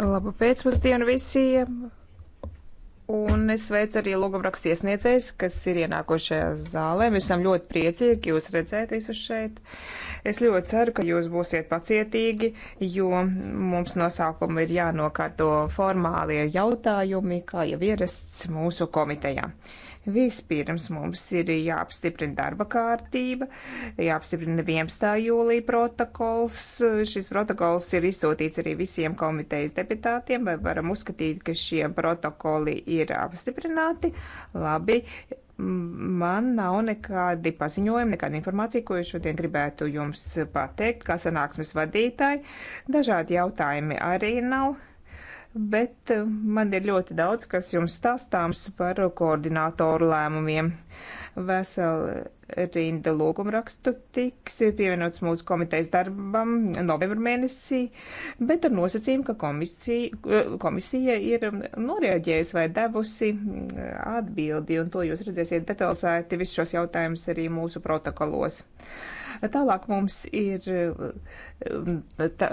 Labu pēcpusdienu visiem! Un es sveicu arī logumrakstu iesniedzējus, kas ir ienākošajā zālē. Mēs esam ļoti priecīgi jūs redzēt visus šeit. Es ļoti ceru, ka jūs būsiet pacietīgi, jo mums no sākuma ir jānokārto formālie jautājumi, kā jau ierasts mūsu komitejā. Vispirms mums ir jāapstiprina darba kārtība, jāapstiprina 11. jūlija protokols. Šis protokols ir izsūtīts arī visiem komitejas deputātiem, vai varam uzskatīt, ka šie protokoli ir apstiprināti. Labi, man nav nekādi paziņojumi, nekāda informācija, ko es šodien gribētu jums pateikt, kā sanāksmes vadītāji. Dažādi jautājumi arī nav bet eh, man ir ļoti daudz, kas jums stāstāms par koordinātoru lēmumiem. Vesela rinda lūgumrakstu tiks pievienots mūsu komitejas darbam novembra mēnesī, bet ar nosacījumu, ka komisija, komisija ir noreaģējusi vai devusi atbildi, un to jūs redzēsiet detalizēti visus šos jautājumus arī mūsu protokolos. Tālāk mums ir tā,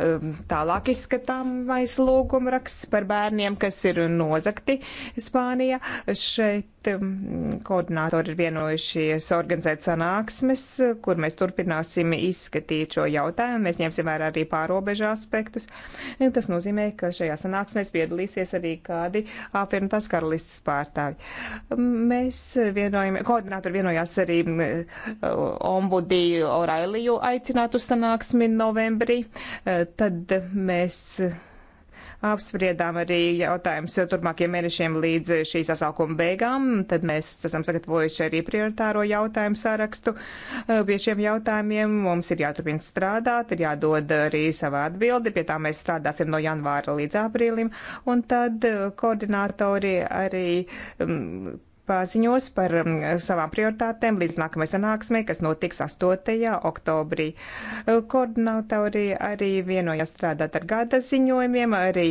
tālāk izskatāmais lūgumraksts par bērniem, kas ir nozakti Spānijā. Šeit mm, koordinātori ir vienojušies organizēt sanāksmes, kur mēs turpināsim izskatīt šo jautājumu. Mēs ņemsim vērā arī pārobežu aspektus. Tas nozīmē, ka šajā sanāksmēs piedalīsies arī kādi apvienotās karalistas pārstāvi. Mēs vienojam, koordinātori vienojās arī mm, ombudī Orailiju aicināt uz sanāksmi novembrī. Tad mēs apspriedām arī jautājumus turpmākiem mēnešiem līdz šī sasaukuma beigām. Tad mēs esam sagatavojuši arī prioritāro jautājumu sārakstu. Uh, pie šiem jautājumiem mums ir jāturpina strādāt, ir jādod arī sava atbildi. Pie tā mēs strādāsim no janvāra līdz aprīlim. Un tad uh, koordinātori arī. Um, paziņos par um, savām prioritātēm līdz nākamajai sanāksmei, kas notiks 8. oktobrī. Uh, koordinātori arī vienojās strādāt ar gada ziņojumiem, arī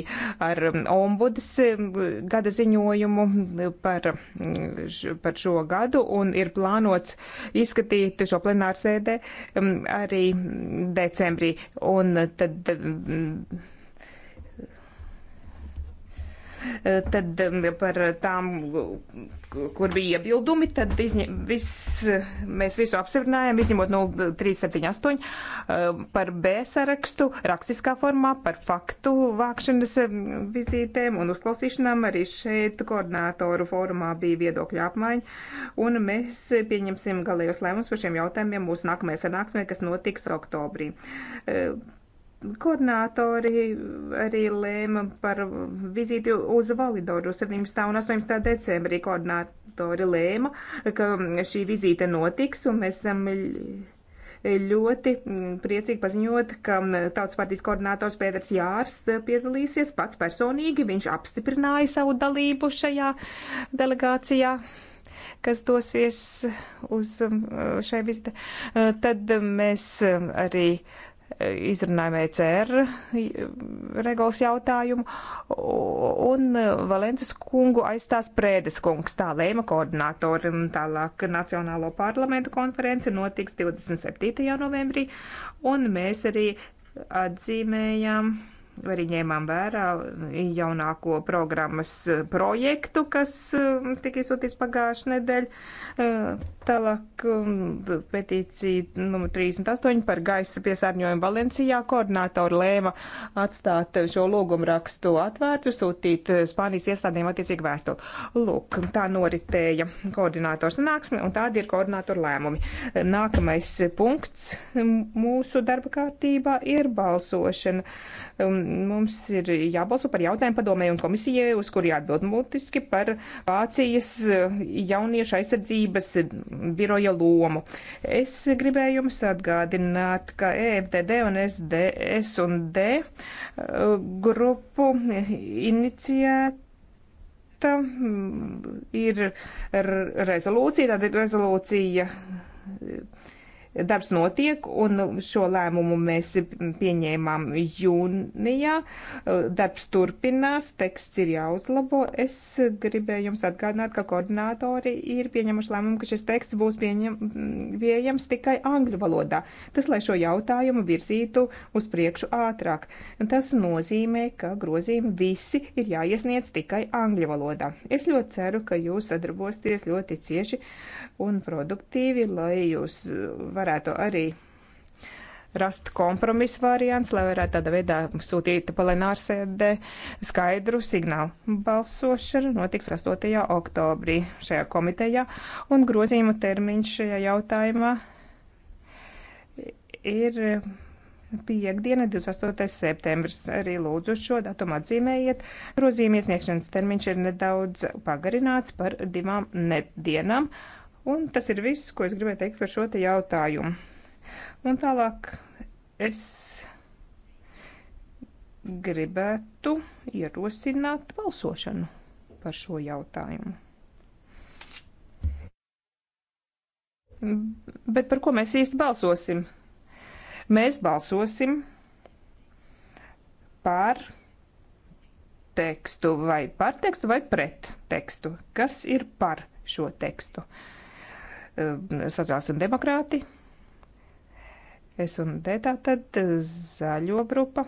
ar um, ombudas um, gada ziņojumu uh, par, par šo gadu un ir plānots izskatīt šo plenārsēdē arī decembrī. Un tad Tad um, par tām, kur bija iebildumi, tad izņem, vis, mēs visu apstiprinājām, izņemot 0378 um, par B sarakstu rakstiskā formā, par faktu vākšanas um, vizītēm un uzklausīšanām. Arī šeit koordinātoru fórumā bija viedokļa apmaiņa. Un mēs pieņemsim galējos lēmumus par šiem jautājumiem mūsu nākamajā sanāksmē, kas notiks oktobrī. Uh, Koordinātori arī lēma par vizīti uz Validoru 17. un 18. decembrī. Koordinātori lēma, ka šī vizīte notiks, un mēs esam ļoti priecīgi paziņot, ka Tautas partijas koordinātors Pēters Jārs piedalīsies pats personīgi. Viņš apstiprināja savu dalību šajā delegācijā kas dosies uz um, šai vizitē. Tad mēs arī uh, izrunājam ECR regulas jautājumu, un Valences kungu aizstās Prēdes kungs, tā lēma koordinātori, un tālāk Nacionālo parlamentu konference notiks 27. novembrī, un mēs arī atzīmējām arī ņēmām vērā jaunāko programmas eh, projektu, kas eh, tika izsūtīts pagājušajā nedēļā. Eh, tālāk um, petīcija numur 38 par gaisa piesārņojumu Valencijā koordinātori lēma atstāt šo lūgumu rakstu atvērtu, sūtīt Spānijas iestādēm attiecīgi vēstuli. Lūk, tā noritēja koordinātoru sanāksme un tādi ir koordinātoru lēmumi. Nākamais punkts mūsu darba kārtībā ir balsošana. Um, mums ir jābalso par jautājumu padomēju un komisijai, uz kuri jāatbild mutiski par Vācijas jauniešu aizsardzības biroja lomu. Es gribēju jums atgādināt, ka EFDD un SD, S un D uh, grupu iniciēt mm, ir rezolūcija, tad ir rezolūcija Darbs notiek, un šo lēmumu mēs pieņēmām jūnijā. Darbs turpinās, teksts ir jāuzlabo. Es gribēju jums atgādināt, ka koordinātori ir pieņemuši lēmumu, ka šis teksts būs pieejams tikai angļu valodā. Tas, lai šo jautājumu virzītu uz priekšu ātrāk. Tas nozīmē, ka grozījumi visi ir jāiesniedz tikai angļu valodā. Es ļoti ceru, ka jūs sadarbosieties ļoti cieši un produktīvi, lai jūs varētu varētu arī rast kompromisu variants, lai varētu tādā veidā sūtīt plenārsēdē skaidru signālu. Balsošana notiks 8. oktobrī šajā komitejā, un grozījuma termiņš šajā jautājumā ir piekdiena, 28. septembris. Arī lūdzu šo datumu atzīmējiet. Grozījuma iesniegšanas termiņš ir nedaudz pagarināts par divām nedēļām. Un tas ir viss, ko es gribēju teikt par šo te jautājumu. Un tālāk es gribētu ierosināt balsošanu par šo jautājumu. Bet par ko mēs īsti balsosim? Mēs balsosim par tekstu vai par tekstu vai pret tekstu. Kas ir par šo tekstu? Uh, sociāls un demokrāti. Es un D tātad zaļo grupa,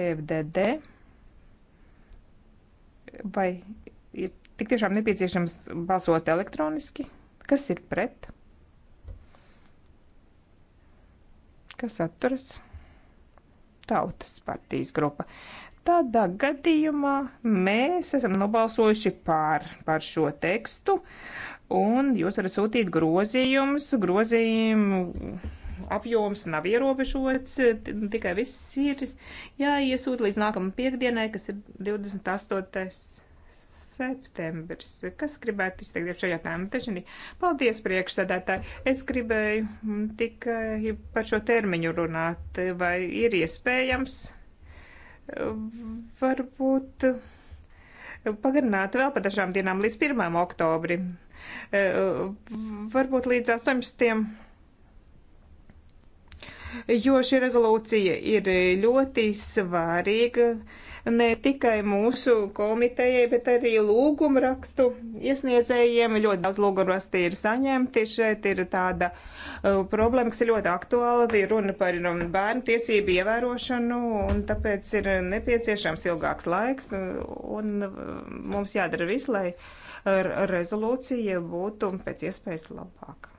FDD. Vai ir tik tiešām nepieciešams balsot elektroniski? Kas ir pret? Kas atturas? Tautas partijas grupa. Tādā gadījumā mēs esam nobalsojuši pār, pār šo tekstu. Uh, un jūs varat sūtīt grozījumus. Grozījumu apjoms nav ierobežots, tikai viss ir jāiesūta līdz nākamā piekdienai, kas ir 28. septembris. Kas gribētu izteikt šajā tēmā? Tačani, paldies priekšsēdētāji. Es gribēju tikai par šo termiņu runāt, vai ir iespējams varbūt pagarināt vēl par dažām dienām līdz 1. oktobrim. Eh, varbūt līdz 18. Jo šī rezolūcija ir ļoti svarīga ne tikai mūsu komitejai, bet arī lūguma rakstu iesniedzējiem. Ļoti daudz lūguma rakstu ir saņemti. Šeit ir tāda uh, problēma, kas ir ļoti aktuāla. Ir runa par um, bērnu tiesību ievērošanu, un tāpēc ir nepieciešams ilgāks laiks, un, un um, mums jādara viss, lai uh, rezolūcija būtu pēc iespējas labāka.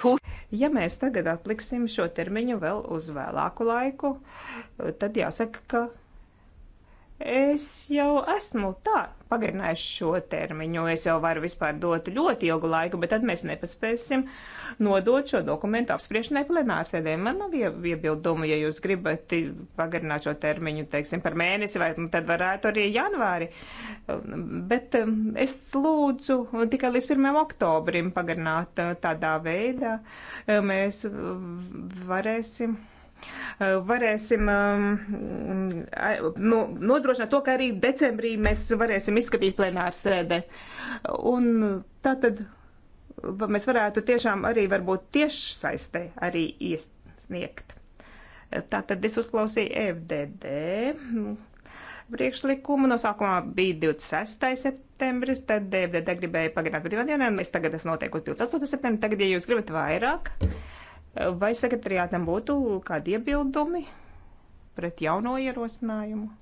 Put... Ja mēs tagad atliksim šo termiņu vēl uz vēlāku laiku, tad jāsaka, ka Es jau esmu tā pagarinājis šo termiņu. Es jau varu vispār dot ļoti ilgu laiku, bet tad mēs nepaspēsim nodot šo dokumentu apspriešanai plenārsēdē. Man nav iebildumu, ja jūs gribat pagarināt šo termiņu, teiksim, par mēnesi, vai tad varētu arī janvāri. Bet um, es lūdzu tikai līdz 1. oktobrim pagarināt uh, tādā veidā. Uh, mēs varēsim Eh, varēsim ehm, eh, nu, nodrošināt to, ka arī decembrī mēs varēsim izskatīt plenāru sēdē. Un tā tad mēs varētu tiešām arī varbūt tiešsaistē arī iesniegt. Eh, tā tad es uzklausīju FDD nu, priekšlikumu. No sākumā bija 26. septembris, tad DVD gribēja pagarināt brīvdienām, es tagad esmu noteikusi 28. septembris, tagad, ja jūs gribat vairāk. Mm Vai sekretariātam būtu kādi iebildumi pret jauno ierosinājumu?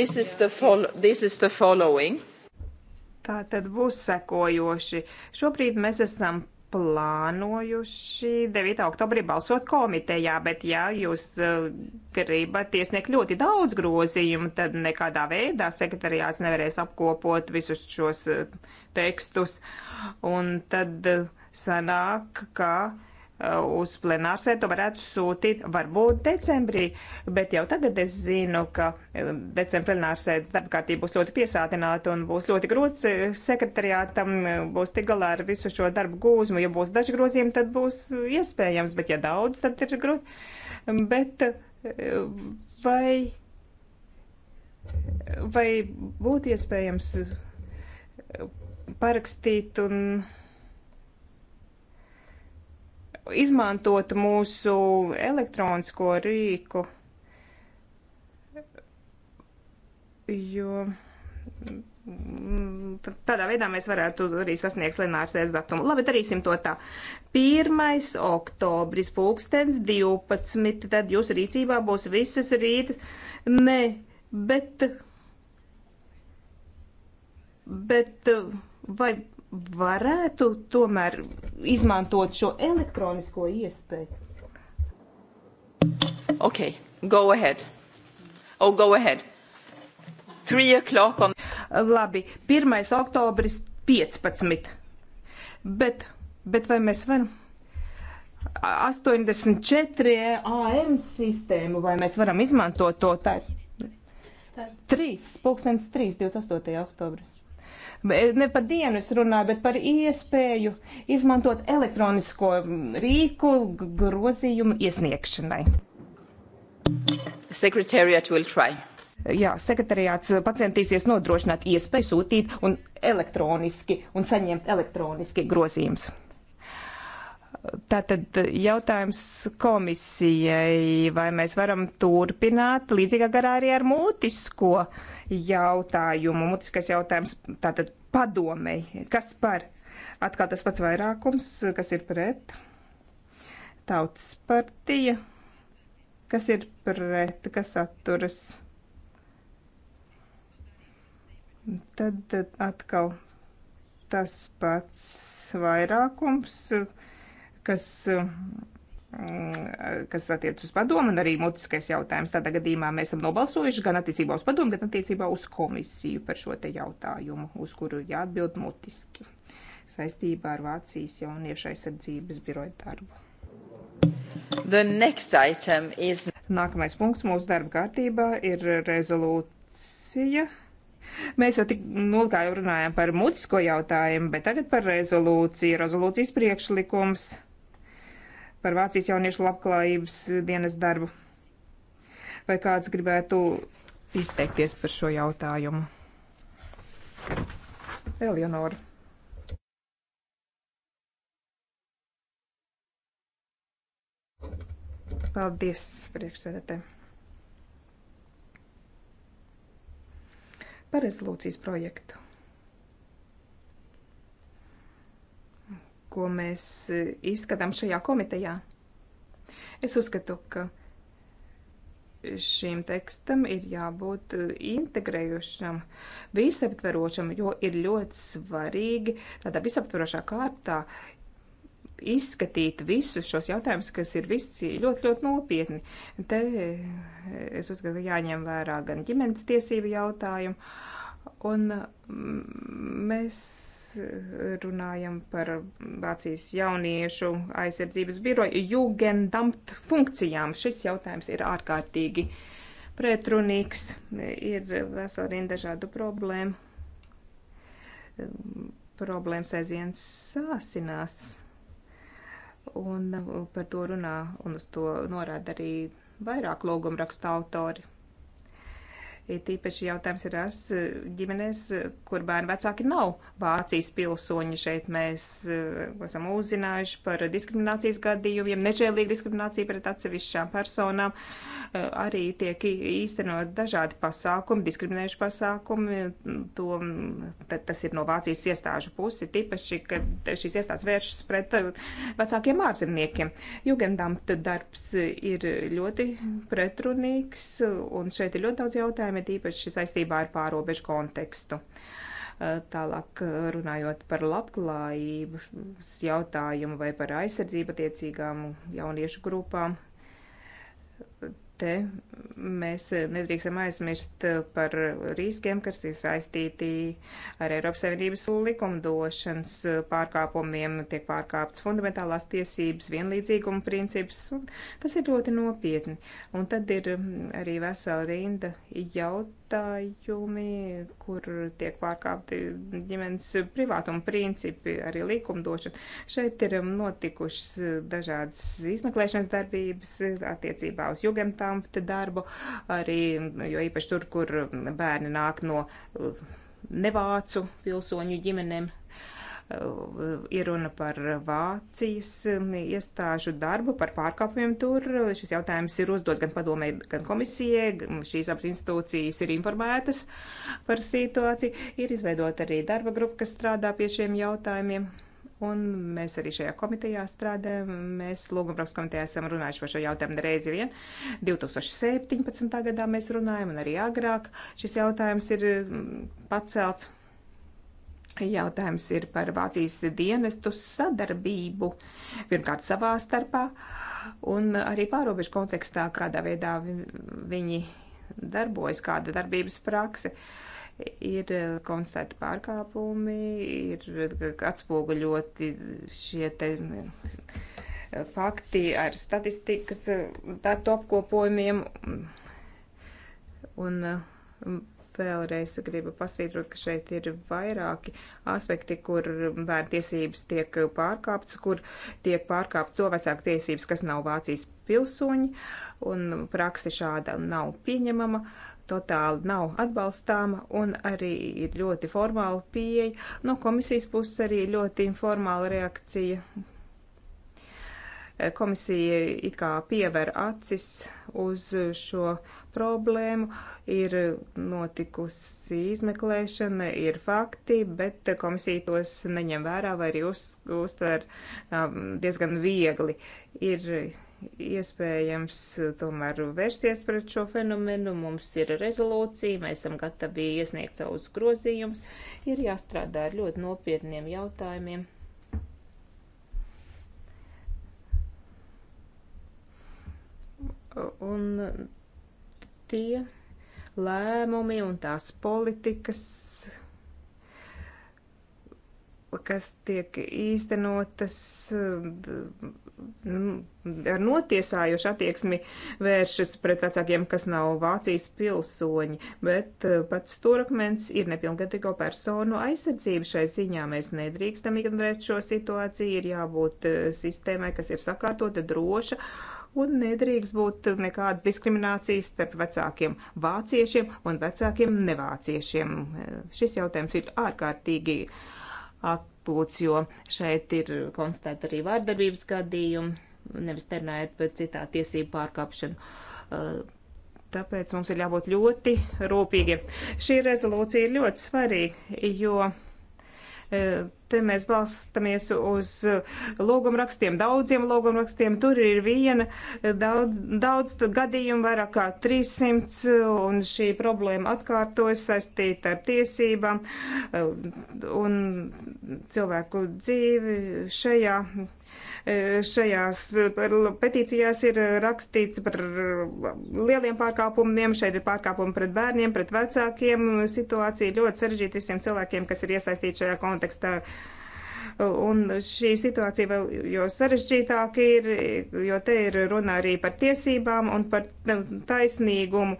This is the, fol this is the following. Tā tad būs sekojoši. Šobrīd mēs esam plānojuši 9. oktobrī balsot komitejā, bet ja jūs eh, gribat iesniegt ļoti daudz grozījumu, tad nekādā veidā sekretariāts nevarēs apkopot visus šos eh, tekstus. Un tad eh, sanāk, ka Uh, uz plenārsēto varētu sūtīt varbūt decembrī, bet jau tagad es zinu, ka uh, decembra plenārsēdes darba kārtība būs ļoti piesātināta un būs ļoti grūts uh, sekretariātam, būs tik galā ar visu šo darbu gūzmu. Ja būs daži grozījumi, tad būs iespējams, bet ja daudz, tad ir grūti. Bet vai, vai būtu iespējams parakstīt un izmantot mūsu elektronisko rīku, jo tādā veidā mēs varētu arī sasniegt slenārsēs datumu. Labi, darīsim to tā. 1. oktobris pulkstens 12, tad jūsu rīcībā būs visas rītas. Nē, bet, bet vai varētu tomēr izmantot šo elektronisko iespēju. Okay, go ahead. Oh, go ahead. 3 o'clock on. Labi, 1. oktobris 15. Bet, bet vai mēs varam? 84 AM sistēmu, vai mēs varam izmantot to tā? 3, pulkstens 3, 28. oktobris ne par dienu es runāju, bet par iespēju izmantot elektronisko rīku grozījumu iesniegšanai. Secretariat will try. Jā, sekretariāts pacientīsies nodrošināt iespēju sūtīt un elektroniski un saņemt elektroniski grozījumus. Tātad eh, jautājums komisijai, vai mēs varam turpināt līdzīgā garā arī ar mutisko jautājumu. Mutiskais jautājums tātad padomei. Kas par? Atkal tas pats vairākums, kas ir pret? Tautas partija. Kas ir pret? Kas atturas? Tad eh, atkal tas pats vairākums. Uh, kas mm, kas attiec uz padomu, un arī mutiskais jautājums. Tādā gadījumā mēs esam nobalsojuši gan attiecībā uz padomu, gan attiecībā uz komisiju par šo te jautājumu, uz kuru jāatbild mutiski saistībā ar Vācijas jauniešu aizsardzības biroju darbu. Is... Nākamais punkts mūsu darba kārtībā ir rezolūcija. Mēs jau tik nulkā jau runājām par mutisko jautājumu, bet tagad par rezolūciju. Rezolūcijas priekšlikums par Vācijas jauniešu labklājības dienas darbu. Vai kāds gribētu izteikties par šo jautājumu? Eleonora. Paldies, priekšsēdētē. Par rezolūcijas projektu. ko mēs e, izskatām šajā komitejā. Es uzskatu, ka šim tekstam ir jābūt e, integrējušam, visaptverošam, jo ir ļoti svarīgi tādā visaptverošā kārtā izskatīt visus šos jautājumus, kas ir visi ļoti, ļoti nopietni. Te e, es uzskatu, ka jāņem vērā gan ģimenes tiesību jautājumu, un mēs Eh, runājam par Vācijas jauniešu aizsardzības biroju jugendamt funkcijām. Šis jautājums ir ārkārtīgi pretrunīgs, ir vesela rinda dažādu problēmu. Problēmas aizvien sāsinās, un eh, par to runā un uz to norāda arī vairāk lūgumrakstu autori Ir tīpaši jautājums ir tas eh, ģimenēs, kur bērnu vecāki nav Vācijas pilsoņi. Šeit mēs eh, esam uzzinājuši par diskriminācijas gadījumiem, nežēlīgu diskrimināciju pret atsevišķām personām. Eh, arī tiek īstenot dažādi pasākumi, diskriminējuši pasākumi. To, tas ir no Vācijas iestāžu pusi, tīpaši, kad šīs iestādes vēršas pret vecākiem ārzemniekiem. Jugendamta darbs ir ļoti pretrunīgs, un šeit ir ļoti daudz jautājumu jautājumiem, ir īpaši saistībā ar pārobežu kontekstu. Eh, tālāk eh, runājot par labklājības jautājumu vai par aizsardzību attiecīgām jauniešu grupām, te mēs nedrīkstam aizmirst par riskiem, kas ir saistīti ar Eiropas Savienības likumdošanas pārkāpumiem, tiek pārkāptas fundamentālās tiesības, vienlīdzīguma princips, un tas ir ļoti nopietni. Un tad ir arī vesela rinda jautājums jautājumi, kur tiek pārkāpti ģimenes privātuma principi, arī līkumdošana. Šeit ir notikušas dažādas izmeklēšanas darbības attiecībā uz jugemtāmpta darbu, arī, jo īpaši tur, kur bērni nāk no nevācu pilsoņu ģimenēm. Eh, ir runa par Vācijas mm, iestāžu darbu, par pārkāpumiem tur. Šis jautājums ir uzdots gan padomē, gan komisijai. Šīs abas institūcijas ir informētas par situāciju. Ir izveidota arī darba grupa, kas strādā pie šiem jautājumiem. Un mēs arī šajā komitejā strādājam. Mēs Lūgumpraks komitejā esam runājuši par šo jautājumu reizi vien. 2017. gadā mēs runājam un arī agrāk šis jautājums ir mm, pacelts. Jautājums ir par Vācijas dienestu sadarbību, pirmkārt savā starpā, un arī pārobežu kontekstā, kādā veidā viņi darbojas, kāda darbības prakse. Ir konstatēti pārkāpumi, ir atspoguļoti šie te fakti ar statistikas datu apkopojumiem. Un Vēlreiz gribu pasvītrot, ka šeit ir vairāki aspekti, kur bērnu tiesības tiek pārkāptas, kur tiek pārkāptas to vecāku tiesības, kas nav Vācijas pilsoņi, un praksa šāda nav pieņemama totāli nav atbalstāma un arī ir ļoti formāla pieeja. No komisijas puses arī ļoti informāla reakcija. Komisija it kā piever acis uz šo problēmu, ir notikusi izmeklēšana, ir fakti, bet komisija tos neņem vērā vai arī uz, uztver um, diezgan viegli. Ir iespējams tomēr vērsties pret šo fenomenu. Mums ir rezolūcija, mēs esam gatavi iesniegt savus grozījumus. Ir jāstrādā ar ļoti nopietniem jautājumiem. Un tie lēmumi un tās politikas, kas tiek īstenotas mm, ar notiesājušu attieksmi vēršas pret vecākiem, kas nav Vācijas pilsoņi, bet eh, pats stūrakmens ir nepilngadīgo personu aizsardzība šai ziņā. Mēs nedrīkstam ignorēt šo situāciju, ir jābūt eh, sistēmai, kas ir sakārtota, droša un nedrīkst būt nekāda diskriminācijas starp vecākiem vāciešiem un vecākiem nevāciešiem. Šis jautājums ir ārkārtīgi akūts, jo šeit ir konstatēta arī vārdarbības gadījumi, nevis terminējot, bet citā tiesību pārkāpšana. Tāpēc mums ir jābūt ļoti rūpīgiem. Šī rezolūcija ir ļoti svarīga, jo E, te mēs balstamies uz logumrakstiem, daudziem logumrakstiem. Tur ir viena e, daudz, daudz gadījumu, vairāk kā 300, un šī problēma atkārtojas saistīta ar tiesībām e, un cilvēku dzīvi šajā E, šajās e, petīcijās ir e, rakstīts par lieliem pārkāpumiem, šeit ir pārkāpumi pret bērniem, pret vecākiem. Situācija ļoti sarežģīta visiem cilvēkiem, kas ir iesaistīti šajā kontekstā. Un šī situācija vēl jo sarežģītāka ir, jo te ir runa arī par tiesībām un par taisnīgumu.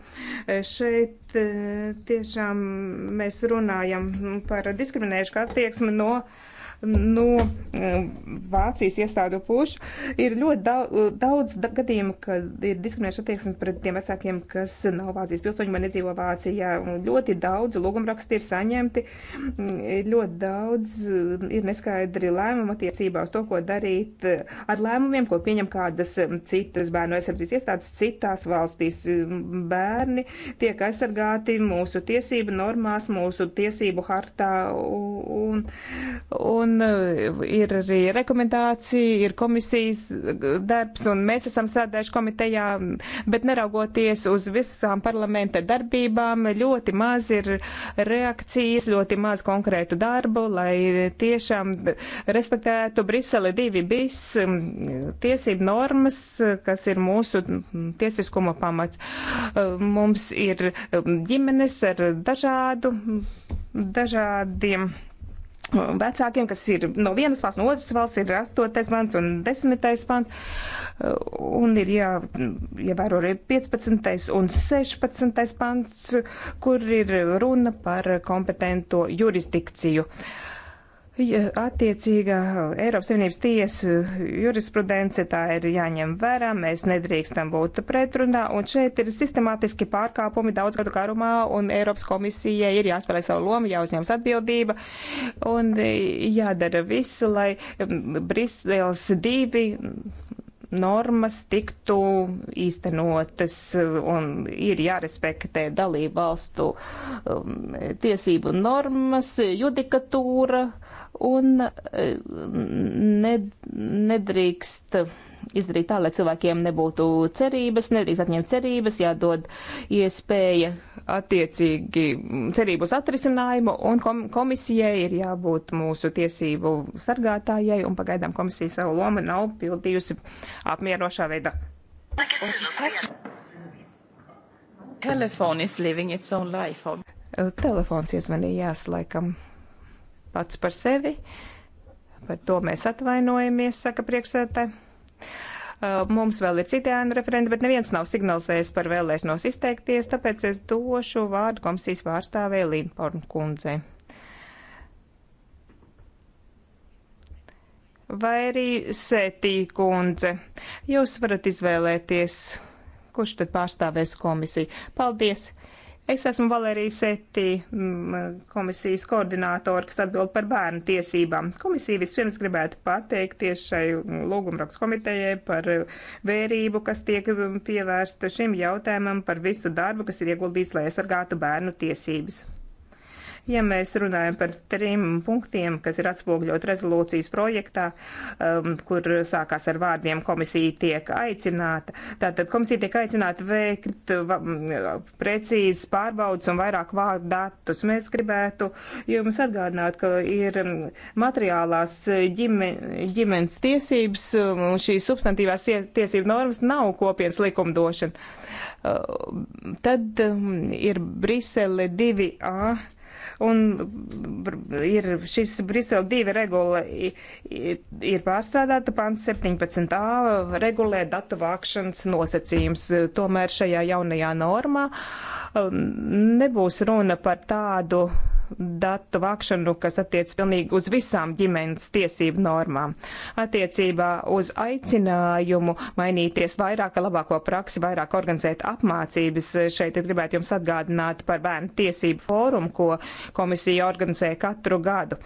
Šeit tiešām mēs runājam par diskriminējušu attieksmi no uh, no eh, Vācijas iestādu pušu. Ir ļoti eh, daudz, daudz gadījumu, kad ir diskriminēšana attieksme pret tiem vecākiem, kas nav Vācijas pilsoņi, man nedzīvo Vācijā. Ļoti daudz lūgumraksti ir saņemti, mm, ļoti daudz eh, ir neskaidri lēmumu attiecībā uz to, ko darīt ar lēmumiem, ko pieņem kādas citas bērnu aizsardzības iestādes citās valstīs. Mm, bērni tiek aizsargāti mūsu tiesību normās, mūsu tiesību hartā un, un un uh, ir arī rekomendācija, ir komisijas uh, darbs, un mēs esam strādājuši komitejā, bet neraugoties uz visām parlamenta darbībām, ļoti maz ir reakcijas, ļoti maz konkrētu darbu, lai tiešām respektētu Brisele 2 bis um, tiesību normas, kas ir mūsu tiesiskuma pamats. Uh, mums ir um, ģimenes ar dažādu, dažādiem vecākiem, kas ir no vienas valsts, no otras valsts, ir 8. pants un 10. pants, un ir jā, jāvēro arī 15. un 16. pants, kur ir runa par kompetento jurisdikciju. Uh, Ja attiecīgā Eiropas Savienības tiesa jurisprudence tā ir jāņem vērā, mēs nedrīkstam būt pretrunā, un šeit ir sistemātiski pārkāpumi daudz gadu garumā, un Eiropas komisijai ir jāspēlē savu lomu, jāuzņems atbildība, un jādara viss, lai um, Briseles divi normas tiktu īstenotas, un ir jārespektē dalību valstu um, tiesību normas, judikatūra. Uh, un e, nedrīkst izdarīt tā, lai cilvēkiem nebūtu cerības, nedrīkst atņemt cerības, jādod iespēja attiecīgi cerību uz atrisinājumu, un komisijai ir jābūt mūsu tiesību sargātājai, un pagaidām komisija savu lomu nav pildījusi apmierošā veidā. Telefons iesvanījās laikam pats par sevi. Par to mēs atvainojamies, saka priekšsēdētāji. Uh, mums vēl ir citi ēnu referenti, bet neviens nav signalizējis par vēlēšanos izteikties, tāpēc es došu vārdu komisijas pārstāvē Līnporn kundzei. Vai arī Sētī kundze. Jūs varat izvēlēties, kurš tad pārstāvēs komisiju. Paldies! Es esmu Valērija Seti, mm, komisijas koordinātora, kas atbild par bērnu tiesībām. Komisija vispirms gribētu pateikties šai lūgumrakstu komitejai par eh, vērību, kas tiek mm, pievērsta šim jautājumam par visu darbu, kas ir ieguldīts, lai aizsargātu bērnu tiesības. Ja mēs runājam par trim punktiem, kas ir atspogļot rezolūcijas projektā, um, kur sākās ar vārdiem komisija tiek aicināta, tātad komisija tiek aicināta veikt um, precīzi pārbaudas un vairāk vārdu datus. Mēs gribētu jums atgādināt, ka ir um, materiālās ģime, ģimenes tiesības um, un šīs substantīvās tiesību normas nav kopienas likumdošana. Uh, tad um, ir Brisele 2A un ir šis Brisele 2 regula ir pārstrādāta, pants 17a regulē datu vākšanas nosacījums. Tomēr šajā jaunajā normā um, nebūs runa par tādu datu vākšanu, kas attiec pilnīgi uz visām ģimenes tiesību normām. Attiecībā uz aicinājumu mainīties vairāk labāko praksi, vairāk organizēt apmācības, šeit ir gribētu jums atgādināt par bērnu tiesību fórumu, ko komisija organizē katru gadu.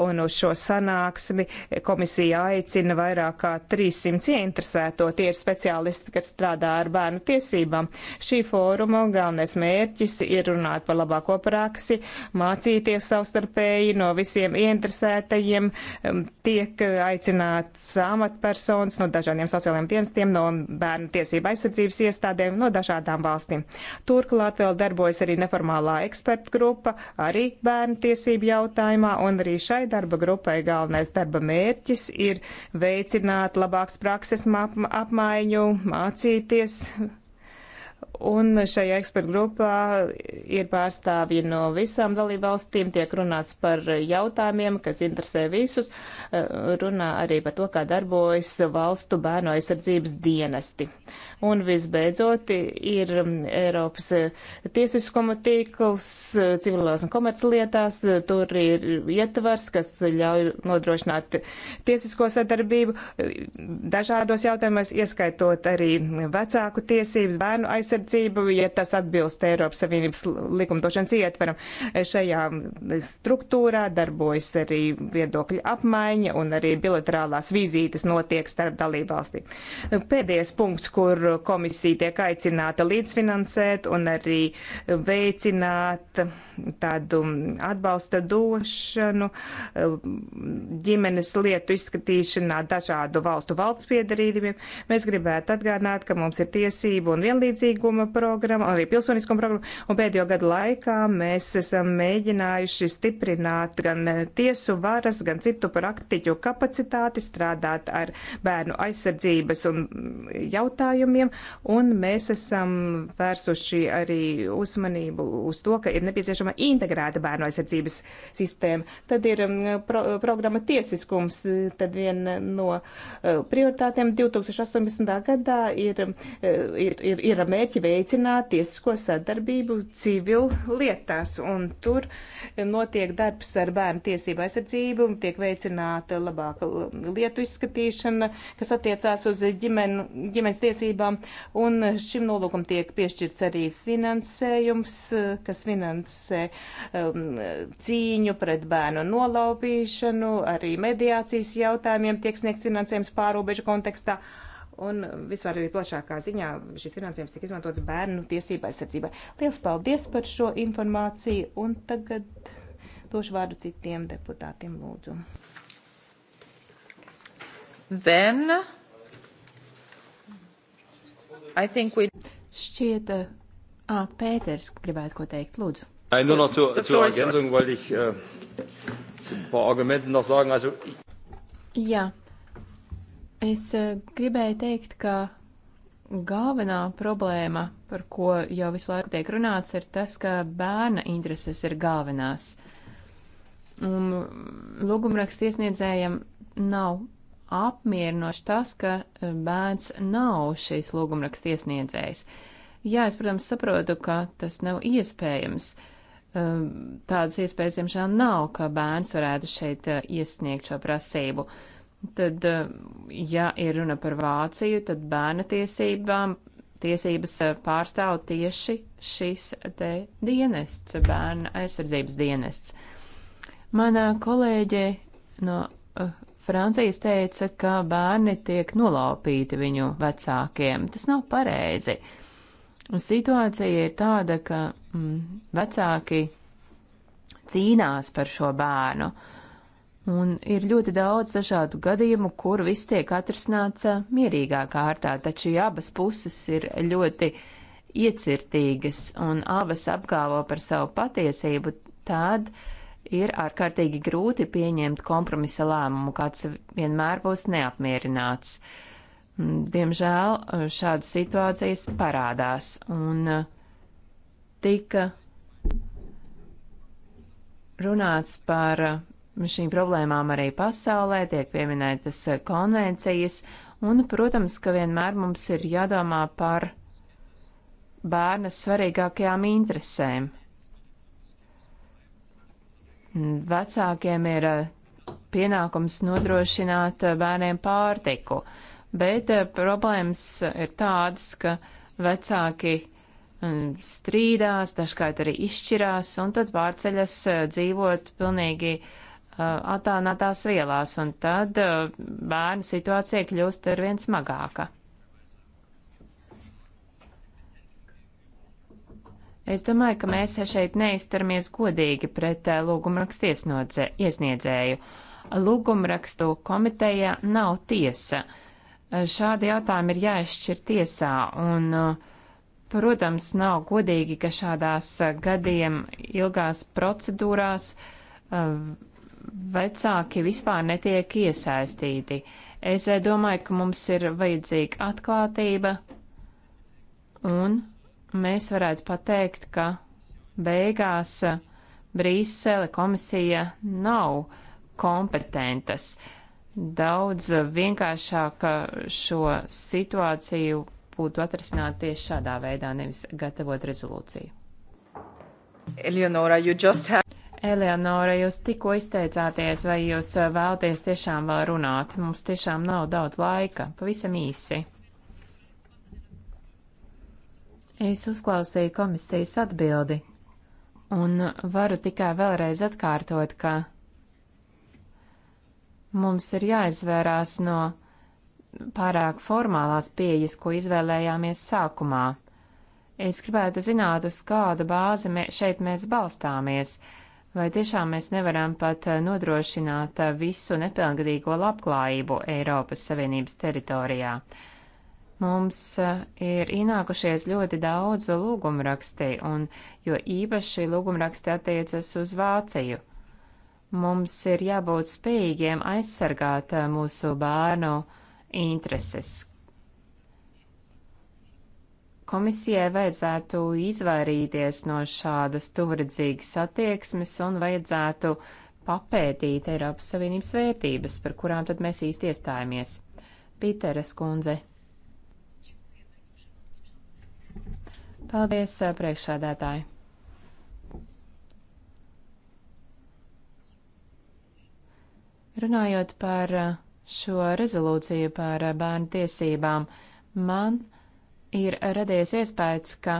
Un uz šo sanāksmi komisija aicina vairāk kā 300 ieinteresēto. Tie ir speciālisti, kas strādā ar bērnu tiesībām. Šī fóruma galvenais mērķis ir runāt par labāko praksi, mācību mācīties savstarpēji no visiem ieinteresētajiem, um, tiek uh, aicināts amatpersonas no dažādiem sociālajiem dienestiem, no bērnu tiesība aizsardzības iestādēm, no dažādām valstīm. Turklāt vēl darbojas arī neformālā eksperta grupa, arī bērnu tiesību jautājumā, un arī šai darba grupai galvenais darba mērķis ir veicināt labāks prakses apmaiņu, mācīties Un šajā ekspertu grupā ir pārstāvji no visām dalībvalstīm, tiek runāts par jautājumiem, kas interesē visus, eh, runā arī par to, kā darbojas valstu bērnu aizsardzības dienesti. Uh, Un visbeidzot ir um, Eiropas eh, tiesiskuma tīkls eh, civilās un komerclietās. Tur ir ietvars, kas ļauj nodrošināt tiesisko sadarbību eh, dažādos jautājumos, ieskaitot arī vecāku tiesības, bērnu aizsardzību, ja tas atbilst Eiropas Savienības likumdošanas ietvaram. Šajā struktūrā darbojas arī viedokļa apmaiņa un arī bilaterālās vizītes notiek starp dalībvalstīm. Pēdējais punkts, kur komisija tiek aicināta līdzfinansēt un arī veicināt tādu atbalsta došanu ģimenes lietu izskatīšanā dažādu valstu valsts piedarījumiem. Mēs gribētu atgādināt, ka mums ir tiesību un vienlīdzīguma programma, arī pilsoniskuma programma, un pēdējo gadu laikā mēs esam mēģinājuši stiprināt gan tiesu varas, gan citu praktiķu kapacitāti strādāt ar bērnu aizsardzības un jautājumiem jautājumiem, un mēs esam vērsuši arī uzmanību uz to, ka ir nepieciešama integrēta bērnu aizsardzības sistēma. Tad ir mm, pro programma tiesiskums, tad viena no eh, prioritātēm 2018. gadā ir, eh, ir, ir, ir mērķi veicināt tiesisko sadarbību civil lietās, un tur notiek darbs ar bērnu tiesību aizsardzību, tiek veicināta labāka lietu izskatīšana, kas attiecās uz ģimen, ģimenes tiesībām programmām, un šim nolūkam tiek piešķirts arī finansējums, kas finansē um, cīņu pret bērnu nolaupīšanu, arī mediācijas jautājumiem tiek sniegts finansējums pārobežu kontekstā. Un vispār arī plašākā ziņā šis finansējums tiek izmantots bērnu tiesību aizsardzībai. Lielas paldies par šo informāciju, un tagad došu vārdu citiem deputātiem lūdzu. Then We... Šķiet, ah, Pēters gribētu ko teikt, lūdzu. Nein, nur noch zur, zur Ergänzung wollte ich äh, zu ein paar Argumenten noch sagen. Also, Jā, es äh, gribēju teikt, ka galvenā problēma, par ko jau visu laiku tiek runāts, ir tas, ka bērna intereses ir galvenās. Un mm, lūgumraksts iesniedzējiem nav apmierinoši tas, ka e, bērns nav šīs lūgumraksta iesniedzējs. Jā, es, protams, saprotu, ka tas nav iespējams. E, tādas iespējas, diemžēl, nav, ka bērns varētu šeit e, iesniegt šo prasību. Tad, ja ir runa par Vāciju, tad bērna tiesībām tiesības pārstāv tieši šis te dienests, bērna aizsardzības dienests. Manā kolēģe no uh, Francijas teica, ka bērni tiek nolaupīti viņu vecākiem. Tas nav pareizi. Situācija ir tāda, ka mm, vecāki cīnās par šo bērnu. Un ir ļoti daudz dažādu gadījumu, kur viss tiek atrisināts mierīgā kārtā, taču ja abas puses ir ļoti iecirtīgas un abas apgalvo par savu patiesību, tad uh, ir ārkārtīgi grūti pieņemt kompromisa lēmumu, kāds vienmēr būs neapmierināts. Mm, diemžēl eh, šādas situācijas parādās un eh, tika runāts par eh, šīm problēmām arī pasaulē, tiek pieminētas konvencijas, un, protams, ka vienmēr mums ir jādomā par bērna svarīgākajām interesēm. Vecākiem ir eh, pienākums nodrošināt eh, bērniem pārtiku, bet eh, problēmas ir tādas, ka vecāki mm, strīdās, dažkārt arī izšķirās, un tad pārceļas dzīvot pilnīgi attālinātās vielās, un tad bērna situācija kļūst arvien smagāka. Es domāju, ka mēs šeit neizturamies godīgi pret eh, lūgumrakstu iesniedzēju. Lūgumrakstu komiteja nav tiesa. Eh, šādi jautājumi ir jāizšķir tiesā, un, eh, protams, nav godīgi, ka šādās gadiem ilgās procedūrās vecāki vispār netiek iesaistīti. Es domāju, ka mums ir vajadzīga atklātība un mēs varētu pateikt, ka beigās eh, Brīsele komisija nav kompetentas. Daudz vienkāršāk eh, šo situāciju būtu atrisināt tieši šādā veidā, nevis gatavot rezolūciju. Eleonora, you just have. Eleonora, jūs tikko izteicāties, vai jūs eh, vēlaties tiešām vēl runāt? Mums tiešām nav daudz laika, pavisam īsi. Es uzklausīju komisijas atbildi un varu tikai vēlreiz atkārtot, ka mums ir jāizvērās no pārāk formālās pieejas, ko izvēlējāmies sākumā. Es gribētu zināt, uz kādu bāzi mē, šeit mēs balstāmies, vai tiešām mēs nevaram pat nodrošināt visu nepilngadīgo labklājību Eiropas Savienības teritorijā. Uh, Mums eh, ir ienākušies ļoti daudz lūgumraksti, un jo īpaši lūgumraksti attiecas uz Vāciju. Mums ir jābūt spējīgiem aizsargāt eh, mūsu bērnu intereses. Komisijai vajadzētu izvairīties no šādas tuvredzīgas attieksmes un vajadzētu papētīt Eiropas Savienības vērtības, par kurām tad mēs īsti iestājamies. Pīteres kundze. Paldies, eh, priekšsādātāji! Runājot par eh, šo rezolūciju par eh, bērnu tiesībām, man ir radies iespējas, ka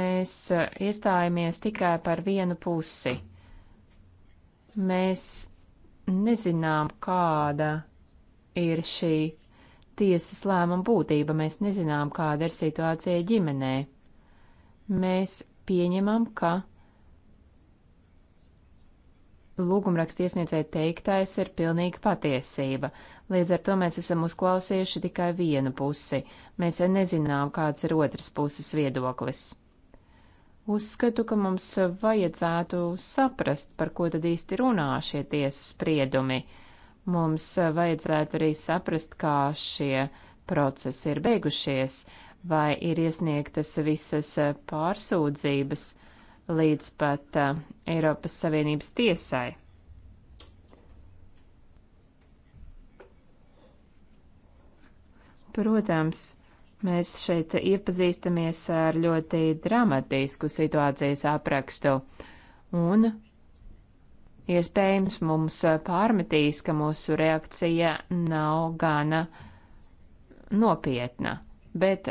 mēs iestājamies tikai par vienu pusi. Mēs nezinām, kāda ir šī tiesas lēmuma būtība. Mēs nezinām, kāda ir situācija ģimenē. Mēs pieņemam, ka lūgumraksta iesniedzēja teiktais ir pilnīga patiesība. Līdz ar to mēs esam uzklausījuši tikai vienu pusi. Mēs nezinām, kāds ir otras puses viedoklis. Uzskatu, ka mums vajadzētu saprast, par ko tad īsti runā šie tiesu spriedumi. Uh, Mums eh, vajadzētu arī saprast, kā šie procesi ir beigušies, vai ir iesniegtas visas eh, pārsūdzības līdz pat eh, Eiropas Savienības tiesai. Protams, mēs šeit iepazīstamies ar ļoti dramatisku situācijas aprakstu, un Iespējams, mums eh, pārmetīs, ka mūsu reakcija nav gana nopietna, bet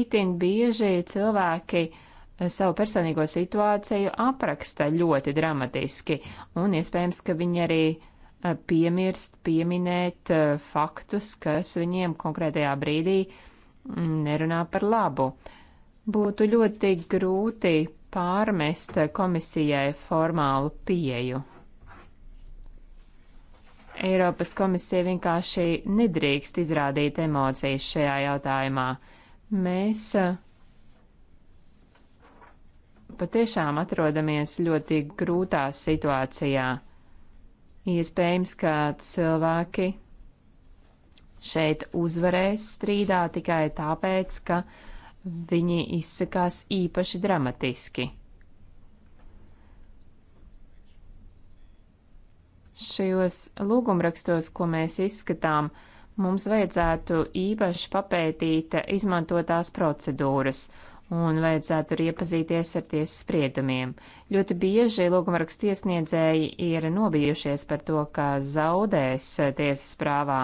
itin bieži cilvēki eh, savu personīgo situāciju apraksta ļoti dramatiski, un iespējams, ka viņi arī eh, piemirst, pieminēt faktus, kas viņiem konkrētajā brīdī mm, nerunā par labu. Būtu ļoti grūti pārmest komisijai formālu pieju. Eiropas komisija vienkārši nedrīkst izrādīt emocijas šajā jautājumā. Mēs eh, patiešām atrodamies ļoti grūtā situācijā. Iespējams, ka cilvēki šeit uzvarēs strīdā tikai tāpēc, ka viņi izsakās īpaši dramatiski. šajos lūgumrakstos, ko mēs izskatām, mums vajadzētu īpaši papētīt izmantotās procedūras un vajadzētu arī iepazīties ar tiesas spriedumiem. Ļoti bieži lūgumrakstu iesniedzēji ir nobijušies par to, ka zaudēs tiesas prāvā.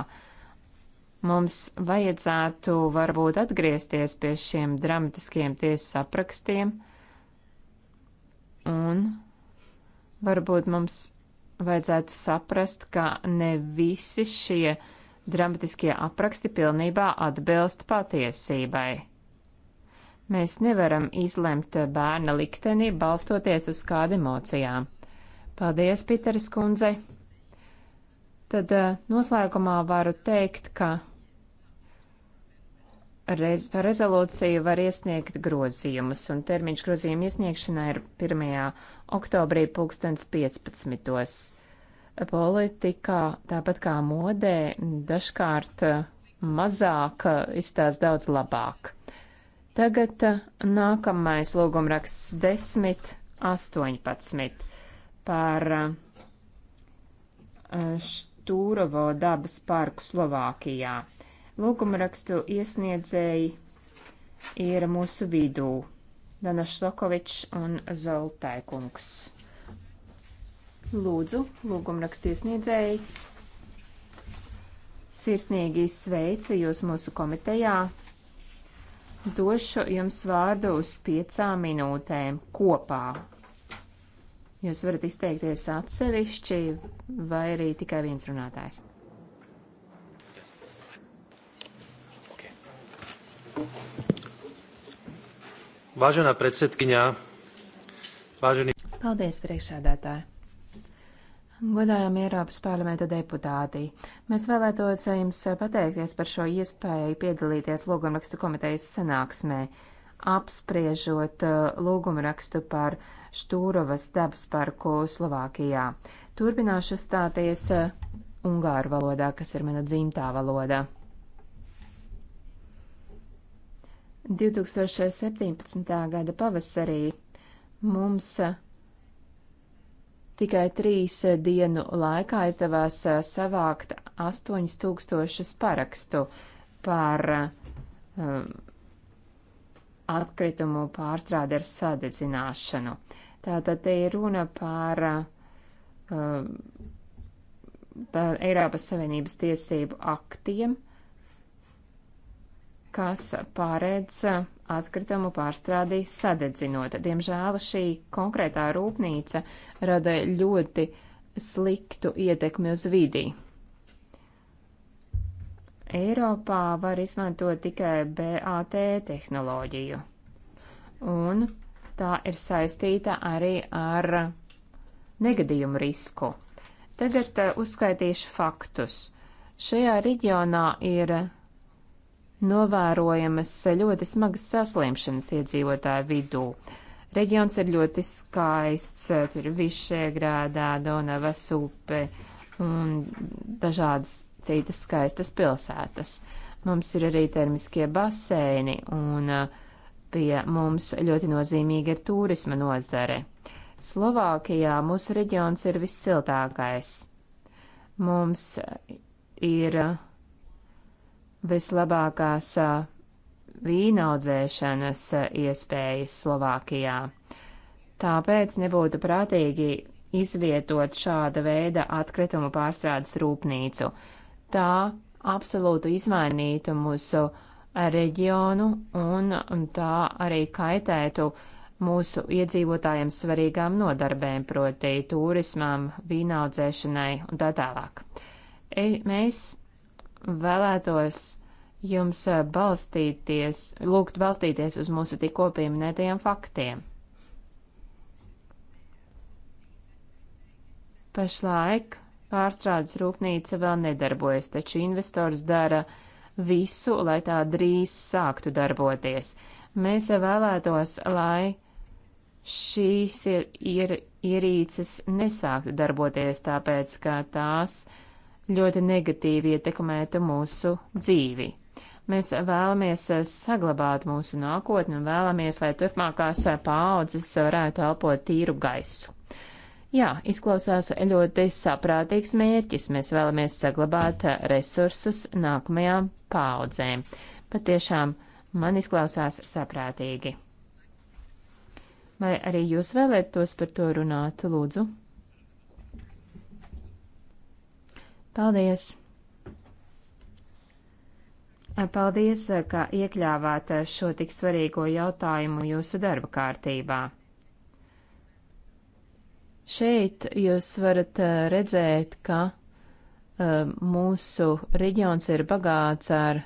Mums vajadzētu varbūt atgriezties pie šiem dramatiskiem tiesas aprakstiem, un varbūt mums vajadzētu saprast, ka ne visi šie dramatiskie apraksti pilnībā atbilst patiesībai. Mēs nevaram izlemt bērna likteni balstoties uz kādu emocijām. Paldies, Piteris kundze! Tad eh, noslēgumā varu teikt, ka rez, par rezolūciju var iesniegt grozījumus, un termiņš grozījuma iesniegšanai ir 1. oktobrī 2015. Politikā, tāpat kā modē, dažkārt eh, mazāk eh, izstās daudz labāk. Tagad eh, nākamais lūgumraksts 10, 18 par Štūrovo dabas parku Slovākijā. Lūgumrakstu iesniedzēji ir mūsu vidū Dana Šlokovičs un Zoltaikungs. Lūdzu, lūgumrakstu iesniedzēji, sirsnīgi sveicu jūs mūsu komitejā. Došu jums vārdu uz piecām minūtēm kopā. Jūs varat izteikties atsevišķi vai arī tikai viens runātājs. Váženā predsedkiņā, vážení. Paldies, priekšādātāji. Godājami Eiropas parlamenta deputāti, mēs vēlētos jums pateikties par šo iespēju piedalīties lūgumrakstu komitejas sanāksmē, apspriežot uh, lūgumrakstu par Štūrovas dabas parku Slovākijā. Turpināšu stāties uh, ungāru valodā, kas ir mana dzimtā valoda. 2017. gada pavasarī mums tikai trīs dienu laikā izdevās savākt 8000 parakstu par um, atkritumu pārstrādi ar sadedzināšanu. Tātad te ir runa par um, Eiropas Savienības tiesību aktiem, kas pārēdz atkritumu pārstrādi sadedzinot. Diemžēl šī konkrētā rūpnīca rada ļoti sliktu ietekmi uz vidī. Eiropā var izmantot tikai BAT tehnoloģiju, un tā ir saistīta arī ar negadījumu risku. Tagad uh, uzskaitīšu faktus. Šajā reģionā ir novērojamas ļoti smagas saslimšanas iedzīvotāju vidū. Reģions ir ļoti skaists, tur ir Višegrādā, Donavas upe un dažādas citas skaistas pilsētas. Mums ir arī termiskie baseini un uh, pie mums ļoti nozīmīga ir turisma nozare. Slovākijā mūsu reģions ir vissiltākais. Mums ir vislabākās vīnaudzēšanas iespējas Slovākijā. Tāpēc nebūtu prātīgi izvietot šāda veida atkritumu pārstrādes rūpnīcu. Tā absolūti izmainītu mūsu reģionu un tā arī kaitētu mūsu iedzīvotājiem svarīgām nodarbēm, proti turismam, vīnaudzēšanai un tā tālāk. E, mēs vēlētos jums eh, balstīties, lūgt balstīties uz mūsu tikko pieminētajiem faktiem. Pašlaik pārstrādes rūpnīca vēl nedarbojas, taču investors dara visu, lai tā drīz sāktu darboties. Mēs vēlētos, lai šīs ir, ir, ierīces nesāktu darboties, tāpēc, ka tās uh, ļoti negatīvi ietekmētu mūsu dzīvi. Mēs vēlamies saglabāt mūsu nākotni un vēlamies, lai turpmākās paaudzes varētu elpot tīru gaisu. Jā, izklausās ļoti saprātīgs mērķis. Mēs vēlamies saglabāt resursus nākamajām paaudzēm. Patiešām man izklausās saprātīgi. Vai arī jūs vēlētos par to runāt, lūdzu? Paldies! Paldies, ka iekļāvāt šo tik svarīgo jautājumu jūsu darba kārtībā. Šeit jūs varat eh, redzēt, ka eh, mūsu reģions ir bagāts ar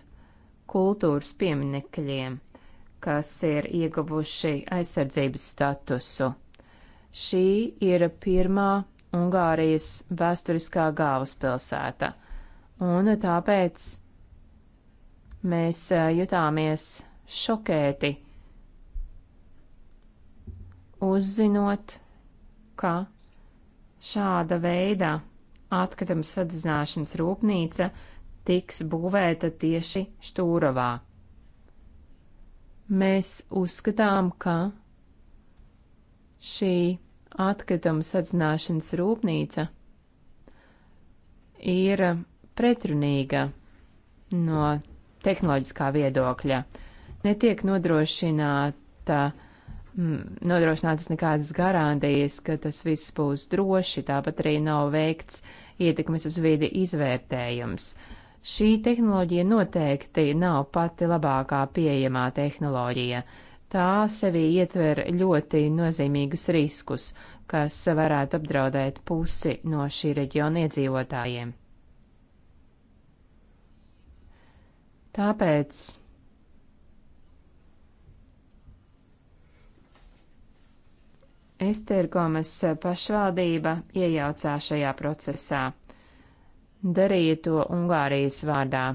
kultūras pieminekļiem, kas ir ieguvuši aizsardzības statusu. Šī ir pirmā Ungārijas vēsturiskā galvaspilsēta, un tāpēc mēs jutāmies šokēti, uzzinot, ka šāda veida atkritumu sadzināšanas rūpnīca tiks būvēta tieši Štūrovā. Mēs uzskatām, ka šī atkritumu sadzināšanas rūpnīca ir pretrunīga no tehnoloģiskā viedokļa. Netiek nodrošināta, nodrošinātas nekādas garantijas, ka tas viss būs droši, tāpat arī nav veikts ietekmes uz vidi izvērtējums. Šī tehnoloģija noteikti nav pati labākā pieejamā tehnoloģija. Tā sevī ietver ļoti nozīmīgus riskus, kas varētu apdraudēt pusi no šī reģiona iedzīvotājiem. Tāpēc Estergomas pašvaldība iejaucās šajā procesā. Darīja to Ungārijas vārdā.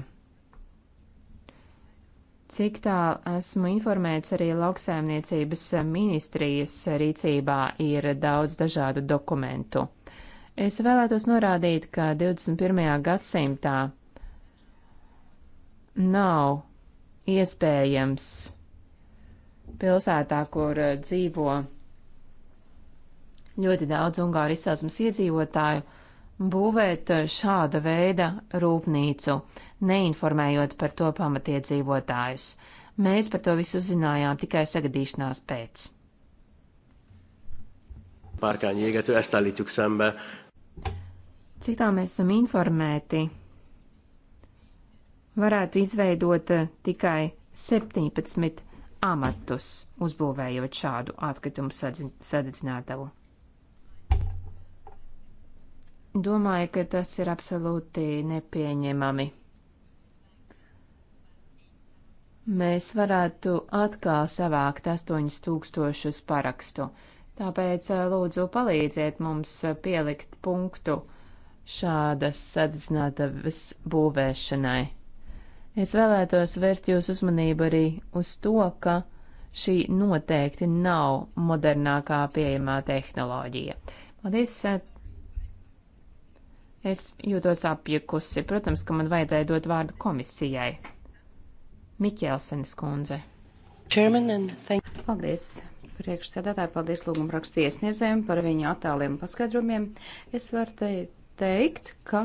Cik tālu esmu informēts, arī lauksaimniecības ministrijas rīcībā ir daudz dažādu dokumentu. Es vēlētos norādīt, ka 21. gadsimtā nav iespējams pilsētā, kur dzīvo ļoti daudz ungāru izcelsmes iedzīvotāju, būvēt šāda veida rūpnīcu neinformējot par to pamatiedzīvotājus. Mēs par to visu zinājām tikai sagadīšanās pēc. Párkány égető, ezt állítjuk szembe. Cik tā mēs esam informēti, varētu izveidot eh, tikai 17 amatus, uzbūvējot šādu atkritumu sadedzinātavu. Domāju, ka tas ir absolūti nepieņemami. mēs varētu atkal savākt 8000 parakstu. Tāpēc lūdzu palīdziet mums pielikt punktu šādas sadedzinātavas būvēšanai. Es vēlētos vērst jūsu uzmanību arī uz to, ka šī noteikti nav modernākā pieejamā tehnoloģija. Paldies! Es jūtos apjukusi. Protams, ka man vajadzēja dot vārdu komisijai. Mikēlsenes kundze. Paldies! Priekšsēdētāji, paldies lūgumu rakstu iesniedzējiem par viņu attāliem paskaidrojumiem. Es varu te teikt, ka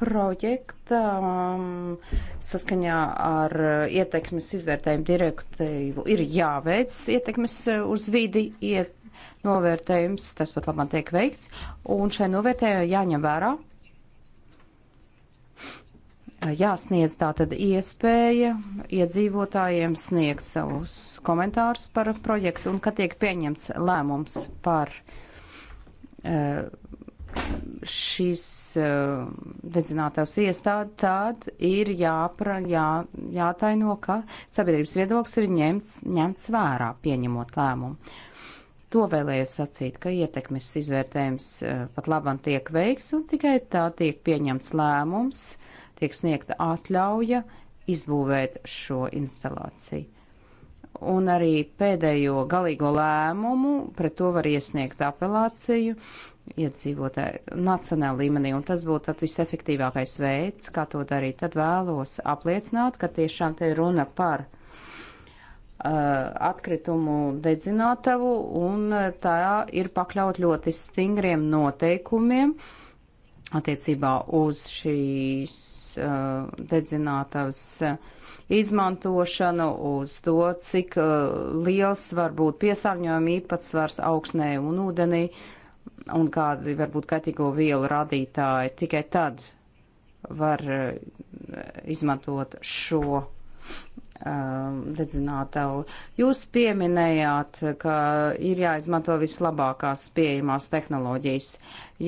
projektam um, saskaņā ar uh, ietekmes izvērtējumu direktīvu ir jāveic ietekmes uh, uz vidi iet novērtējums, tas pat labāk tiek veikts, un šai novērtējumā jāņem vērā jāsniedz tātad iespēja iedzīvotājiem sniegt savus komentārus par projektu un kad tiek pieņemts lēmums par eh, šīs eh, dedzinātās iestādi, tad ir jāpra, jā, jātaino, ka sabiedrības viedoklis ir ņemts, ņemts vērā pieņemot lēmumu. To vēlējos sacīt, ka ietekmes izvērtējums eh, pat labam tiek veikts un tikai tā tiek pieņemts lēmums. Uh, tiek sniegta atļauja izbūvēt šo instalāciju. Un arī pēdējo galīgo lēmumu pret to var iesniegt apelāciju iedzīvotāju nacionāla līmenī, un tas būtu tad visefektīvākais veids, kā to darīt. Tad vēlos apliecināt, ka tiešām te runa par uh, atkritumu dedzinātavu, un uh, tā ir pakļaut ļoti stingriem noteikumiem, uh, attiecībā uz šīs uh, dedzinātavas uh, izmantošanu, uz to, cik uh, liels var būt piesārņojuma īpatsvars augsnē un ūdenī un kādi varbūt kaitīgo vielu radītāji. Tikai tad var uh, izmantot šo Um, dedzinātavu. Jūs pieminējāt, ka ir jāizmanto vislabākās pieejamās tehnoloģijas.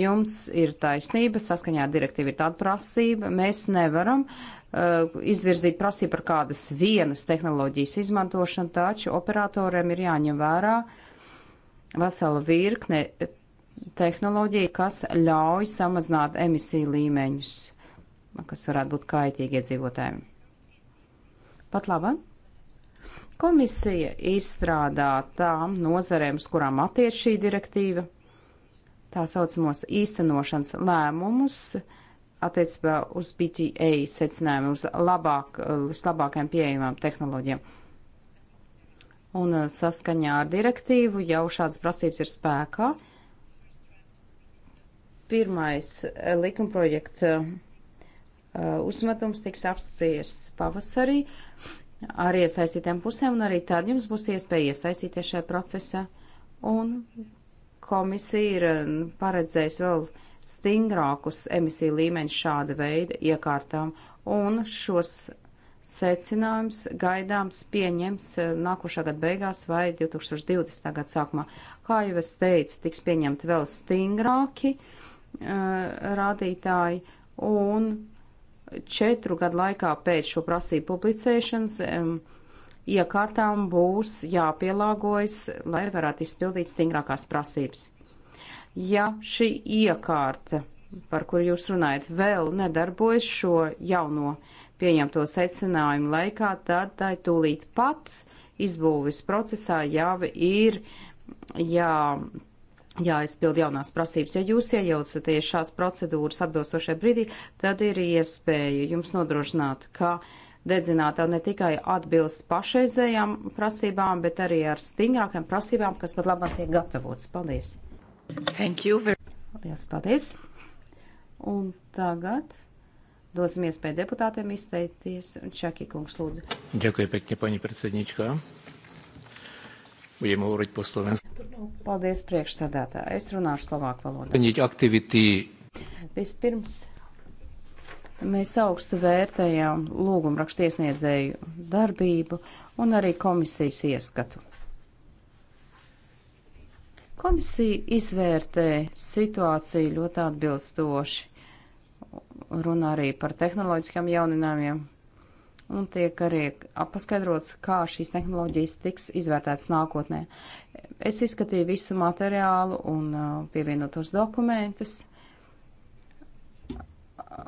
Jums ir taisnība, saskaņā ar direktīvu ir tāda prasība. Mēs nevaram uh, izvirzīt prasību par kādas vienas tehnoloģijas izmantošanu, taču operatoriem ir jāņem vērā vesela virkne tehnoloģija, kas ļauj samazināt emisiju līmeņus, kas varētu būt kaitīgi iedzīvotājiem. Pat labāk! Komisija izstrādā tām nozarēm, uz kurām attiec šī direktīva, tā saucamos īstenošanas lēmumus attiecībā uz BTA secinājumu, uz labāk, vislabākajām pieejamām tehnoloģijām. Un uh, saskaņā ar direktīvu jau šādas prasības ir spēkā. Pirmais uh, likumprojekta uh, uzmetums tiks apspriests pavasarī ar iesaistītēm pusēm, un arī tad jums būs iespēja iesaistīties šajā procesā. Un komisija ir paredzējusi vēl stingrākus emisiju līmeņus šāda veida iekārtām, un šos secinājums gaidāms pieņems e, nākošā gada beigās vai 2020. gada sākumā. Kā jau es teicu, tiks pieņemti vēl stingrāki uh, rādītāji, un četru gadu laikā pēc šo prasību publicēšanas iekārtām būs jāpielāgojas, lai varētu izpildīt stingrākās prasības. Ja šī iekārta, par kuru jūs runājat, vēl nedarbojas šo jauno pieņemto secinājumu laikā, tad tai tūlīt pat izbūves procesā jau ir jā. Ja jāizpild jaunās prasības. Ja jūs iejaucaties šās procedūras atbilstošajā brīdī, tad ir iespēja jums nodrošināt, ka dedzinātā ne tikai atbilst pašreizējām prasībām, bet arī ar stingrākām prasībām, kas pat labāk tiek gatavotas. Paldies! Thank you! Very... Lielas paldies! Un tagad dosim iespēju deputātiem izteikties. Čaki kungs, lūdzu. Ďakujem pekne, pani predsednička budem hovoriť po slovensku. Paldies priekšsēdētā. Es runāšu slovāku valodu. Vispirms mēs augstu vērtējām lūgumrakstu iesniedzēju darbību un arī komisijas ieskatu. Komisija izvērtē situāciju ļoti atbilstoši. Runā arī par tehnoloģiskiem jauninājumiem, un tiek arī paskaidrots, kā šīs tehnoloģijas tiks izvērtētas nākotnē. Es izskatīju visu materiālu un uh, pievienotos dokumentus,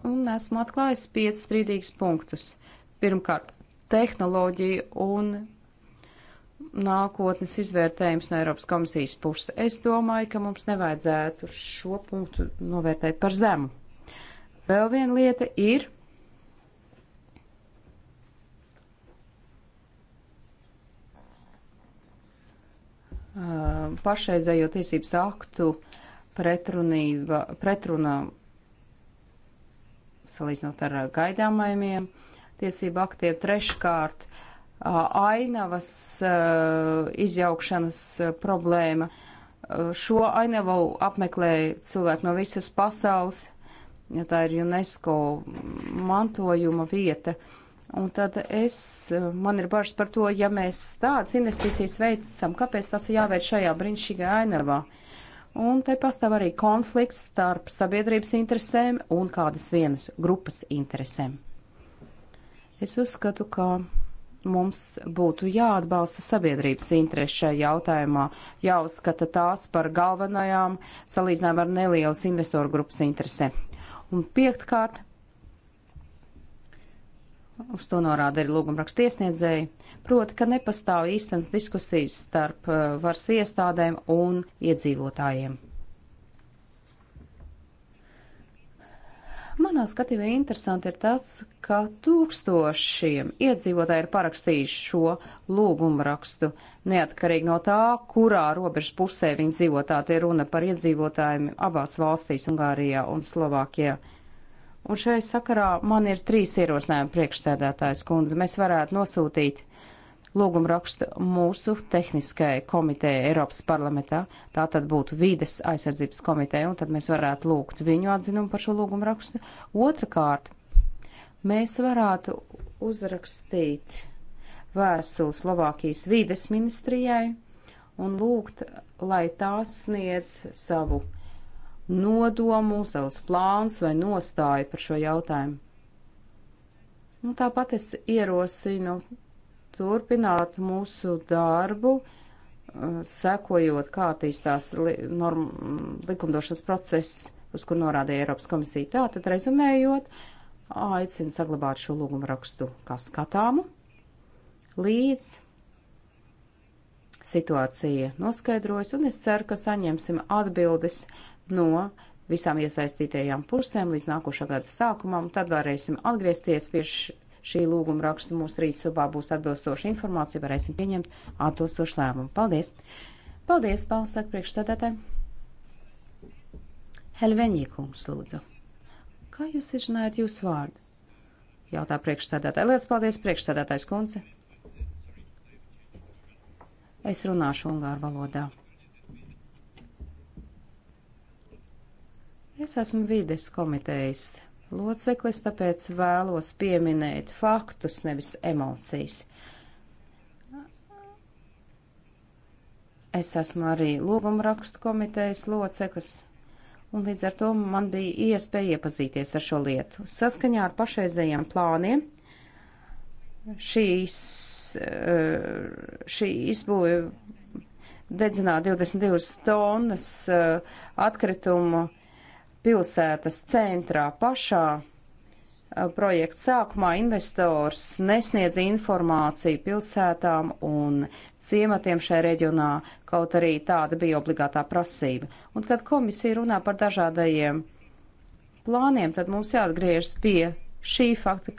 un esmu atklājis piecas strīdīgas punktus. Pirmkārt, tehnoloģija un nākotnes izvērtējums no Eiropas komisijas puses. Es domāju, ka mums nevajadzētu šo punktu novērtēt par zemu. Vēl viena lieta ir Uh, pašreizējo tiesības aktu pretrunība, pretruna salīdzinot ar gaidāmajiem tiesību aktiem. Treškārt, uh, ainavas uh, izjaukšanas problēma. Šo ainavu apmeklē cilvēki no visas pasaules, ja tā ir UNESCO mantojuma vieta. Uh, Un tad es, eh, man ir bažas par to, ja mēs tādas investīcijas veicam, kāpēc tas ir jāveic šajā brīnišķīgā ainavā. Un te pastāv arī konflikts starp sabiedrības interesēm un kādas vienas grupas interesēm. Es uzskatu, ka mums būtu jāatbalsta sabiedrības interesi šajā jautājumā, jāuzskata tās par galvenajām, salīdzinām ar nelielas investoru grupas interesēm. Un piektkārt, uz to norāda arī lūguma rakstiesniedzēji, proti, ka nepastāv īstenas diskusijas starp uh, varas iestādēm un iedzīvotājiem. Manā skatījumā interesanti ir tas, ka tūkstošiem iedzīvotāji ir parakstījuši šo lūgumu rakstu, neatkarīgi no tā, kurā robežas pusē viņi dzīvo. Tā ir runa par iedzīvotājiem abās valstīs, Ungārijā un Slovākijā. Uh, Un šai sakarā man ir trīs ierosinājumi priekšsēdētājs kundze. Mēs varētu nosūtīt lūgumu rakstu mūsu tehniskajai komitejai Eiropas parlamentā. Tā tad būtu vides aizsardzības komiteja, un tad mēs varētu lūgt viņu atzinumu par šo lūgumu rakstu. Otrakārt, mēs varētu uzrakstīt vēstuli Slovākijas vides ministrijai un lūgt, lai tās sniedz savu nodomu, savus plānus vai nostāju par šo jautājumu. Un nu, tāpat es ierosinu turpināt mūsu darbu, uh, sekojot, kā attīstās li norm, likumdošanas process, uz kur norādīja Eiropas komisija. Tātad, rezumējot, aicinu saglabāt šo lūgumu rakstu kā skatāmu, līdz situācija noskaidrojas, un es ceru, ka saņemsim atbildes no visām iesaistītajām pusēm līdz nākošā gada sākumam. Tad varēsim atgriezties pie šī lūguma raksta. Mūsu rītsubā būs atbilstoša informācija, varēsim pieņemt atbilstošu lēmumu. Paldies! Paldies, Pāvils, priekšsēdētāji! Helveņīkums, lūdzu. Kā jūs izrunājat jūsu vārdu? Jautā priekšsēdētāji. Lielas paldies, priekšsēdētājs kundze. Es runāšu ungāru valodā. Es esmu vides komitejas loceklis, tāpēc vēlos pieminēt faktus, nevis emocijas. Es esmu arī lūgumrakstu komitejas loceklis, un līdz ar to man bija iespēja iepazīties ar šo lietu. Saskaņā ar pašreizējiem plāniem šīs, eh, šī izbūve dedzināt 22 tonnas eh, atkritumu pilsētas centrā pašā projekta sākumā investors nesniedz informāciju pilsētām un ciematiem šajā reģionā, kaut arī tāda bija obligātā prasība. Un, kad komisija runā par dažādajiem plāniem, tad mums jāatgriežas pie šī fakta.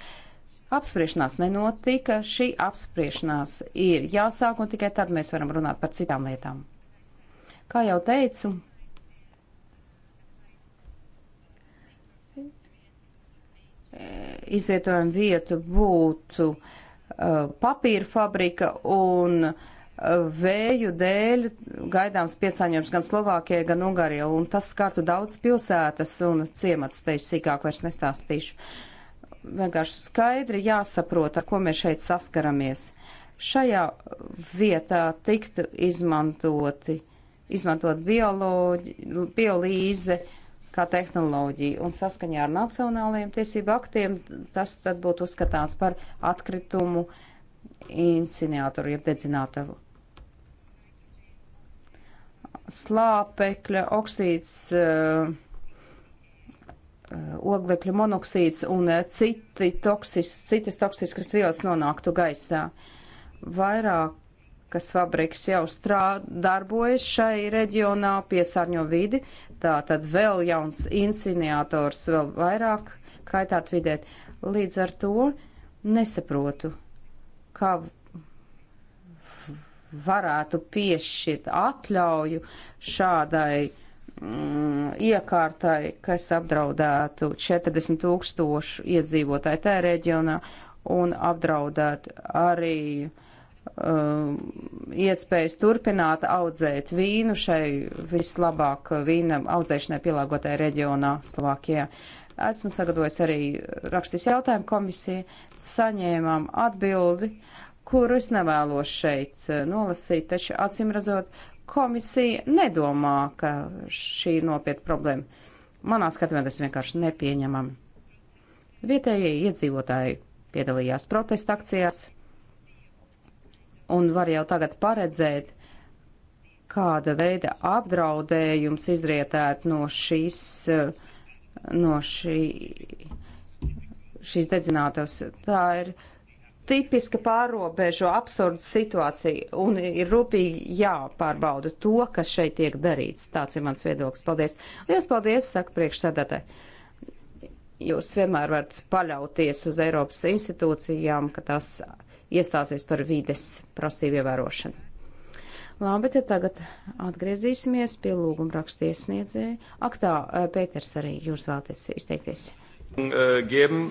Apspriešanās nenotika, šī apspriešanās ir jāsāk, un tikai tad mēs varam runāt par citām lietām. Kā jau teicu, Eh, izvietojumu vieta būtu eh, papīra fabrika un eh, vēju dēļ gaidāms piesāņojums gan Slovākijai, gan Ungārijai, un tas skartu daudz pilsētas un ciemats, te es sīkāk vairs nestāstīšu. Vienkārši skaidri jāsaprot, ar ko mēs šeit saskaramies. Šajā vietā tiktu izmantoti, izmantot bioloģi, biolīze, uh, kā tehnoloģiju, un saskaņā ar nacionālajiem tiesību aktiem tas tad būtu uzskatāms par atkritumu incinātoru, jeb dedzinātavu. Slāpekļa oksīds, eh, eh, oglekļa monoksīds un eh, citi toksis, citas toksiskas vielas nonāktu gaisā. Vairāk kas fabriks jau strādā, darbojas šai reģionā, piesārņo vidi, Tā tad vēl jauns insinjātors vēl vairāk kaitāt vidē. Līdz ar to nesaprotu, kā varētu piešķirt atļauju šādai mm, iekārtai, kas apdraudētu 40 tūkstošu iedzīvotāju tajā reģionā un apdraudētu arī uh, Um, iespējas turpināt audzēt vīnu šai vislabāk uh, vīna audzēšanai pielāgotajā reģionā Slovākijā. Esmu sagatavojis arī rakstis jautājumu komisiju, saņēmām atbildi, kuru es nevēlos šeit uh, nolasīt, taču acimrazot, komisija nedomā, ka šī ir nopietna problēma. Manā skatījumā tas vienkārši nepieņemam. Vietējie iedzīvotāji piedalījās protesta akcijās un var jau tagad paredzēt, kāda veida apdraudējums izrietētu no šīs, no šī, šīs dedzinātavas. Tā ir tipiska pārobežu absurda situācija un ir rūpīgi jāpārbauda to, kas šeit tiek darīts. Tāds ir mans viedoklis. Paldies. Lielas paldies, saka priekšsēdētāji. Jūs vienmēr varat paļauties uz Eiropas institūcijām, ka tās. Tas iestāsies par vides prasību ievērošanu. Labi, tad tagad atgriezīsimies pie lūguma rakstiesniedzēja. Ak tā, eh, Pēters, arī jūs vēlaties izteikties. Eh, geben,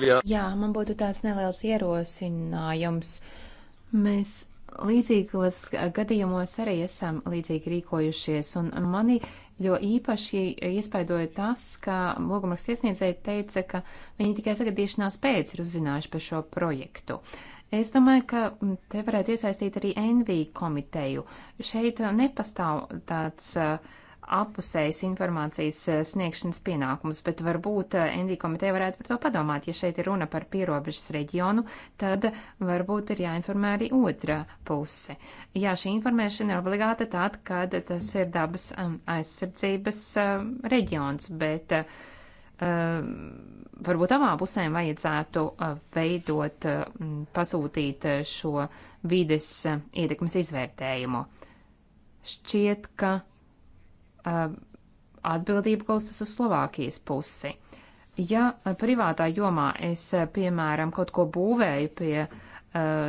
wir... Jā, man būtu tāds neliels ierosinājums. Mēs līdzīgos gadījumos arī esam līdzīgi rīkojušies, un mani jo īpaši iespaidoja tas, ka lūgumraksts iesniedzēji teica, ka viņi tikai sagadīšanās pēc ir uzzinājuši par šo projektu. Uh, Es domāju, ka te varētu iesaistīt arī NV komiteju. Šeit nepastāv tāds uh, apusējas informācijas uh, sniegšanas pienākums, bet varbūt uh, NV komiteja varētu par to padomāt. Ja šeit ir runa par pierobežas reģionu, tad varbūt ir jāinformē arī otra puse. Jā, šī informēšana ir obligāta tāda, kad tas ir dabas um, aizsardzības um, reģions, bet uh, Eh, varbūt abām pusēm vajadzētu eh, veidot, eh, pasūtīt šo vides ietekmes izvērtējumu. Šķiet, ka atbildība gulstas uz Slovākijas pusi. Ja privātā jomā es, piemēram, kaut ko būvēju pie uh,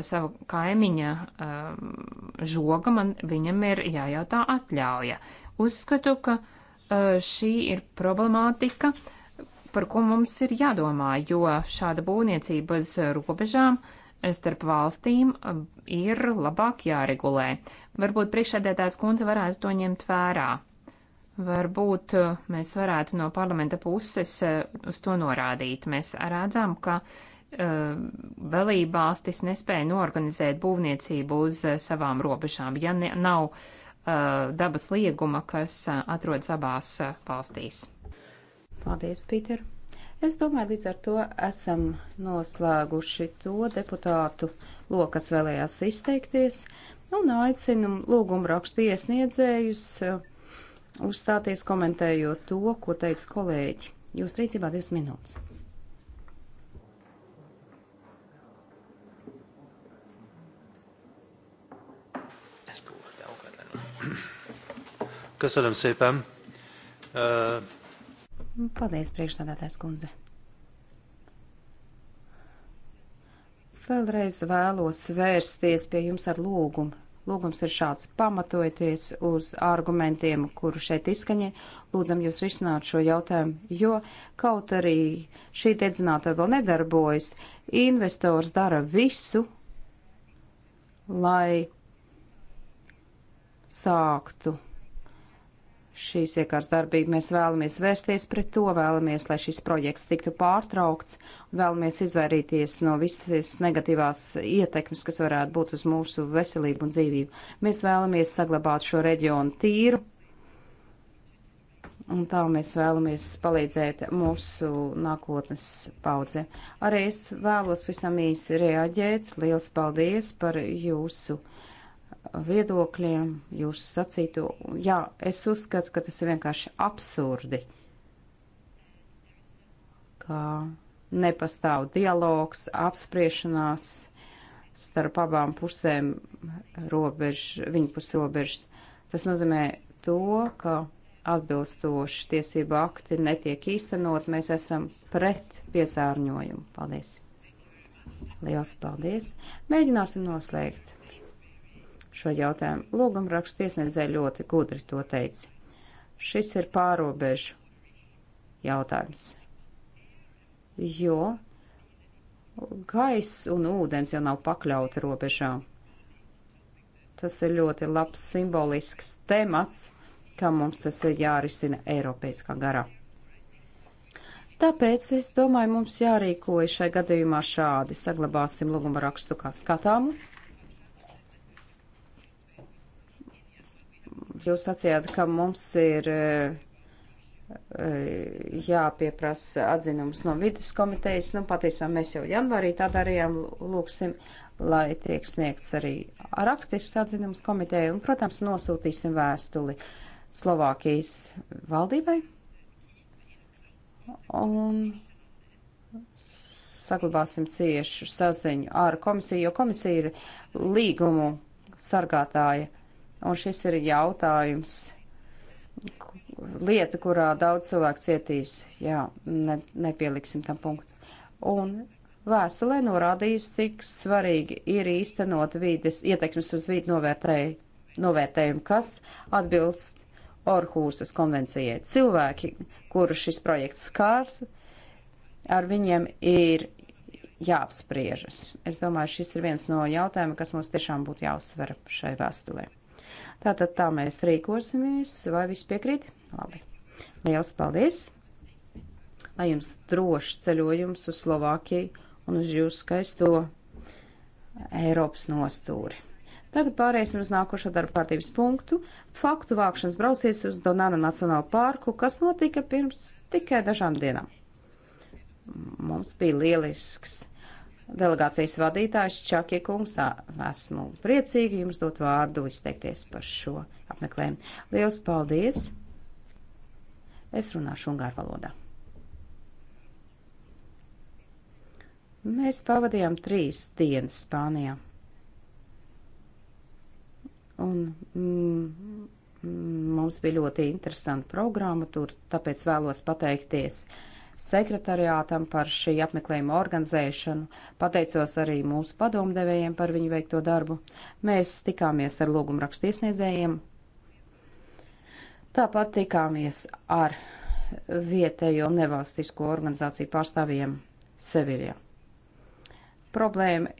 sava kaimiņa uh, žoga, man viņam ir jājautā atļauja. Uzskatu, ka uh, šī ir problemātika, uh, par ko mums ir jādomā, jo šāda būvniecība bez robežām starp valstīm uh, ir labāk jāregulē. Varbūt priekšsēdētājs kundze varētu to ņemt vērā. Varbūt uh, mēs varētu no parlamenta puses uh, uz to norādīt. Mēs redzam, ka uh, valībvalstis nespēja norganizēt būvniecību uz savām robežām, ja ne, nav uh, dabas lieguma, kas atrodas abās valstīs. Paldies, Pīter. Es domāju, līdz ar to esam noslēguši to deputātu loku, kas vēlējās izteikties, un aicinu lūgumu rakstu iesniedzējus uh, uzstāties komentējot to, ko teica kolēģi. Jūs rīcībā divas minūtes. Köszönöm szépen. Uh, Paldies, priekšstādātājs kundze. Vēlreiz vēlos vērsties pie jums ar lūgumu. Lūgums ir šāds - pamatojoties uz argumentiem, kuru šeit izskaņē, lūdzam jūs risināt šo jautājumu, jo kaut arī šī dedzinātāja vēl nedarbojas, investors dara visu, lai sāktu šīs iekārtas darbību. Mēs vēlamies vērsties pret to, vēlamies, lai šis projekts tiktu pārtraukts, vēlamies izvairīties no visas negatīvās ietekmes, kas varētu būt uz mūsu veselību un dzīvību. Mēs vēlamies saglabāt šo reģionu tīru. Un tā mēs vēlamies palīdzēt mūsu nākotnes paudze. Arī es vēlos visam īsi reaģēt. Liels paldies par jūsu uh, viedokļiem, jūsu sacīto. Jā, es uzskatu, ka tas ir vienkārši absurdi, ka nepastāv dialogs, apspriešanās starp abām pusēm robežs, viņa pus robežas. Tas nozīmē to, ka atbilstoši tiesību akti netiek īstenot, mēs esam pret piesārņojumu. Paldies! Liels paldies! Mēģināsim noslēgt šo jautājumu. Lūgumraksts tiesnedzēja ļoti gudri to teica. Šis ir pārobežu jautājums, jo gaiss un ūdens jau nav pakļauti robežām. Tas ir ļoti labs simbolisks temats, kā mums tas ir jārisina Eiropēskā garā. Tāpēc es domāju, mums jārīkojas šai gadījumā šādi. Saglabāsim lūgumu rakstu kā skatāmu jūs sacījāt, ka mums ir e, e, jāpieprasa atzinums no vidas komitejas. Nu, patiesībā mēs jau janvārī tā darījām, lūksim, lai tiek sniegts arī rakstisks atzinums komiteja un, protams, nosūtīsim vēstuli Slovākijas valdībai. Un saglabāsim ciešu saziņu ar komisiju, jo komisija ir līgumu sargātāja Un šis ir jautājums, lieta, kurā daudz cilvēku cietīs. Jā, ne, nepieliksim tam punktu. Un vēstulē norādījis, cik svarīgi ir īstenot vīdes, ietekmes uz vīdu novērtēju, novērtējumu, kas atbilst Orhūzas konvencijai. Cilvēki, kuru šis projekts skārs, ar viņiem ir jāapspriežas. Es domāju, šis ir viens no jautājumiem, kas mums tiešām būtu jāuzsver šai vēstulē. Tātad tā mēs rīkosimies, vai viss piekrīt? Labi. Liels paldies! Lai jums drošs ceļojums uz Slovākiju un uz jūsu skaisto Eiropas nostūri. Tagad pāriesim uz nākošo darba kārtības punktu - faktu vākšanas braucies uz Donana Nacionālu parku, kas notika pirms tikai dažām dienām. Mums bija lielisks delegācijas vadītājs Čakie kungs. Esmu priecīgi jums dot vārdu izteikties par šo apmeklējumu. Lielas paldies! Es runāšu ungāru valodā. Mēs pavadījām trīs dienas Spānijā. Un mm, mm mums bija ļoti interesanta programma tur, tāpēc vēlos pateikties uh, sekretariātam par šī apmeklējuma organizēšanu, pateicos arī mūsu padomdevējiem par viņu veikto darbu. Mēs tikāmies ar lūgumrakstu iesniedzējiem, tāpat tikāmies ar vietējo nevalstisko organizāciju pārstāvjiem Seviljā. Problēma,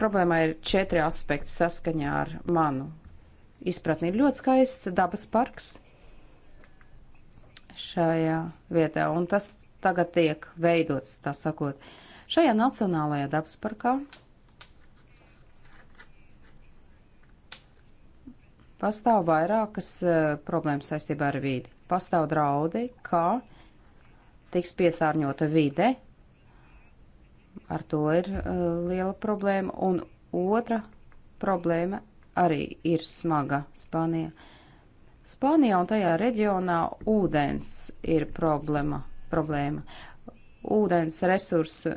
problēma ir četri aspekti saskaņā ar manu izpratni. Ir ļoti skaists dabas parks šajā vietā, un tas tagad tiek veidots, tā sakot. Šajā Nacionālajā dabas parkā pastāv vairākas eh, problēmas saistībā ar vīdi. Pastāv draudi, kā tiks piesārņota vide, ar to ir uh, liela problēma, un otra problēma arī ir smaga Spānijā. Spānijā un tajā reģionā ūdens ir problēma problēma. Ūdens resursu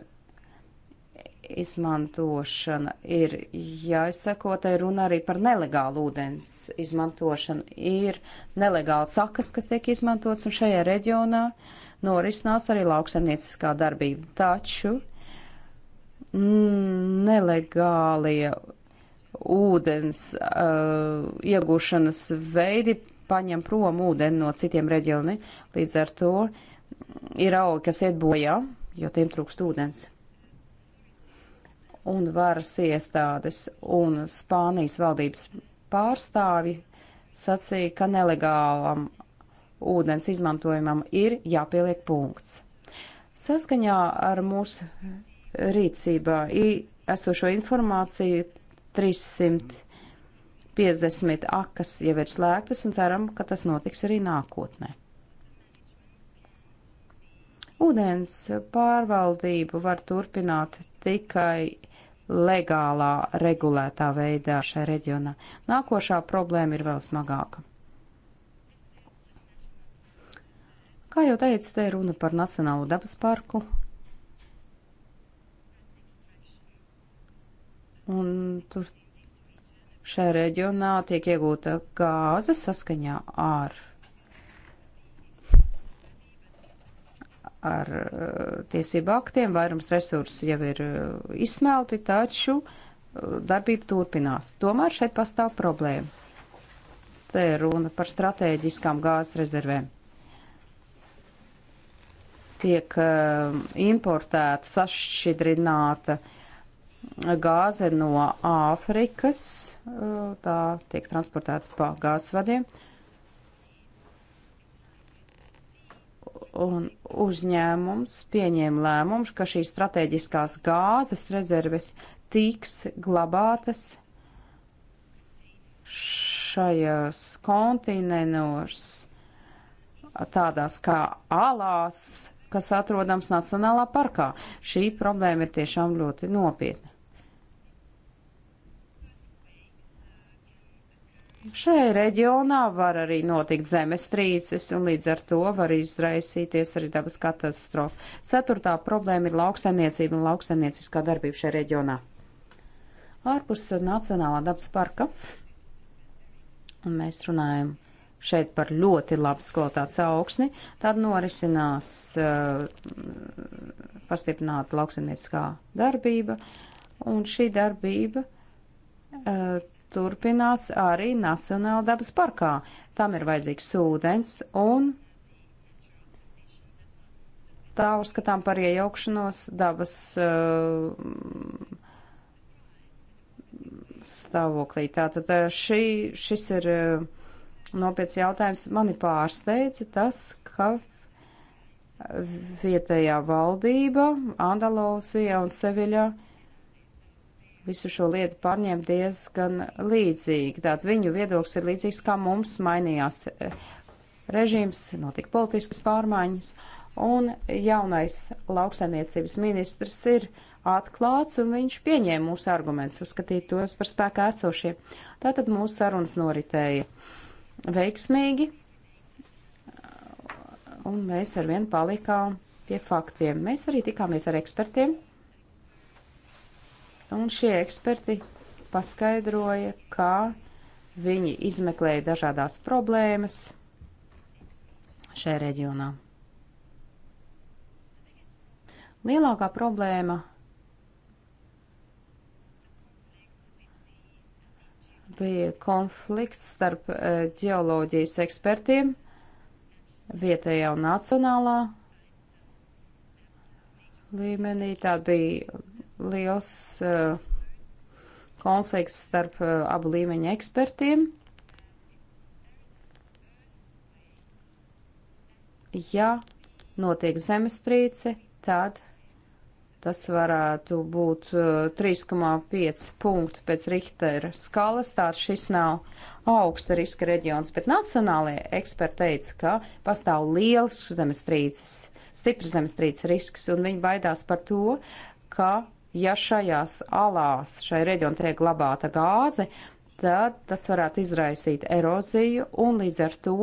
izmantošana ir jāizsako, te runa arī par nelegālu ūdens izmantošanu. Ir nelegāli sakas, kas tiek izmantots, un šajā reģionā norisinās arī lauksaimnieciskā darbība. Taču nelegālie ūdens uh, iegūšanas veidi paņem prom ūdeni no citiem reģioniem, līdz ar to uh, ir augi, kas iet bojā, jo tiem trūkst ūdens. Un varas iestādes un Spānijas valdības pārstāvi sacīja, ka nelegālam ūdens izmantojumam ir jāpieliek punkts. Saskaņā ar mūsu rīcībā esošo informāciju 350 akas jau ir slēgtas un ceram, ka tas notiks arī nākotnē. Ūdens pārvaldību var turpināt tikai legālā, regulētā veidā šajā reģionā. Nākošā problēma ir vēl smagāka. Kā jau teicu, te ir runa par Nacionālo dabas parku. Un tur šajā reģionā tiek iegūta gāze saskaņā ar ar eh, tiesību aktiem, vairums resursu jau ir eh, izsmelti, taču eh, darbība turpinās. Tomēr šeit pastāv problēma. Te ir runa par strateģiskām gāzes rezervēm. Tiek uh, importēta, sašķidrināta gāze no Āfrikas, uh, tā tiek transportēta pa gāzes vadiem. Uh, un uzņēmums pieņēma lēmumu, ka šīs strateģiskās gāzes rezerves tiks glabātas šajos kontinenos, tādās kā alās, kas atrodams Nacionālā parkā. Šī problēma ir tiešām ļoti nopietna. Šajā reģionā var arī notikt zemestrīces, un līdz ar to var izraisīties arī dabas katastrofa. Ceturtā problēma ir lauksaimniecība un lauksaimnieciskā darbība šajā reģionā. Ārpus Nacionālā dabas parka, un mēs runājam šeit par ļoti labas kvalitātes augsni, tad norisinās uh, pastiprināta lauksaimnieciskā darbība, un šī darbība. Uh, turpinās arī Nacionāla dabas parkā. Tam ir vajadzīgs ūdens un tā uzskatām par iejaukšanos dabas uh, stāvoklī. Tātad uh, šī, šis ir uh, nopietns jautājums. Mani pārsteidza tas, ka vietējā valdība Andalūzija un Seviļa uh, visu šo lietu pārņēma diezgan līdzīgi. Tātad viņu viedoklis ir līdzīgs, kā mums mainījās eh, režīms, notika politiskas pārmaiņas, un jaunais lauksaimniecības ministrs ir atklāts, un viņš pieņēma mūsu argumentus, uzskatīja tos par spēkā esošie. Tātad mūsu sarunas noritēja veiksmīgi, un mēs arvien palikām pie faktiem. Mēs arī tikāmies ar ekspertiem Un šie eksperti paskaidroja, kā viņi izmeklēja dažādās problēmas šajā reģionā. Lielākā problēma bija konflikts starp eh, ģeoloģijas ekspertiem vietējā un nacionālā līmenī. Tā bija liels uh, konflikts starp uh, abu līmeņu ekspertiem. Ja notiek zemestrīce, tad tas varētu būt uh, eh, 3,5 punkti pēc Richtera skalas, tāds šis nav augsta riska reģions, bet nacionālajie eksperti teica, ka pastāv liels zemestrīces, stiprs zemestrīces risks, un viņi baidās par to, ka ja šajās alās, šai reģionā tiek glabāta gāze, tad tas varētu izraisīt eroziju un līdz ar to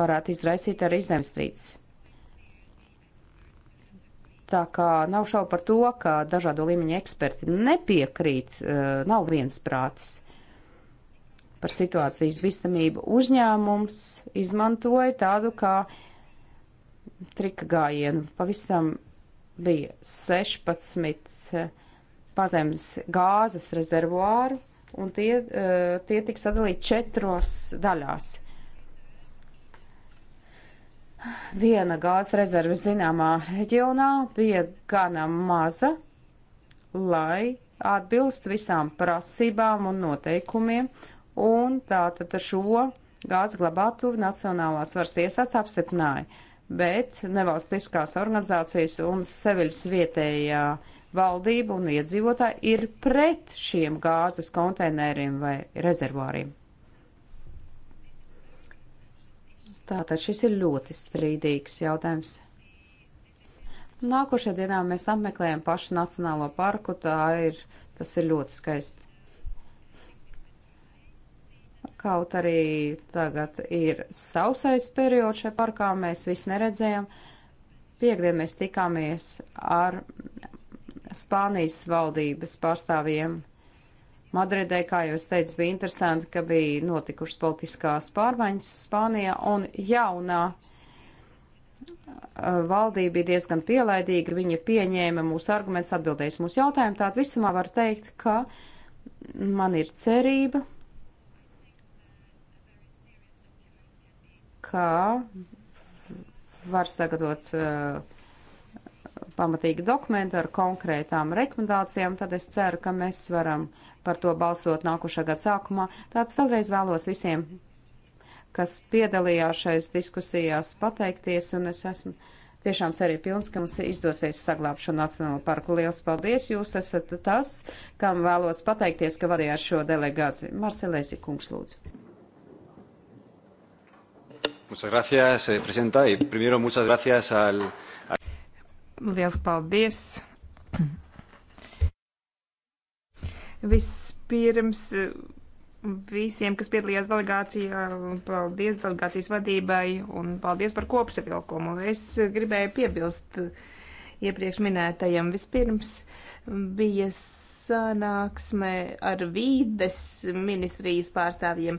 varētu izraisīt arī zemstrīces. Tā kā nav šaubu par to, ka dažādu līmeņu eksperti nepiekrīt, eh, nav viensprātis par situācijas bīstamību. Uzņēmums izmantoja tādu kā uh, trika gājienu. Pavisam bija 16 eh, pazemes gāzes rezervuāri, un tie, eh, tie tika sadalīti četros daļās. Viena gāzes rezerve zināmā reģionā bija gana maza, lai atbilst visām prasībām un noteikumiem, un tātad šo gāzi glabātu nacionālās varas iestādes apstiprināja bet nevalstiskās organizācijas un Seviļas vietējā valdība un iedzīvotāji ir pret šiem gāzes konteineriem vai rezervāriem. Tātad šis ir ļoti strīdīgs jautājums. Nākošajā dienā mēs apmeklējam pašu Nacionālo parku. Tā ir, tas ir ļoti skaists Kaut arī tagad ir sausais periods šajā parkā, mēs visi neredzējām. Piekdien mēs tikāmies ar Spānijas valdības pārstāvjiem Madridē, kā jau es teicu, bija interesanti, ka bija notikušas politiskās pārmaiņas Spānijā, un jaunā uh, valdība bija diezgan pielaidīga, viņa pieņēma mūsu argumentus, atbildēs mūsu jautājumu, tātad visumā var teikt, ka man ir cerība, ka var sagatavot uh, pamatīgi dokumentu ar konkrētām rekomendācijām, tad es ceru, ka mēs varam par to balsot nākušā gada sākumā. Tātad vēlreiz vēlos visiem, kas piedalījās šais diskusijās, pateikties, un es esmu tiešām cerību pilns, ka mums izdosies saglābt šo Nacionālo parku. Liels paldies! Jūs esat tas, kam vēlos pateikties, ka vadījāt šo delegāciju. Marcelēsi kungs lūdzu. Muchas gracias, eh, presidenta. Y primero, muchas gracias al. al... Liels paldies! Vispirms eh, visiem, kas piedalījās delegācijā, paldies delegācijas vadībai un paldies par kopsavilkumu. Es gribēju piebilst iepriekš minētajam. Vispirms bija sanāksme ar vīdes ministrijas pārstāvjiem,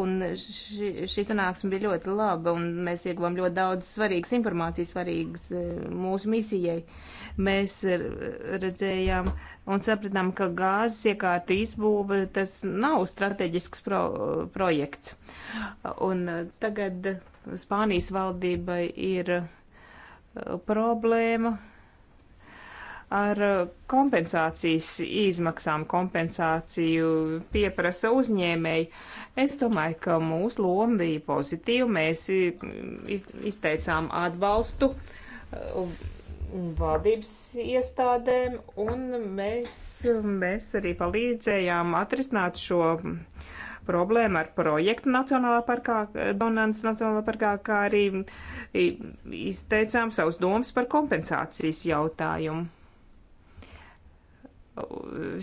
un ši, šī sanāksme bija ļoti laba, un mēs ieguvām ļoti daudz svarīgas informācijas, svarīgas e, mūsu misijai. Mēs redzējām un sapratām, ka gāzes iekārtu izbūve tas nav strateģisks pro, projekts. Un tagad Spānijas valdībai ir e, problēma ar uh, kompensācijas izmaksām, kompensāciju pieprasa uzņēmēji. Es domāju, ka mūsu loma bija pozitīva. Mēs izteicām atbalstu uh, valdības iestādēm un mēs, mēs arī palīdzējām atrisināt šo problēma ar projektu Nacionālā parkā, Donants Nacionālā parkā, kā arī izteicām savus domas par kompensācijas jautājumu.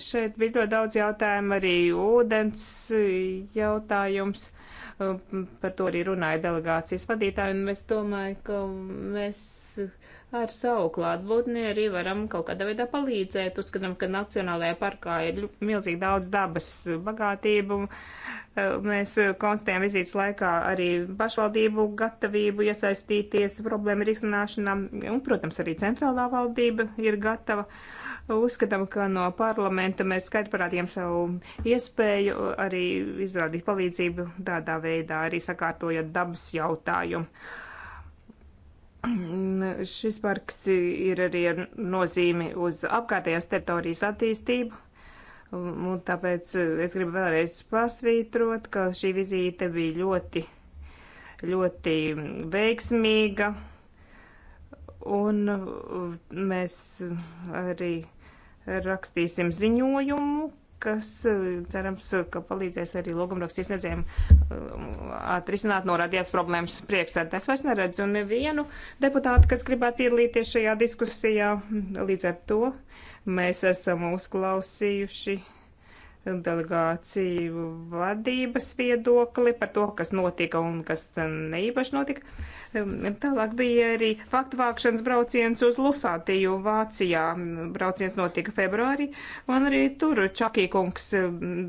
Šeit bija ļoti daudz jautājumu, arī ūdens jautājums. Par to arī runāja delegācijas vadītāji, un es domāju, ka mēs ar savu klātbūtni arī varam kaut kādā veidā palīdzēt. Uzskatām, ka Nacionālajā parkā ir milzīgi daudz dabas bagātību. Mēs konstatējam vizītes laikā arī pašvaldību gatavību iesaistīties problēmu risināšanā, un, protams, arī centrālā valdība ir gatava. Uh, Uzskatām, ka no parlamenta mēs skaidri parādījām savu iespēju arī izrādīt palīdzību tādā veidā, arī sakārtojot dabas jautājumu. Šis parks ir arī nozīmi uz apkārtējās teritorijas attīstību. Un tāpēc es gribu vēlreiz pasvītrot, ka šī vizīte bija ļoti, ļoti veiksmīga. Un mēs arī rakstīsim ziņojumu, kas eh, cerams, ka palīdzēs arī logumrakstu iesniedzējiem eh, atrisināt norādījās problēmas priekšsēd. Es vairs neredzu nevienu deputātu, kas gribētu piedalīties šajā diskusijā. Līdz ar to mēs esam uzklausījuši delegāciju vadības viedokli par to, kas notika un kas neīpaši notika. Tālāk bija arī faktu vākšanas brauciens uz Lusātiju Vācijā. Brauciens notika februārī, un arī tur Čakīkungs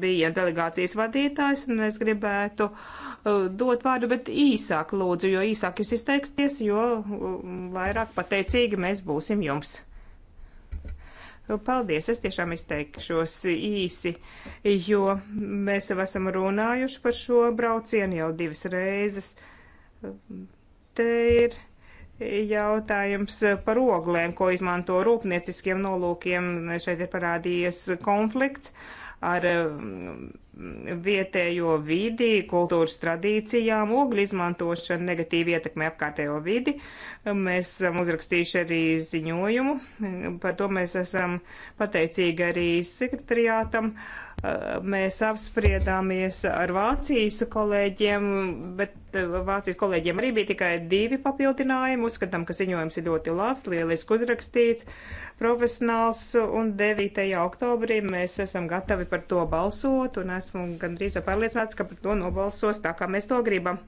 bija delegācijas vadītājs, un es gribētu eh, dot vārdu, bet īsāk lūdzu, jo īsāk jūs izteiksties, jo vairāk pateicīgi mēs būsim jums. Nu, paldies, es tiešām izteikšos īsi, jo mēs jau esam runājuši par šo braucienu jau divas reizes. Te ir jautājums par oglēm, ko izmanto rūpnieciskiem nolūkiem. Šeit ir parādījies konflikts ar vietējo vidi, kultūras tradīcijām, ogļu izmantošana negatīvi ietekmē apkārtējo vidi. Mēs esam uzrakstījuši arī ziņojumu, par to mēs esam pateicīgi arī sekretariātam. Mēs apspriedāmies ar Vācijas kolēģiem, bet Vācijas kolēģiem arī bija tikai divi papildinājumi. Uzskatām, ka ziņojums ir ļoti labs, lieliski uzrakstīts, profesionāls, un 9. oktobrī mēs esam gatavi par to balsot un esam esmu gandrīz pārliecināts, ka par to nobalsos tā, kā mēs to gribam.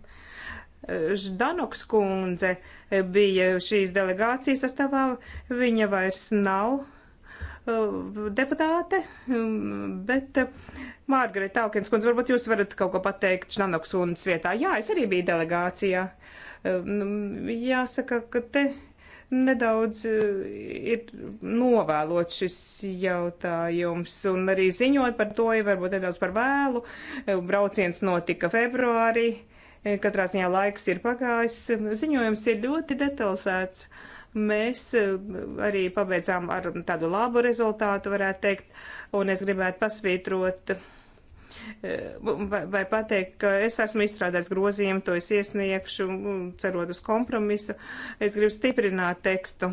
Ždanoks kundze bija šīs delegācijas sastāvā, viņa vairs nav uh, deputāte, um, bet uh, Mārgarita Aukens kundze, varbūt jūs varat kaut ko pateikt Ždanoks kundzes vietā. Jā, es arī biju delegācijā. Um, jāsaka, ka te nedaudz eh, ir novēlot šis jautājums, un arī ziņot par to ir varbūt nedaudz par vēlu. Eh, brauciens notika februārī, eh, katrā ziņā laiks ir pagājis, ziņojums ir ļoti detalizēts. Mēs arī pabeidzām ar tādu labu rezultātu, varētu teikt, un es gribētu pasvītrot vai pateikt, ka es esmu izstrādājis grozījumu, to es iesniegšu, cerot uz kompromisu. Es gribu stiprināt tekstu.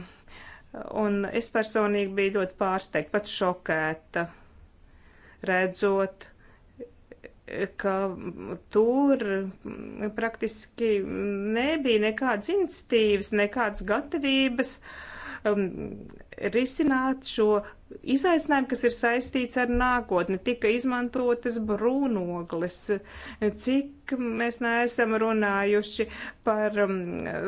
Un es personīgi biju ļoti pārsteigta, pat šokēta, redzot, ka tur praktiski nebija nekādas institīvas, nekādas gatavības uh, um, risināt šo izaicinājumu, kas ir saistīts ar nākotni. Tika izmantotas brūnogles, cik mēs neesam runājuši par um,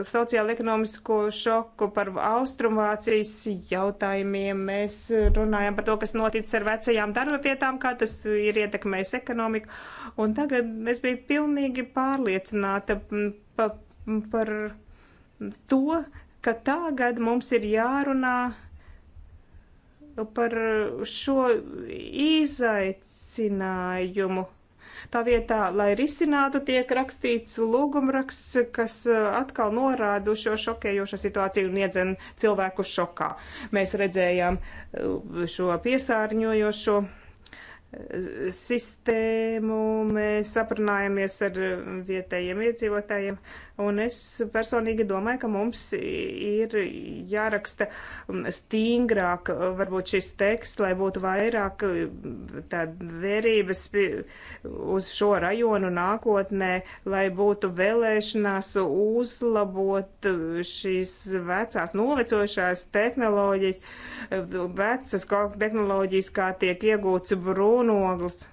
sociālo-ekonomisko šoku, par austrumvācijas jautājumiem. Mēs runājam par to, kas noticis ar vecajām darba vietām, kā tas ir ietekmējis ekonomiku. Un tagad es biju pilnīgi pārliecināta pa, par to, ka tagad mums ir jārunā par šo izaicinājumu. Tā vietā, lai risinātu, tiek rakstīts lūgumraksts, kas uh, atkal norāda šo šokējošo situāciju un iedzen cilvēku šokā. Mēs redzējām uh, šo piesārņojošo uh, sistēmu, mēs aprunājamies ar vietējiem iedzīvotājiem Un es personīgi domāju, ka mums ir jāraksta mm, stingrāk varbūt šis teksts, lai būtu vairāk mm, tāda vērības uz šo rajonu nākotnē, lai būtu vēlēšanās uzlabot šīs vecās, novecojušās tehnoloģijas, vecas tehnoloģijas, kā tiek iegūts brūnoglis.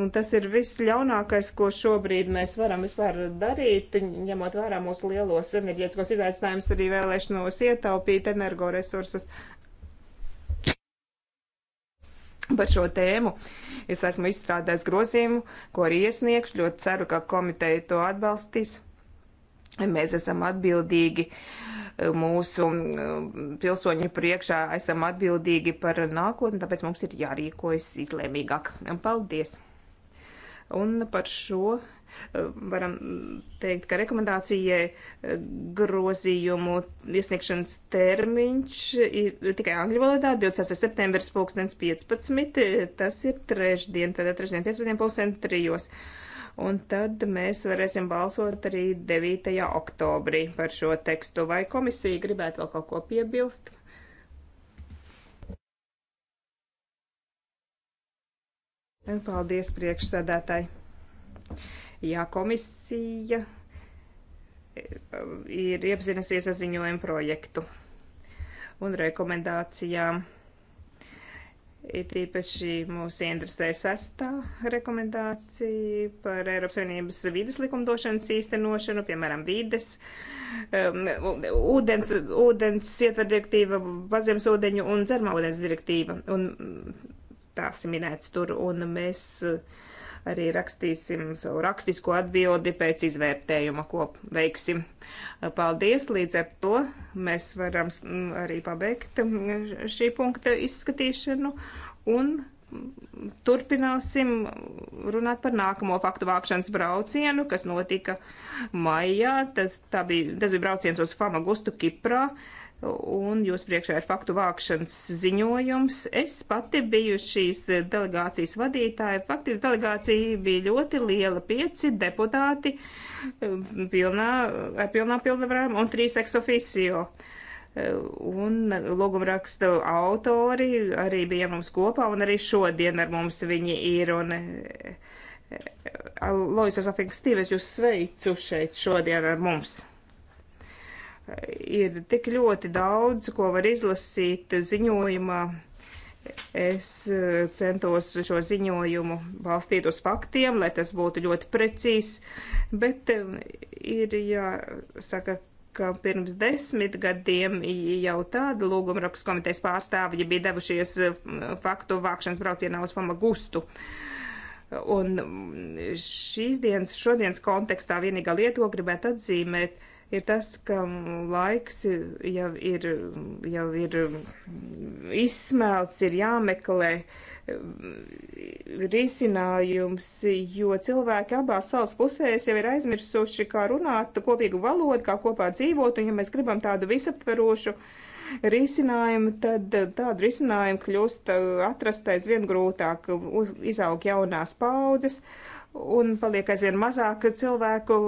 Un tas ir viss ļaunākais, ko šobrīd mēs varam vispār darīt, ņemot vērā mūsu lielos enerģētiskos izaicinājumus, arī vēlēšanos ietaupīt energoresursus. Par šo tēmu es esmu izstrādājis grozījumu, ko arī iesniegšu. Ļoti ceru, ka komiteja to atbalstīs. Mēs esam atbildīgi mūsu mm, pilsoņu priekšā, esam atbildīgi par nākotni, tāpēc mums ir jārīkojas izlēmīgāk. Paldies! Un par šo eh, varam teikt, ka rekomendācijai eh, grozījumu iesniegšanas termiņš ir tikai angļu valodā 26. septembris 2015. Tas ir trešdien, tad trešdien 15. pulksten trijos. Un tad mēs varēsim balsot arī 9. oktobrī par šo tekstu. Vai komisija gribētu vēl kaut ko piebilst? Paldies priekšsēdētāji. Jā, komisija eh, ir iepazinusies ar ziņojumu projektu un rekomendācijām. It īpaši mūs interesē sestā rekomendācija par Eiropas Savienības vides likumdošanas īstenošanu, piemēram, vides, um, ūdens, ūdens ietver direktīva, pazemes ūdeņu un dzermā ūdens direktīva. Un tās minētas tur, un mēs eh, arī rakstīsim savu rakstisko atbildi pēc izvērtējuma, ko veiksim. Paldies, līdz ar to mēs varam mm, arī pabeigt mm, šī punkta izskatīšanu, un mm, turpināsim runāt par nākamo faktu vākšanas braucienu, kas notika maijā. Tas, bija, tas bija brauciens uz Famagustu Kiprā un jūs priekšā ir faktu vākšanas ziņojums. Es pati biju šīs delegācijas vadītāja. Faktiski delegācija bija ļoti liela - pieci deputāti um, pilnā, ar pilnā pilnvarām un trīs eksoficio. Un logumraksta autori arī bija mums kopā, un arī šodien ar mums viņi ir. Un, eh, Loisas Afings Stīves, jūs sveicu šeit šodien ar mums ir tik ļoti daudz, ko var izlasīt ziņojumā. Es eh, centos šo ziņojumu balstīt uz faktiem, lai tas būtu ļoti precīzs, bet eh, ir jāsaka, ka pirms desmit gadiem jau tāda lūguma rakstu komitejas pārstāvja bija devušies eh, faktu vākšanas braucienā uz Famagustu. Un šīs dienas, šodienas kontekstā vienīgā lieta, ko gribētu atzīmēt, ir ir tas, ka laiks jau ir, jau ir izsmelts, ir jāmeklē risinājums, jo cilvēki abās salas pusēs jau ir aizmirsuši, kā runāt kopīgu valodu, kā kopā dzīvot, un ja mēs gribam tādu visaptverošu risinājumu, tad tādu risinājumu kļūst e, atrast aizvien grūtāk, uz, izaug jaunās paudzes, un paliek aizvien mazāk cilvēku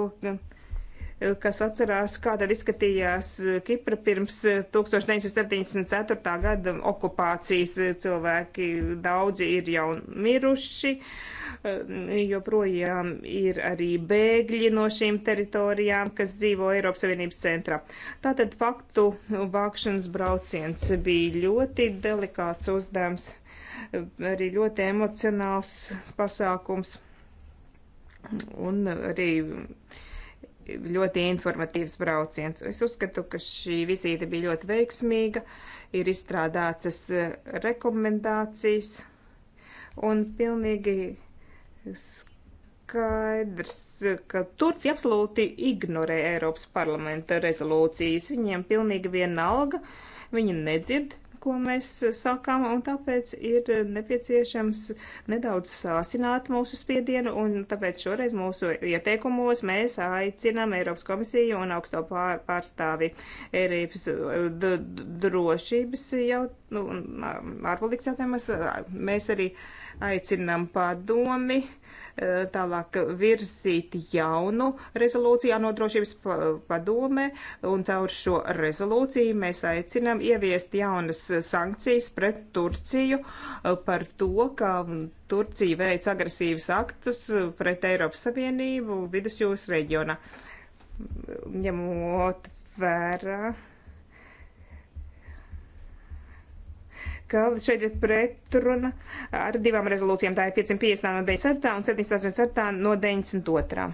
kas atcerās, kā tad izskatījās Kipra pirms 1974. Eh, gada okupācijas. Eh, cilvēki daudzi ir jau miruši, eh, joprojām ir arī bēgļi no šīm teritorijām, kas dzīvo Eiropas Savienības centrā. Tātad faktu vākšanas brauciens bija ļoti delikāts uzdevums, arī ļoti emocionāls pasākums. Un arī uh, ļoti informatīvs brauciens. Es uzskatu, ka šī vizīte bija ļoti veiksmīga, ir izstrādātas eh, rekomendācijas un pilnīgi skaidrs, ka Turcija absolūti ignorē Eiropas parlamenta rezolūcijas. Viņiem pilnīgi vienalga, viņi nedzird ko mēs eh, sakām, un tāpēc ir eh, nepieciešams nedaudz sāsināt mūsu spiedienu, un tāpēc šoreiz mūsu ieteikumos mēs aicinām Eiropas komisiju un augsto pār, pārstāvi Eiropas eh, drošības jau, nu, ārpolitikas jautājumas. Mēs arī aicinām padomi. Uh, Eh, tālāk virzīt jaunu rezolūciju ANO drošības padome, un caur šo rezolūciju mēs aicinām ieviest jaunas sankcijas pret Turciju eh, par to, ka Turcija veic agresīvas aktus pret Eiropas Savienību vidusjūras reģionā. Ņemot vērā ka šeit ir pretruna ar divām rezolūcijām. Tā ir 550 no 97 un 787 no 92.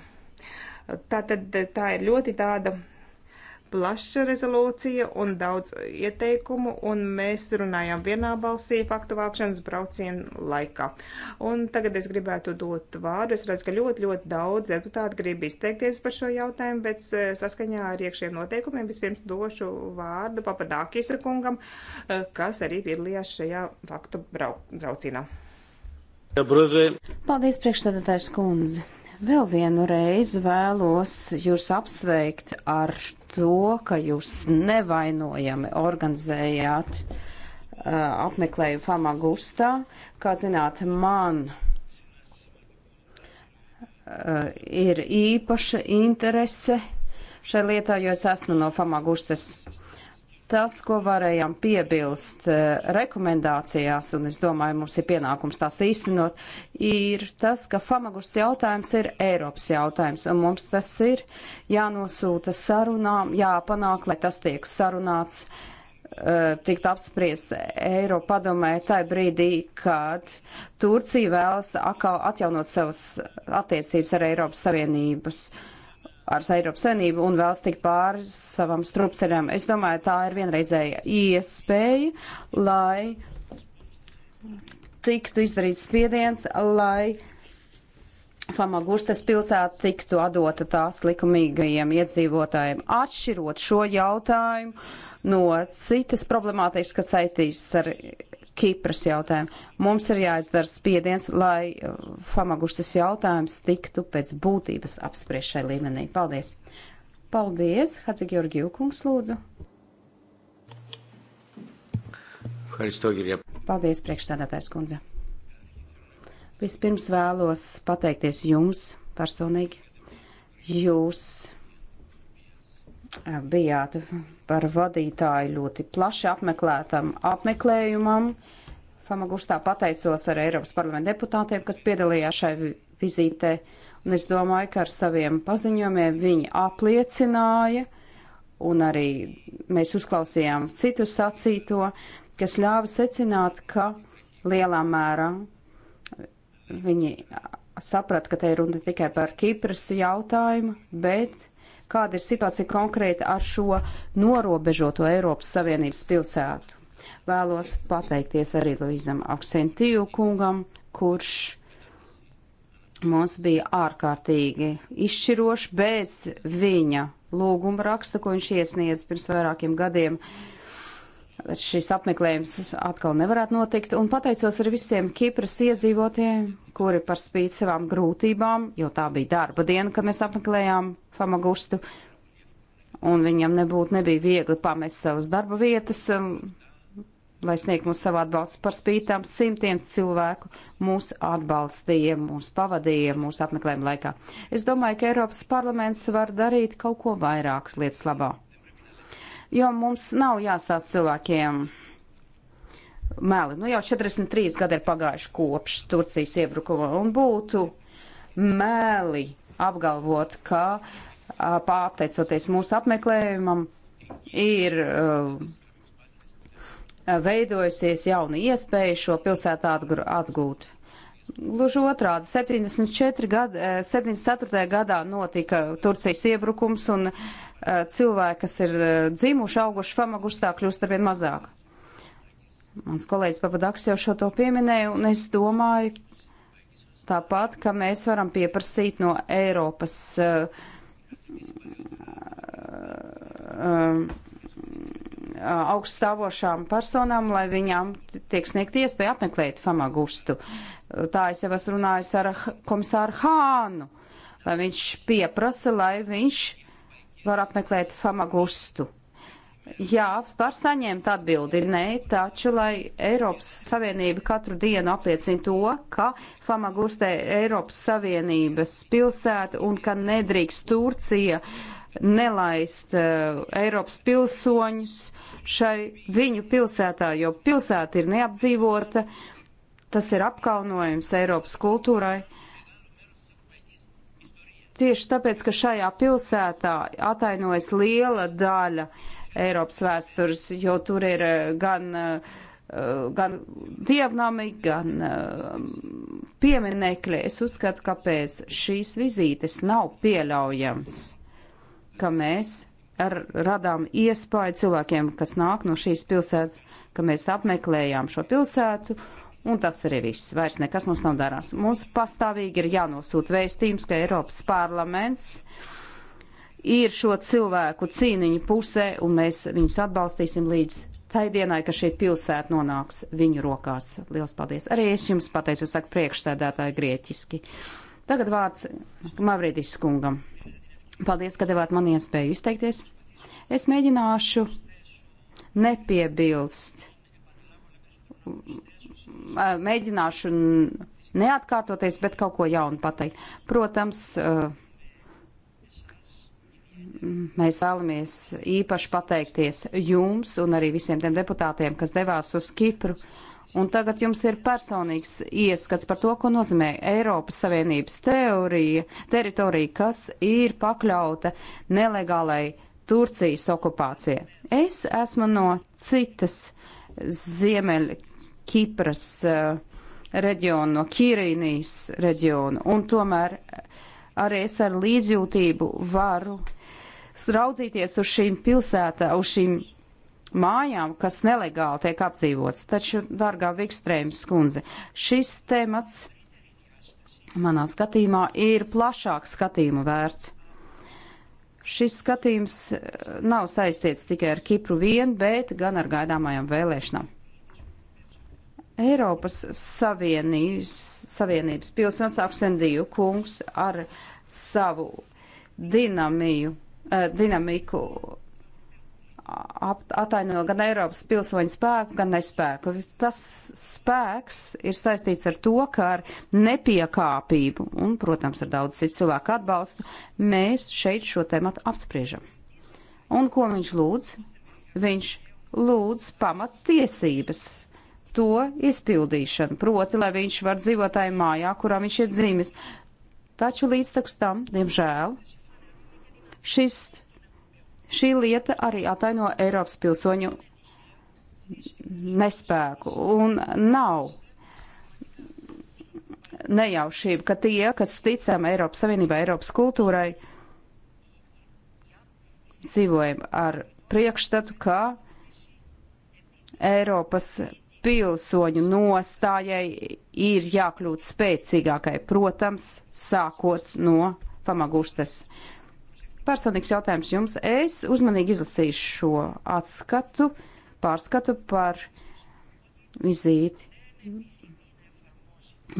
Tā tad tā ir ļoti tāda plaša rezolūcija un daudz ieteikumu, un mēs runājām vienā balsī faktu vākšanas braucienu laikā. Un tagad es gribētu dot vārdu. Es redzu, ka ļoti, ļoti daudz deputāti grib izteikties par šo jautājumu, bet eh, saskaņā ar iekšējiem noteikumiem vispirms došu vārdu papadākisa kungam, eh, kas arī piedalījās šajā faktu braucienā. Paldies, priekšstādātājs kundze! Vēl vienu reizi vēlos jūs apsveikt ar to, ka jūs nevainojami organizējāt uh, apmeklējumu Famagustā. Kā zināt, man uh, ir īpaša interese šai lietā, jo es esmu no Famagustas tas, ko varējām piebilst eh, rekomendācijās, un es domāju, mums ir pienākums tās īstenot, ir tas, ka famagurs jautājums ir Eiropas jautājums, un mums tas ir jānosūta sarunām, jāpanāk, lai tas tiek sarunāts, eh, tikt apspriests Eiropa padomē tajā brīdī, kad Turcija vēlas atjaunot savas attiecības ar Eiropas Savienības. Uh, ar Eiropas Savienību un vēlas tikt pāri savam strupceļam. Es domāju, tā ir vienreizēja iespēja, lai tiktu izdarīts spiediens, lai Famagustas pilsēta tiktu atdota tās likumīgajiem iedzīvotājiem, atšķirot šo jautājumu no citas problemātiskas saitīs ar Kipras jautājumu. Mums ir jāizdara spiediens, lai uh, Famagustas jautājums tiktu pēc būtības apspriešai līmenī. Paldies! Paldies, Hadzi Georgiju kungs, lūdzu. Paldies, priekšstādātājs kundze. Vispirms vēlos pateikties jums personīgi. Jūs bijāt par vadītāju ļoti plaši apmeklētam apmeklējumam. Famagustā pateicos ar Eiropas parlamenta deputātiem, kas piedalījās šai vizītē, un es domāju, ka ar saviem paziņojumiem viņi apliecināja, un arī mēs uzklausījām citu sacīto, kas ļāva secināt, ka lielā mērā viņi saprata, ka te ir runa tikai par Kipras jautājumu, bet kāda ir situācija konkrēti ar šo norobežoto Eiropas Savienības pilsētu. Vēlos pateikties arī Luizam Aksentiju kungam, kurš mums bija ārkārtīgi izšķiroši bez viņa lūguma raksta, ko viņš iesniedz pirms vairākiem gadiem. Uh, šis apmeklējums atkal nevarētu notikt. Un pateicos arī visiem Kipras iedzīvotiem, kuri par spīti savām grūtībām, jo tā bija darba diena, kad mēs apmeklējām Famagustu, un viņam nebūtu nebija viegli pamest savas darba vietas, um, lai sniegtu mums savu atbalstu par spītām simtiem cilvēku mūs atbalstīja, mūs pavadīja mūsu apmeklējuma laikā. Es domāju, ka Eiropas parlaments var darīt kaut ko vairāk lietas labā jo mums nav jāstāsta cilvēkiem meli. Nu, jau 43 gadi ir pagājuši kopš Turcijas iebrukuma, un būtu meli apgalvot, ka pārteicoties mūsu apmeklējumam, ir uh, veidojusies jauna iespēja šo pilsētu atgūt. Gluži otrādi, 74 gad, 74. Eh, gadā notika Turcijas iebrukums un uh, cilvēki, kas ir uh, dzimuši, auguši famagustā, kļūst arvien mazāk. Mans kolēģis Papadaks jau šo to pieminēja, un es domāju tāpat, ka mēs varam pieprasīt no Eiropas uh, uh, uh, Uh, augststāvošām personām, lai viņām tiek sniegt iespēja apmeklēt Famagustu. Uh, tā es jau esmu runājis ar komisāru Hānu, lai viņš pieprasa, lai viņš var apmeklēt Famagustu. Jā, var saņemt atbildi, nē, taču, lai Eiropas Savienība katru dienu apliecina to, ka Famagustē Eiropas Savienības pilsēta un ka nedrīkst Turcija nelaist uh, Eiropas pilsoņus uh, šai viņu pilsētā, jo pilsēta ir neapdzīvota, tas ir apkaunojums Eiropas kultūrai. Tieši tāpēc, ka šajā pilsētā atainojas liela daļa Eiropas vēstures, jo tur ir eh, gan uh, gan dievnami, gan uh, pieminekļi. Es uzskatu, kāpēc šīs vizītes nav pieļaujams, ka mēs ar, radām iespēju cilvēkiem, kas nāk no šīs pilsētas, ka mēs apmeklējām šo pilsētu. Un tas arī viss. Vairs nekas mums nav darāms. Mums pastāvīgi ir jānosūta vēstījums, ka Eiropas parlaments ir šo cilvēku cīniņu pusē, un mēs viņus atbalstīsim līdz tai dienai, ka šī pilsēta nonāks viņu rokās. Lielas paldies. Arī es jums pateicu, saka priekšsēdētāji grieķiski. Tagad vārds Mavridis kungam. Paldies, ka devāt man iespēju izteikties. Es mēģināšu nepiebilst. Mēģināšu neatkārtoties, bet kaut ko jaunu pateikt. Protams, mēs vēlamies īpaši pateikties jums un arī visiem tiem deputātiem, kas devās uz Kipru Un tagad jums ir personīgs ieskats par to, ko nozīmē Eiropas Savienības teorija, teritorija, kas ir pakļauta nelegālai Turcijas okupācijai. Es esmu no citas Ziemeļa Kipras uh, reģiona, no Kirīnijas reģiona, un tomēr eh, arī es ar līdzjūtību varu raudzīties uz šīm pilsētām, uz šīm mājām, kas nelegāli tiek apdzīvots. Taču, dārgā Vikstrēmas kundze, šis temats manā skatījumā ir plašāk skatījuma vērts. Šis skatījums eh, nav saistīts tikai ar Kipru vien, bet gan ar gaidāmajām vēlēšanām. Eiropas Savienības, Savienības pilsons Aksendiju kungs ar savu dinamiju, eh, dinamiku ataino gan Eiropas pilsoņu spēku, gan nespēku. Tas spēks ir saistīts ar to, ka ar nepiekāpību un, protams, ar daudz citu cilvēku atbalstu mēs šeit šo tematu apspriežam. Un ko viņš lūdz? Viņš lūdz pamattiesības to izpildīšanu, proti, lai viņš var dzīvot tajā mājā, kurā viņš ir dzīvis. Taču līdz tam, diemžēl, šis Šī lieta arī ataino Eiropas pilsoņu nespēku un nav nejaušība, ka tie, kas ticam Eiropas Savienībā, Eiropas kultūrai, dzīvojam ar priekšstatu, ka Eiropas pilsoņu nostājai ir jākļūt spēcīgākai, protams, sākot no pamagustas personīgs jautājums jums. Es uzmanīgi izlasīšu šo atskatu, pārskatu par vizīti.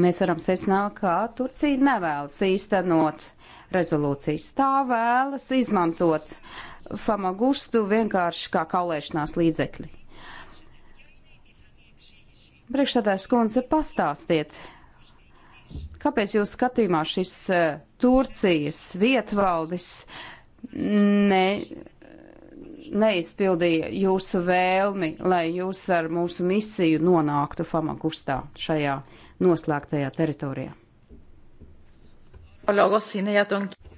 Mēs varam secināt, ka Turcija nevēlas īstenot rezolūcijas. Tā vēlas izmantot famagustu vienkārši kā kaulēšanās līdzekļi. Priekšstādājs kundze, pastāstiet, Kāpēc jūs skatījumā šis e, Turcijas vietvaldis ne, neizpildīja jūsu vēlmi, lai jūs ar mūsu misiju nonāktu Famagustā šajā noslēgtajā teritorijā?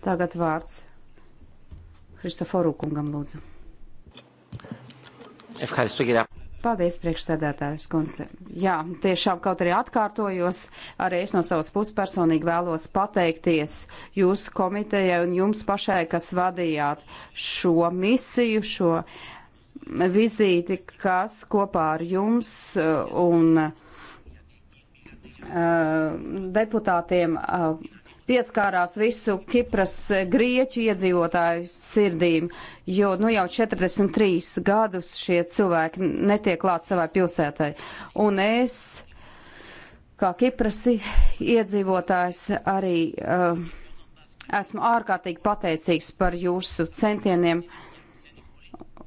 Tagad vārds Kristoforu kungam lūdzu. Paldies, priekšsēdētājs kundze. Jā, tiešām kaut arī atkārtojos, arī es no savas puses personīgi vēlos pateikties jūsu komitejai un jums pašai, kas vadījāt šo misiju, šo vizīti, kas kopā ar jums uh, un uh, deputātiem uh, pieskārās visu Kipras eh, grieķu iedzīvotāju sirdīm, jo nu jau 43 gadus šie cilvēki netiek klāt savai pilsētai. Un es, kā Kipras iedzīvotājs, arī uh, esmu ārkārtīgi pateicīgs par jūsu centieniem.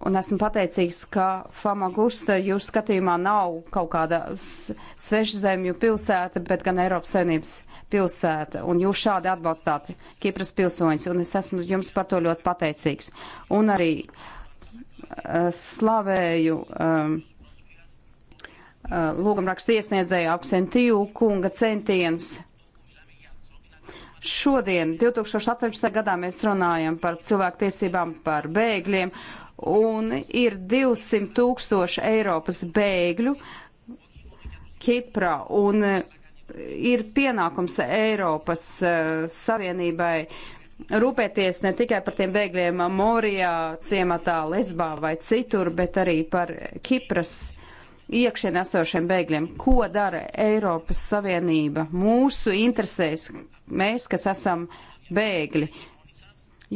Un esmu pateicīgs, ka Famagusta jūsu skatījumā nav kaut kāda svešzemju pilsēta, bet gan Eiropas saimnības pilsēta, un jūs šādi atbalstāt Kipras pilsoņus, un es esmu jums par to ļoti pateicīgs. Un arī uh, slavēju. Um, uh, Lūgumrakstu iesniedzēju Aksentiju kunga centienus šodien, 2018. gadā, mēs runājam par cilvēktiesībām, par bēgļiem, un ir 200 tūkstoši Eiropas bēgļu Kiprā, un eh, ir pienākums Eiropas eh, Savienībai rūpēties ne tikai par tiem bēgļiem Morijā, ciematā, Lesbā vai citur, bet arī par Kipras iekšienē esošiem bēgļiem. Ko dara Eiropas Savienība mūsu interesēs, mēs, kas esam bēgļi?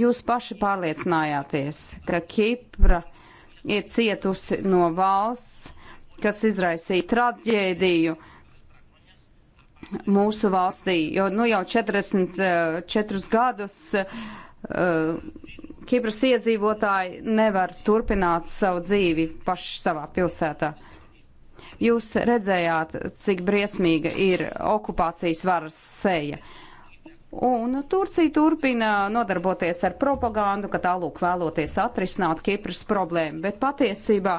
Jūs paši pārliecinājāties, ka Kipra ir cietusi no valsts, kas izraisīja traģēdiju mūsu valstī, jo nu jau 44 eh, gadus uh, Kipras iedzīvotāji nevar turpināt savu dzīvi paši savā pilsētā. Jūs redzējāt, cik briesmīga ir okupācijas varas sēja. Uh, Un Turcija turpina nodarboties ar propagandu, ka tā lūk vēloties atrisināt Kipras problēmu, bet patiesībā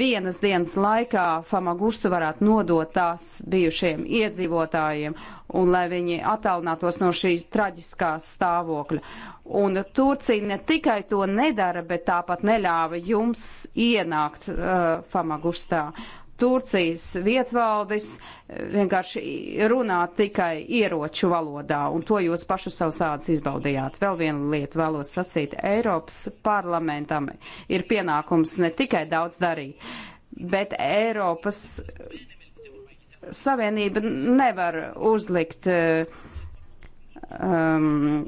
vienas dienas laikā Famagustu varētu nodot tās bijušiem iedzīvotājiem un lai viņi attālinātos no šīs traģiskā stāvokļa. Un Turcija ne tikai to nedara, bet tāpat neļāva jums ienākt uh, Famagustā. Turcijas vietvaldis eh, vienkārši runā tikai ieroču valodā, un to jūs pašu savus ādas izbaudījāt. Vēl vienu lietu vēlos sacīt. Eiropas parlamentam ir pienākums ne tikai daudz darīt, bet Eiropas Savienība nevar uzlikt eh, um,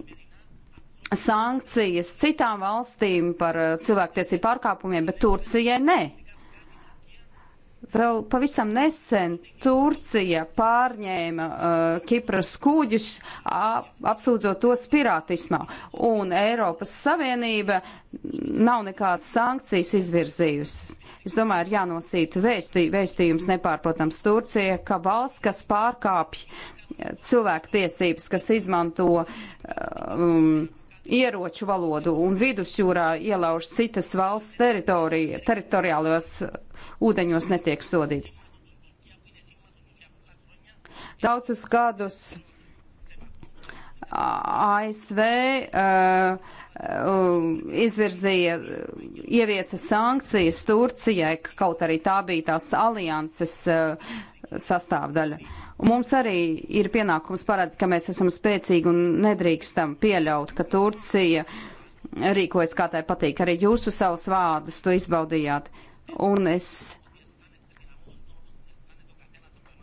sankcijas citām valstīm par eh, cilvēktiesību pārkāpumiem, bet Turcijai ne. Vēl pavisam nesen Turcija pārņēma uh, Kipras kūģus, ap, apsūdzot tos pirātismā, un Eiropas Savienība nav nekādas sankcijas izvirzījusi. Es domāju, ir jānosīt vēstī, vēstījums nepārprotams Turcija, ka valsts, kas pārkāpj cilvēku tiesības, kas izmanto. Uh, um, uh, ieroču valodu un vidusjūrā ielauž citas valsts teritorija, teritoriālajos ūdeņos netiek sodīti. Daudzus gadus ASV uh, uh, izvirzīja, ieviesa sankcijas Turcijai, kaut arī tā bija tās alianses uh, sastāvdaļa. Un mums arī ir pienākums parādīt, ka mēs esam spēcīgi un nedrīkstam pieļaut, ka Turcija rīkojas kā tai patīk. Arī jūsu savus vārdus to izbaudījāt. Un es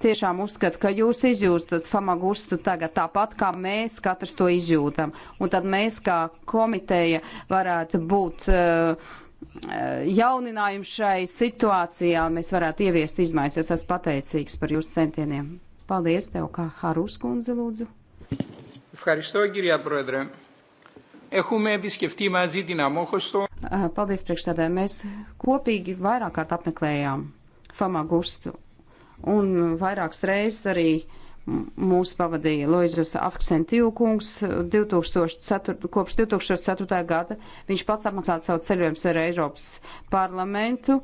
tiešām uzskatu, ka jūs izjūstat famagustu tagad tāpat, kā mēs katrs to izjūtam. Un tad mēs kā komiteja varētu būt uh, Eh, jauninājumu šai situācijā mēs varētu ieviest izmaiņas. Es esmu pateicīgs par jūsu centieniem. Paldies tev, kā Harus kundze, lūdzu. Eh, paldies, priekšsēdē. Mēs kopīgi vairāk kārt apmeklējām Famagustu un vairākas reizes arī uh, mūs pavadīja Loizos Aksentiju kungs 2004, kopš 2004. gada. Viņš pats apmaksāja savu ceļojumu ar Eiropas parlamentu,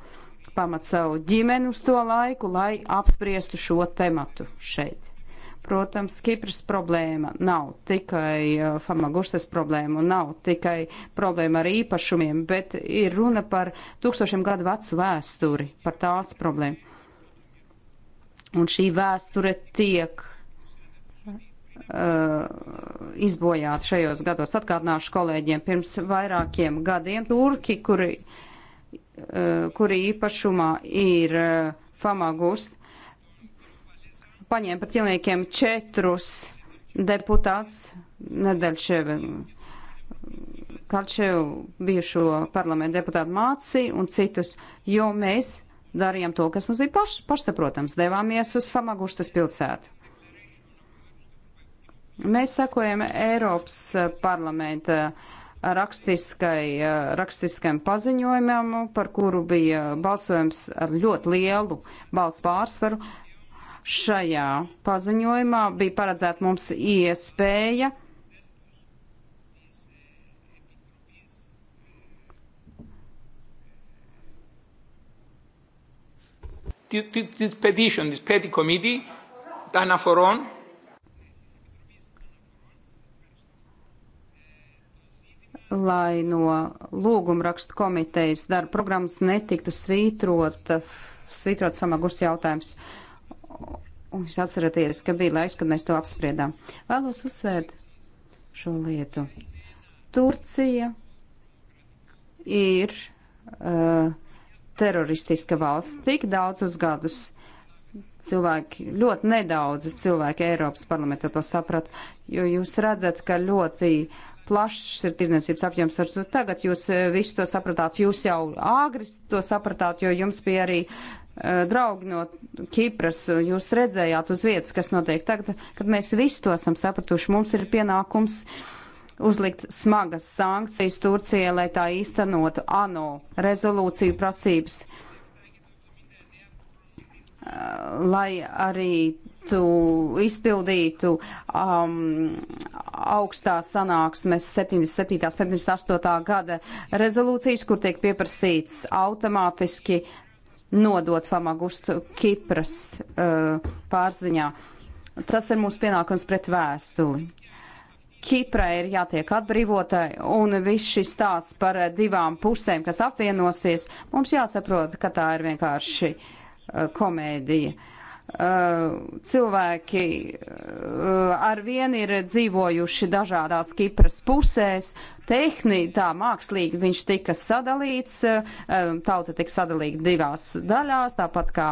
pamat savu ģimeni uz to laiku, lai apspriestu šo tematu šeit. Protams, Kipras problēma nav tikai uh, famagustas problēma un nav tikai problēma ar īpašumiem, bet ir runa par tūkstošiem gadu vecu vēsturi, par tās problēmu. Un šī vēsture tiek uh, izbojāti šajos gados. Atgādināšu kolēģiem pirms vairākiem gadiem turki, kuri, uh, kuri īpašumā ir uh, famagust, paņēma par ķilniekiem četrus deputāts Nedeļševi. Kalčevu bijušo parlamentu deputātu māci un citus, jo mēs darījām to, kas mums ir paš, pašsaprotams, devāmies uz Famagustas pilsētu. Mēs sekojam Eiropas eh, parlamenta eh, rakstiskai, eh, rakstiskam paziņojumam, par kuru bija balsojums ar ļoti lielu balsu pārsvaru. Šajā paziņojumā bija paredzēta mums iespēja This petition, this petty committee, Dana Foron, lai no lūgumrakstu komitejas darba programmas netiktu svītrot, svītrot samagus jautājums. Un jūs atceraties, ka bija laiks, kad mēs to apspriedām. Vēlos uzsvērt šo lietu. Turcija ir uh, teroristiska valsts tik daudzus gadus. Cilvēki, ļoti nedaudz cilvēki Eiropas parlamentā to saprat, jo jūs redzat, ka ļoti uh, plašs ir tirdzniecības apjoms ar to. Tagad jūs eh, visu to sapratāt, jūs jau āgri to sapratāt, jo jums bija arī uh, draugi no Kipras, jūs redzējāt uz vietas, kas notiek tagad, kad mēs visu to esam sapratuši, mums ir pienākums uzlikt smagas sankcijas Turcijai, lai tā īstenotu ANO rezolūciju prasības, uh, lai arī būtu izpildītu um, augstā sanāksmes 77. 78. gada rezolūcijas, kur tiek pieprasīts automātiski nodot Famagustu Kipras uh, pārziņā. Tas ir mūsu pienākums pret vēstuli. Kiprai ir jātiek atbrīvotai, un viss šis stāsts par divām pusēm, kas apvienosies, mums jāsaprot, ka tā ir vienkārši uh, komēdija cilvēki eh, ar vienu ir dzīvojuši dažādās Kipras pusēs, tehniski, tā mākslīgi viņš tika sadalīts, eh, tauta tika sadalīta divās daļās, tāpat kā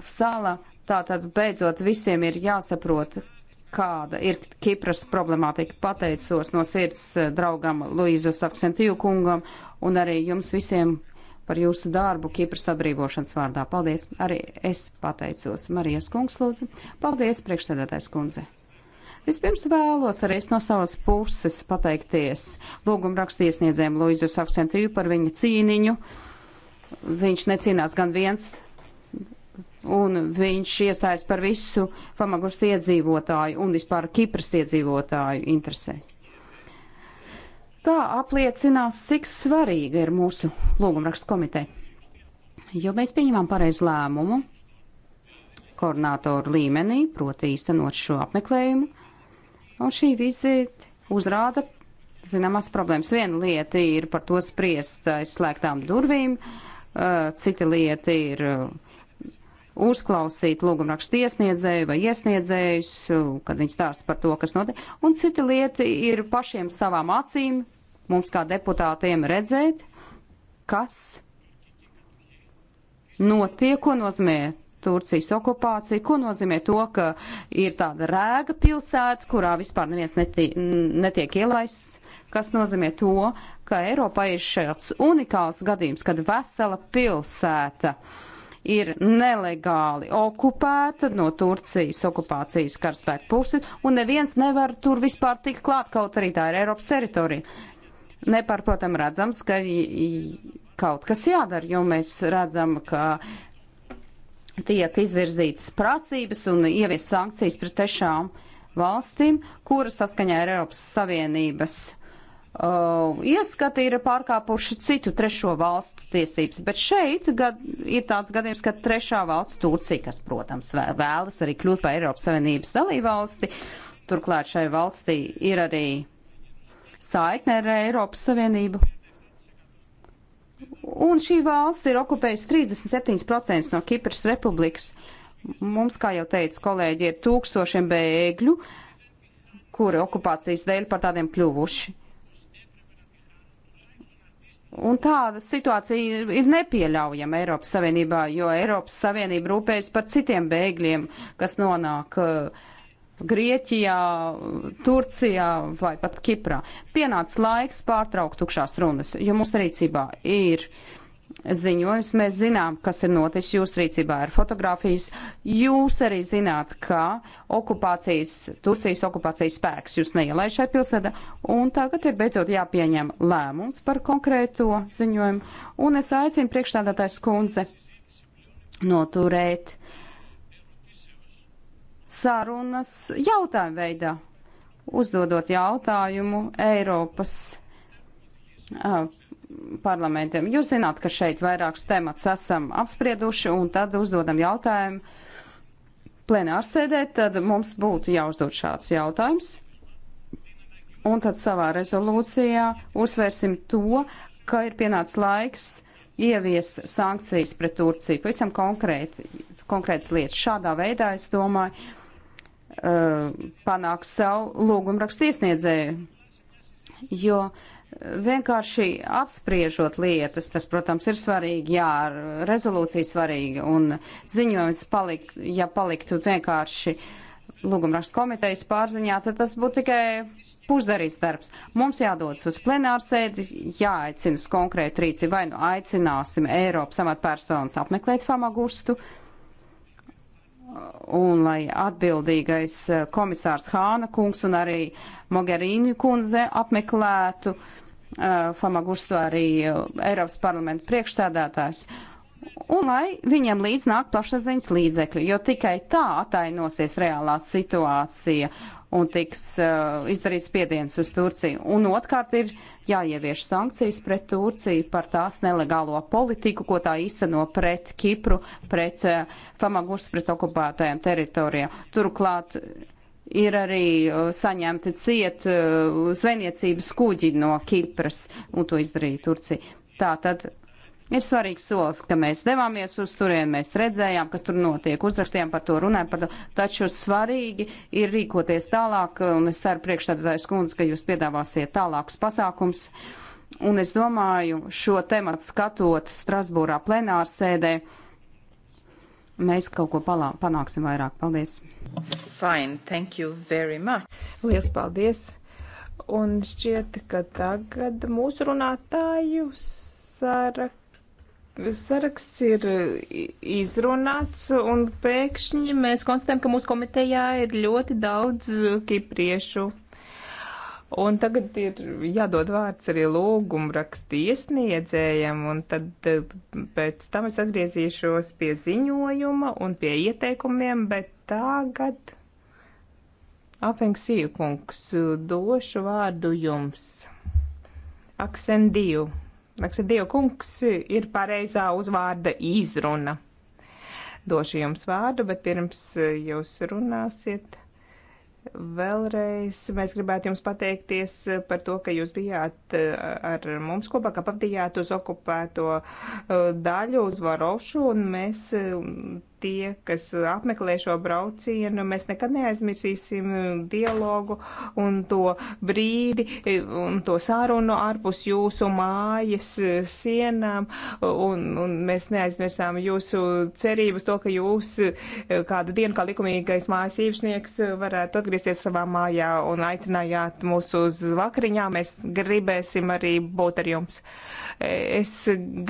sala. Tātad beidzot visiem ir jāsaprot, kāda ir Kipras problemātika. Pateicos no sirds eh, draugam Luīzu Saksentiju kungam un arī jums visiem, par jūsu darbu Kipras atbrīvošanas vārdā. Paldies! Arī es pateicos Marijas kungs lūdzu. Paldies, priekšsēdētājs kundze! Vispirms vēlos arī no savas puses pateikties lūguma rakstiesniedzējiem Luizu Saksentiju par viņa cīniņu. Viņš necīnās gan viens, un viņš iestājas par visu pamagurstu iedzīvotāju un vispār Kipras iedzīvotāju interesēm. Tā apliecinās, cik svarīga ir mūsu lūgumrakstu komiteja. Jo mēs pieņemam pareizu lēmumu koordinātoru līmenī, proti īstenot šo apmeklējumu, un šī vizīte uzrāda zināmas problēmas. Viena lieta ir par to spriest aizslēgtām durvīm, cita lieta ir uh, uzklausīt lūgumrakstu iesniedzēju vai iesniedzējus, kad viņi stāsta par to, kas notiek. Un cita lieta ir pašiem savām acīm, mums kā deputātiem redzēt, kas notiek, ko nozīmē Turcijas okupācija, ko nozīmē to, ka ir tāda rēga pilsēta, kurā vispār neviens netiek, netiek ielaists, kas nozīmē to, ka Eiropā ir šāds unikāls gadījums, kad vesela pilsēta uh, ir nelegāli okupēta no Turcijas okupācijas karaspēku puses, un neviens nevar tur vispār tikt klāt, kaut arī tā ir Eiropas teritorija. Nepārprotam redzams, ka kaut kas jādara, jo mēs redzam, ka tiek izvirzītas prasības un ievies sankcijas pret tešām valstīm, kuras saskaņā ar Eiropas Savienības uh, ieskati ir pārkāpuši citu trešo valstu tiesības, bet šeit gad, ir tāds gadījums, ka trešā valsts Turcija, kas, protams, vēlas arī kļūt par Eiropas Savienības dalībvalsti, turklāt šai valstī ir arī saikne ar Eiropas Savienību. Un šī valsts ir okupējusi 37% no Kipras republikas. Mums, kā jau teica kolēģi, ir tūkstošiem bēgļu, kuri okupācijas dēļ par tādiem kļuvuši. Un tāda situācija ir, ir nepieļaujama Eiropas Savienībā, jo Eiropas Savienība rūpējas par citiem bēgļiem, kas nonāk uh, Grieķijā, Turcijā vai pat Kiprā. Pienācis laiks pārtraukt tukšās runas, jo mūsu rīcībā ir uh, ziņojums. Mēs zinām, kas ir noticis. Jūsu rīcībā ir fotografijas. Jūs arī zināt, ka okupācijas, Turcijas okupācijas spēks jūs neielaiž šai pilsētā. Un tagad ir beidzot jāpieņem lēmums par konkrēto ziņojumu. Un es aicinu priekšstādātājs kundze noturēt sarunas jautājumu veidā, uzdodot jautājumu Eiropas parlamentiem. Jūs zināt, ka šeit vairākas temats esam apsprieduši un tad uzdodam jautājumu plenārsēdē, tad mums būtu jāuzdod šāds jautājums. Un tad savā rezolūcijā uzsvērsim to, ka ir pienācis laiks ievies sankcijas pret Turciju. Pavisam konkrēti, konkrētas lietas. Šādā veidā, es domāju, uh, panāks savu lūgumu rakstiesniedzēju. Jo uh, vienkārši apspriežot lietas, tas, protams, ir svarīgi, jā, rezolūcija svarīga un ziņojums palikt, ja paliktu vienkārši lūgumrakstu komitejas pārziņā, tad tas būtu tikai pusdarīts darbs. Mums jādodas uz plenārsēdi, jāaicina uz konkrētu rīci, vai nu aicināsim Eiropas amatpersonas apmeklēt Famagustu, un lai atbildīgais eh, komisārs Hāna kungs un arī Mogherini kundze apmeklētu uh, Eh, Fama Gusto arī eh, Eiropas parlamenta priekšsēdētājs. Un lai viņiem līdz nāk plašsaziņas līdzekļi, jo tikai tā atainosies reālā situācija un tiks uh, izdarīts spiediens uz Turciju. Un otrkārt ir jāievieš sankcijas pret Turciju par tās nelegālo politiku, ko tā īsteno pret Kipru, pret uh, Famagurs, pret okupētajām teritorijām. Turklāt uh, ir arī saņemti ciet zvejniecības kuģi no Kipras, un to izdarīja Turcija. Tā tad ir svarīgs solis, ka mēs devāmies uz turieni, mēs redzējām, kas tur notiek, uzrakstījām par to, runājām par to, taču svarīgi ir rīkoties tālāk, un es ceru priekšstādātājs kundze, ka jūs piedāvāsiet tālākus pasākums, un es domāju, šo tematu skatot Strasbūrā plenārsēdē. sēdē mēs kaut ko palā, panāksim vairāk. Paldies! Fine, thank you very much! Lielas paldies! Un šķiet, ka tagad mūsu runātāju sarakstā saraksts ir izrunāts, un pēkšņi mēs konstatējam, ka mūsu komitejā ir ļoti daudz kipriešu. Un tagad ir jādod vārds arī lūgumu raksti iesniedzējiem, un tad eh, pēc tam es atgriezīšos pie ziņojuma un pie ieteikumiem, bet tagad Afenksija kungs došu vārdu jums. Aksendiju. Aksendiju kungs ir pareizā uzvārda izruna. Došu jums vārdu, bet pirms eh, jūs runāsiet Vēlreiz mēs gribētu jums pateikties eh, par to, ka jūs bijāt eh, ar mums kopā, ka pavadījāt uz okupēto eh, daļu, uz Varošu, un mēs tie, kas apmeklē šo braucienu, mēs nekad neaizmirsīsim dialogu un to brīdi un to sarunu ārpus jūsu mājas sienām. Un, un mēs neaizmirsām jūsu cerības to, ka jūs kādu dienu kā likumīgais mājas īpašnieks varētu atgriezties savā mājā un aicinājāt mūs uz vakariņām. Mēs gribēsim arī būt ar jums. Es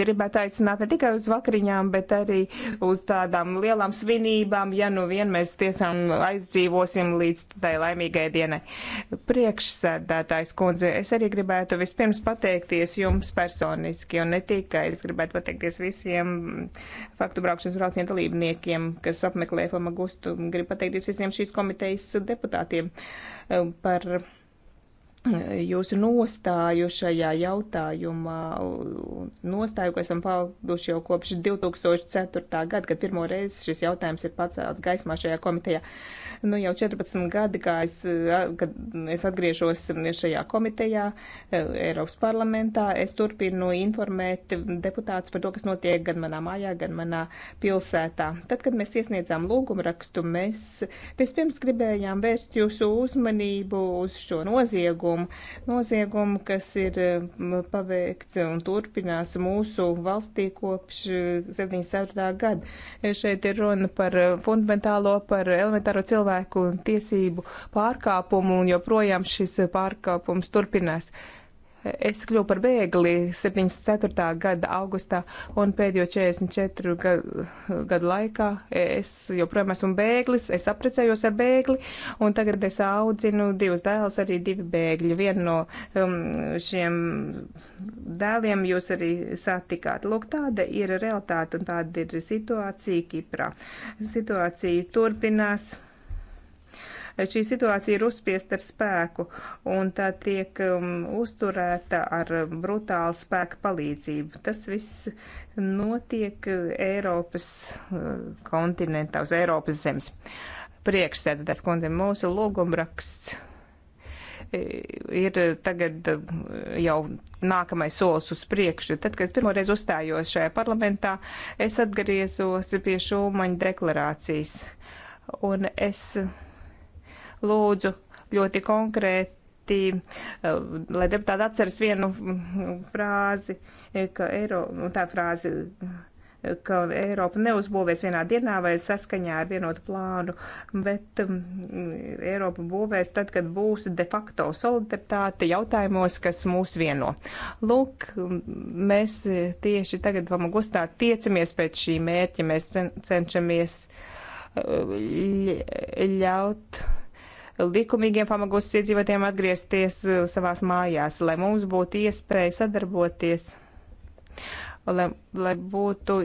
gribētu aicināt ne tikai uz vakariņām, bet arī uz tādām lielām svinībām, ja nu vien mēs tiešām aizdzīvosim līdz tai laimīgai dienai. Priekšsēdētājs kundze, es arī gribētu vispirms pateikties jums personiski, un ne tikai es gribētu pateikties visiem faktu braukšanas braucienu dalībniekiem, kas apmeklē Famagustu, gribu pateikties visiem šīs komitejas deputātiem eh, par jūsu nostāju šajā jautājumā, nostāju, ko esam pauduši jau kopš 2004. gada, kad pirmo reizi šis jautājums ir pacēlts gaismā šajā komitejā. Nu, jau 14 gadi, kā es, kad es atgriežos šajā komitejā, e, Eiropas parlamentā, es turpinu informēt deputātus par to, kas notiek gan manā mājā, gan manā pilsētā. Tad, kad mēs iesniedzām lūgumrakstu, mēs vispirms gribējām vērst jūsu uzmanību uz šo noziegumu noziegumu, noziegumu, kas ir paveikts un turpinās mūsu valstī kopš 74. Eh, gada. Eh, šeit ir runa par eh, fundamentālo, par elementāro cilvēku tiesību pārkāpumu, un joprojām šis pārkāpums turpinās. Es kļuvu par bēgli 74. gada augustā, un pēdējo 44 gadu, gadu laikā es joprojām esmu bēglis, es aprecējos ar bēgli, un tagad es audzinu divus dēlus, arī divi bēgļi. Vienu no um, šiem dēliem jūs arī satikāt. Lūk, tāda ir realitāte un tāda ir situācija Kiprā. Situācija turpinās šī situācija ir uzspiesta ar spēku, un tā tiek um, uzturēta ar brutālu spēku palīdzību. Tas viss notiek uh, Eiropas uh, kontinentā, uz Eiropas zemes. Priekšsēdētājs kundze mūsu lūgumraksts uh, ir tagad jau nākamais solis uz priekšu. Tad, kad es pirmoreiz uzstājos šajā parlamentā, es atgriezos pie Šūmaņa deklarācijas. Un es lūdzu ļoti konkrēti, eh, lai deputāti atceras vienu frāzi, eh, ka Eiro, nu, tā frāzi, eh, ka Eiropa neuzbūvēs vienā dienā vai saskaņā ar vienotu plānu, bet um, Eiropa būvēs tad, kad būs de facto solidaritāte jautājumos, kas mūs vieno. Lūk, mm, mēs tieši tagad vam gustā tiecamies pēc šī mērķa, mēs cen cenšamies ļaut likumīgiem famagusas iedzīvotiem atgriezties uh, savās mājās, lai mums būtu iespēja sadarboties, lai, lai būtu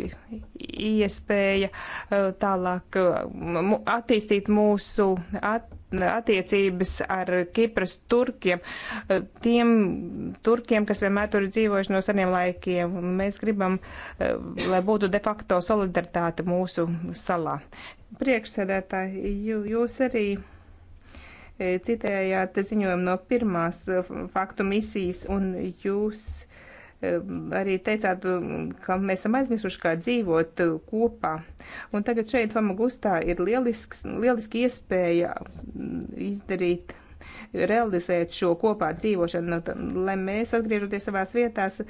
iespēja uh, tālāk uh, attīstīt mūsu at, attiecības ar Kipras turkiem, tiem turkiem, kas vienmēr tur ir dzīvojuši no seniem laikiem. Mēs gribam, lai būtu de facto solidaritāte mūsu salā. Priekšsēdētāji, jūs arī Eh, citējāt ziņojumu no pirmās eh, faktu misijas, un jūs eh, arī teicāt, mm, ka mēs esam aizmirsuši, kā dzīvot kopā. Un tagad šeit Famagustā ir lielisks, lieliski iespēja mm, izdarīt realizēt šo kopā dzīvošanu, nu, lai mēs, atgriežoties savās vietās,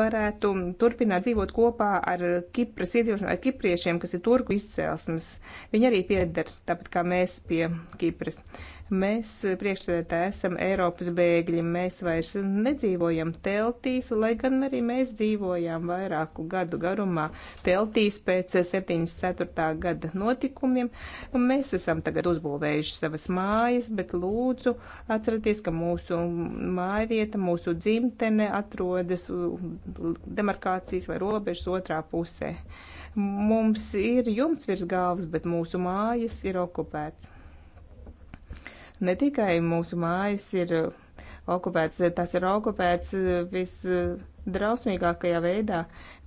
varētu turpināt dzīvot kopā ar Kipras iedzīvošanu, ar kipriešiem, kas ir turku izcelsmes. Viņi arī pieder, tāpat kā mēs, pie Kipras. Uh, Mēs eh, priekšsēdētā esam Eiropas bēgļi, mēs vairs nedzīvojam teltīs, lai gan arī mēs dzīvojām vairāku gadu garumā teltīs pēc 74. Eh, gada notikumiem. Mēs esam tagad uzbūvējuši savas mājas, bet lūdzu atcerieties, ka mūsu mājvieta, mūsu dzimtene atrodas demarkācijas vai robežas otrā pusē. Mums ir jumts virs galvas, bet mūsu mājas ir okupēts. Ne tikai mūsu mājas ir uh, okupēts, tas ir okupēts uh, visdrausmīgākajā veidā.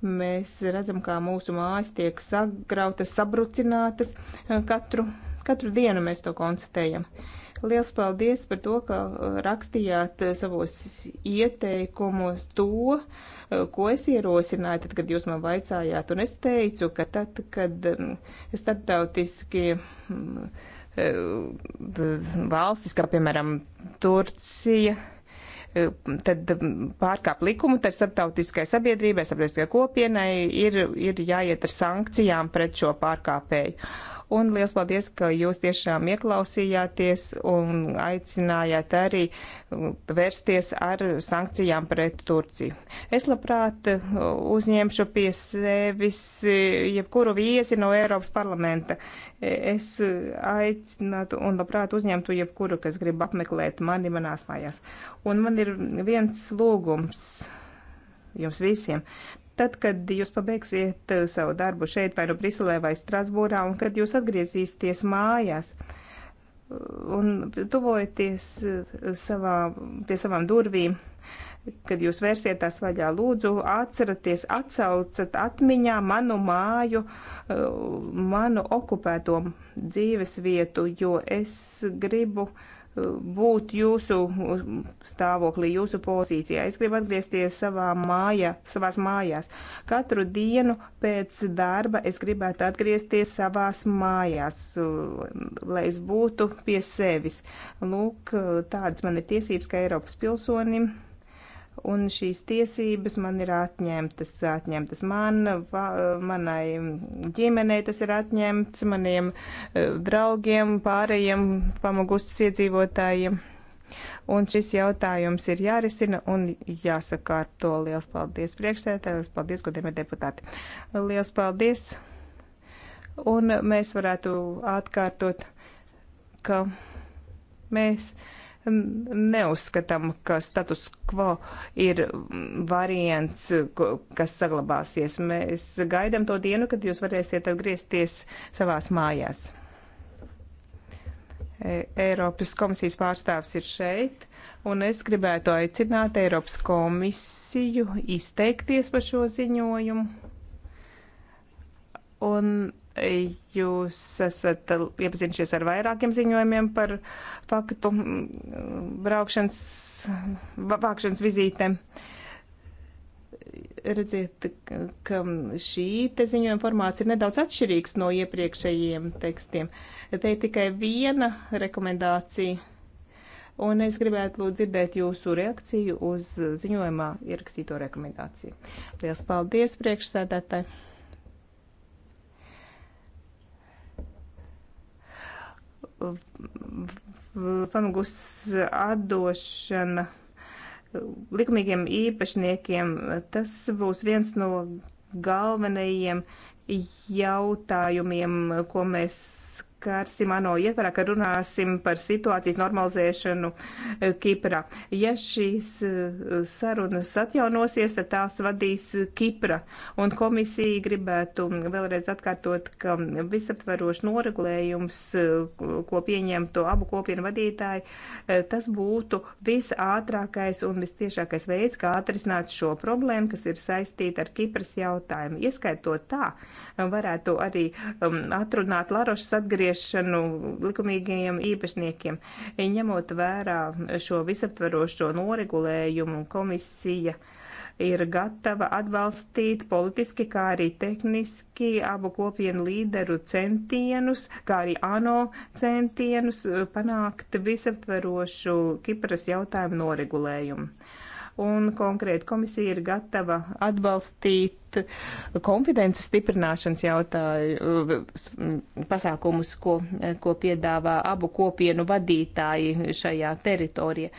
Mēs redzam, kā mūsu mājas tiek sagrautas, sabrucinātas. Uh, katru, katru dienu mēs to konstatējam. Liels paldies par to, ka rakstījāt savos ieteikumos to, ko es ierosināju, tad, kad jūs man vaicājāt. Un es teicu, ka tad, kad um, starptautiski mm, Eh, valstis, kā piemēram Turcija, eh, tad pārkāp likumu, tad starptautiskai sabiedrībai, sabiedriskai kopienai ir, ir jāiet ar sankcijām pret šo pārkāpēju. Un liels paldies, ka jūs tiešām ieklausījāties un aicinājāt arī uh, vērsties ar sankcijām pret Turciju. Es labprāt uh, uzņemšu pie sevis uh, jebkuru viesi no Eiropas parlamenta. Es aicinātu un labprāt uzņemtu jebkuru, kas grib apmeklēt mani manās mājās. Un man ir viens lūgums jums visiem. Tad, kad jūs pabeigsiet eh, savu darbu šeit, vai nu no Briselē, vai Strasbūrā, un kad jūs atgriezīsieties mājās eh, un tuvojaties eh, savā, pie savām durvīm, kad jūs vērsietās vaļā, lūdzu, atceraties, atsaucat atmiņā manu māju, manu okupēto dzīves vietu, jo es gribu uh, būt jūsu stāvoklī, jūsu pozīcijā. Es gribu atgriezties savā mājā, savās mājās. Katru dienu pēc darba es gribētu atgriezties savās mājās, lai es būtu pie sevis. Lūk, tādas man ir tiesības kā Eiropas pilsonim un šīs tiesības man ir atņemtas, atņemtas man, va, manai ģimenei tas ir atņemts, maniem eh, draugiem, pārējiem pamagustas iedzīvotājiem. Un šis jautājums ir jārisina un jāsakārto. Liels paldies priekšsētājai, liels paldies, godējumie deputāti. Liels paldies! Un mēs varētu atkārtot, ka mēs neuzskatām, ka status quo ir variants, kas saglabāsies. Mēs gaidām to dienu, kad jūs varēsiet atgriezties savās mājās. E, Eiropas komisijas pārstāvs ir šeit, un es gribētu aicināt Eiropas komisiju izteikties par šo ziņojumu. Un Jūs esat iepazinušies ar vairākiem ziņojumiem par faktu mm, braukšanas, vākšanas vizītēm. Redziet, ka šī te ziņojuma formāts ir nedaudz atšķirīgs no iepriekšējiem tekstiem. Te ir tikai viena rekomendācija, un es gribētu lūdzu dzirdēt jūsu reakciju uz ziņojumā ierakstīto rekomendāciju. Lielas paldies priekšsēdētāji! famagus atdošana likumīgiem īpašniekiem, tas būs viens no galvenajiem jautājumiem, ko mēs ar Simano ietvarā, ka runāsim par situācijas normalizēšanu e, Kiprā. Ja šīs e, sarunas atjaunosies, tad tās vadīs Kipra. Un komisija gribētu vēlreiz atkārtot, ka visaptverošs noregulējums, e, ko pieņemtu abu kopienu vadītāji, tas būtu visātrākais un vistiešākais veids, kā atrisināt šo problēmu, kas ir saistīta ar Kipras jautājumu. Ieskaitot tā, varētu arī atrunāt Larošas atgriešanos piešķiršanu likumīgajiem īpašniekiem. Ņemot vērā šo visaptverošo noregulējumu, komisija ir gatava atbalstīt politiski, kā arī tehniski abu kopienu līderu centienus, kā arī ANO centienus panākt visaptverošu Kipras jautājumu noregulējumu un konkrēti komisija ir gatava atbalstīt kompetences stiprināšanas jautāju pasākumus, ko, ko piedāvā abu kopienu vadītāji šajā teritorijā.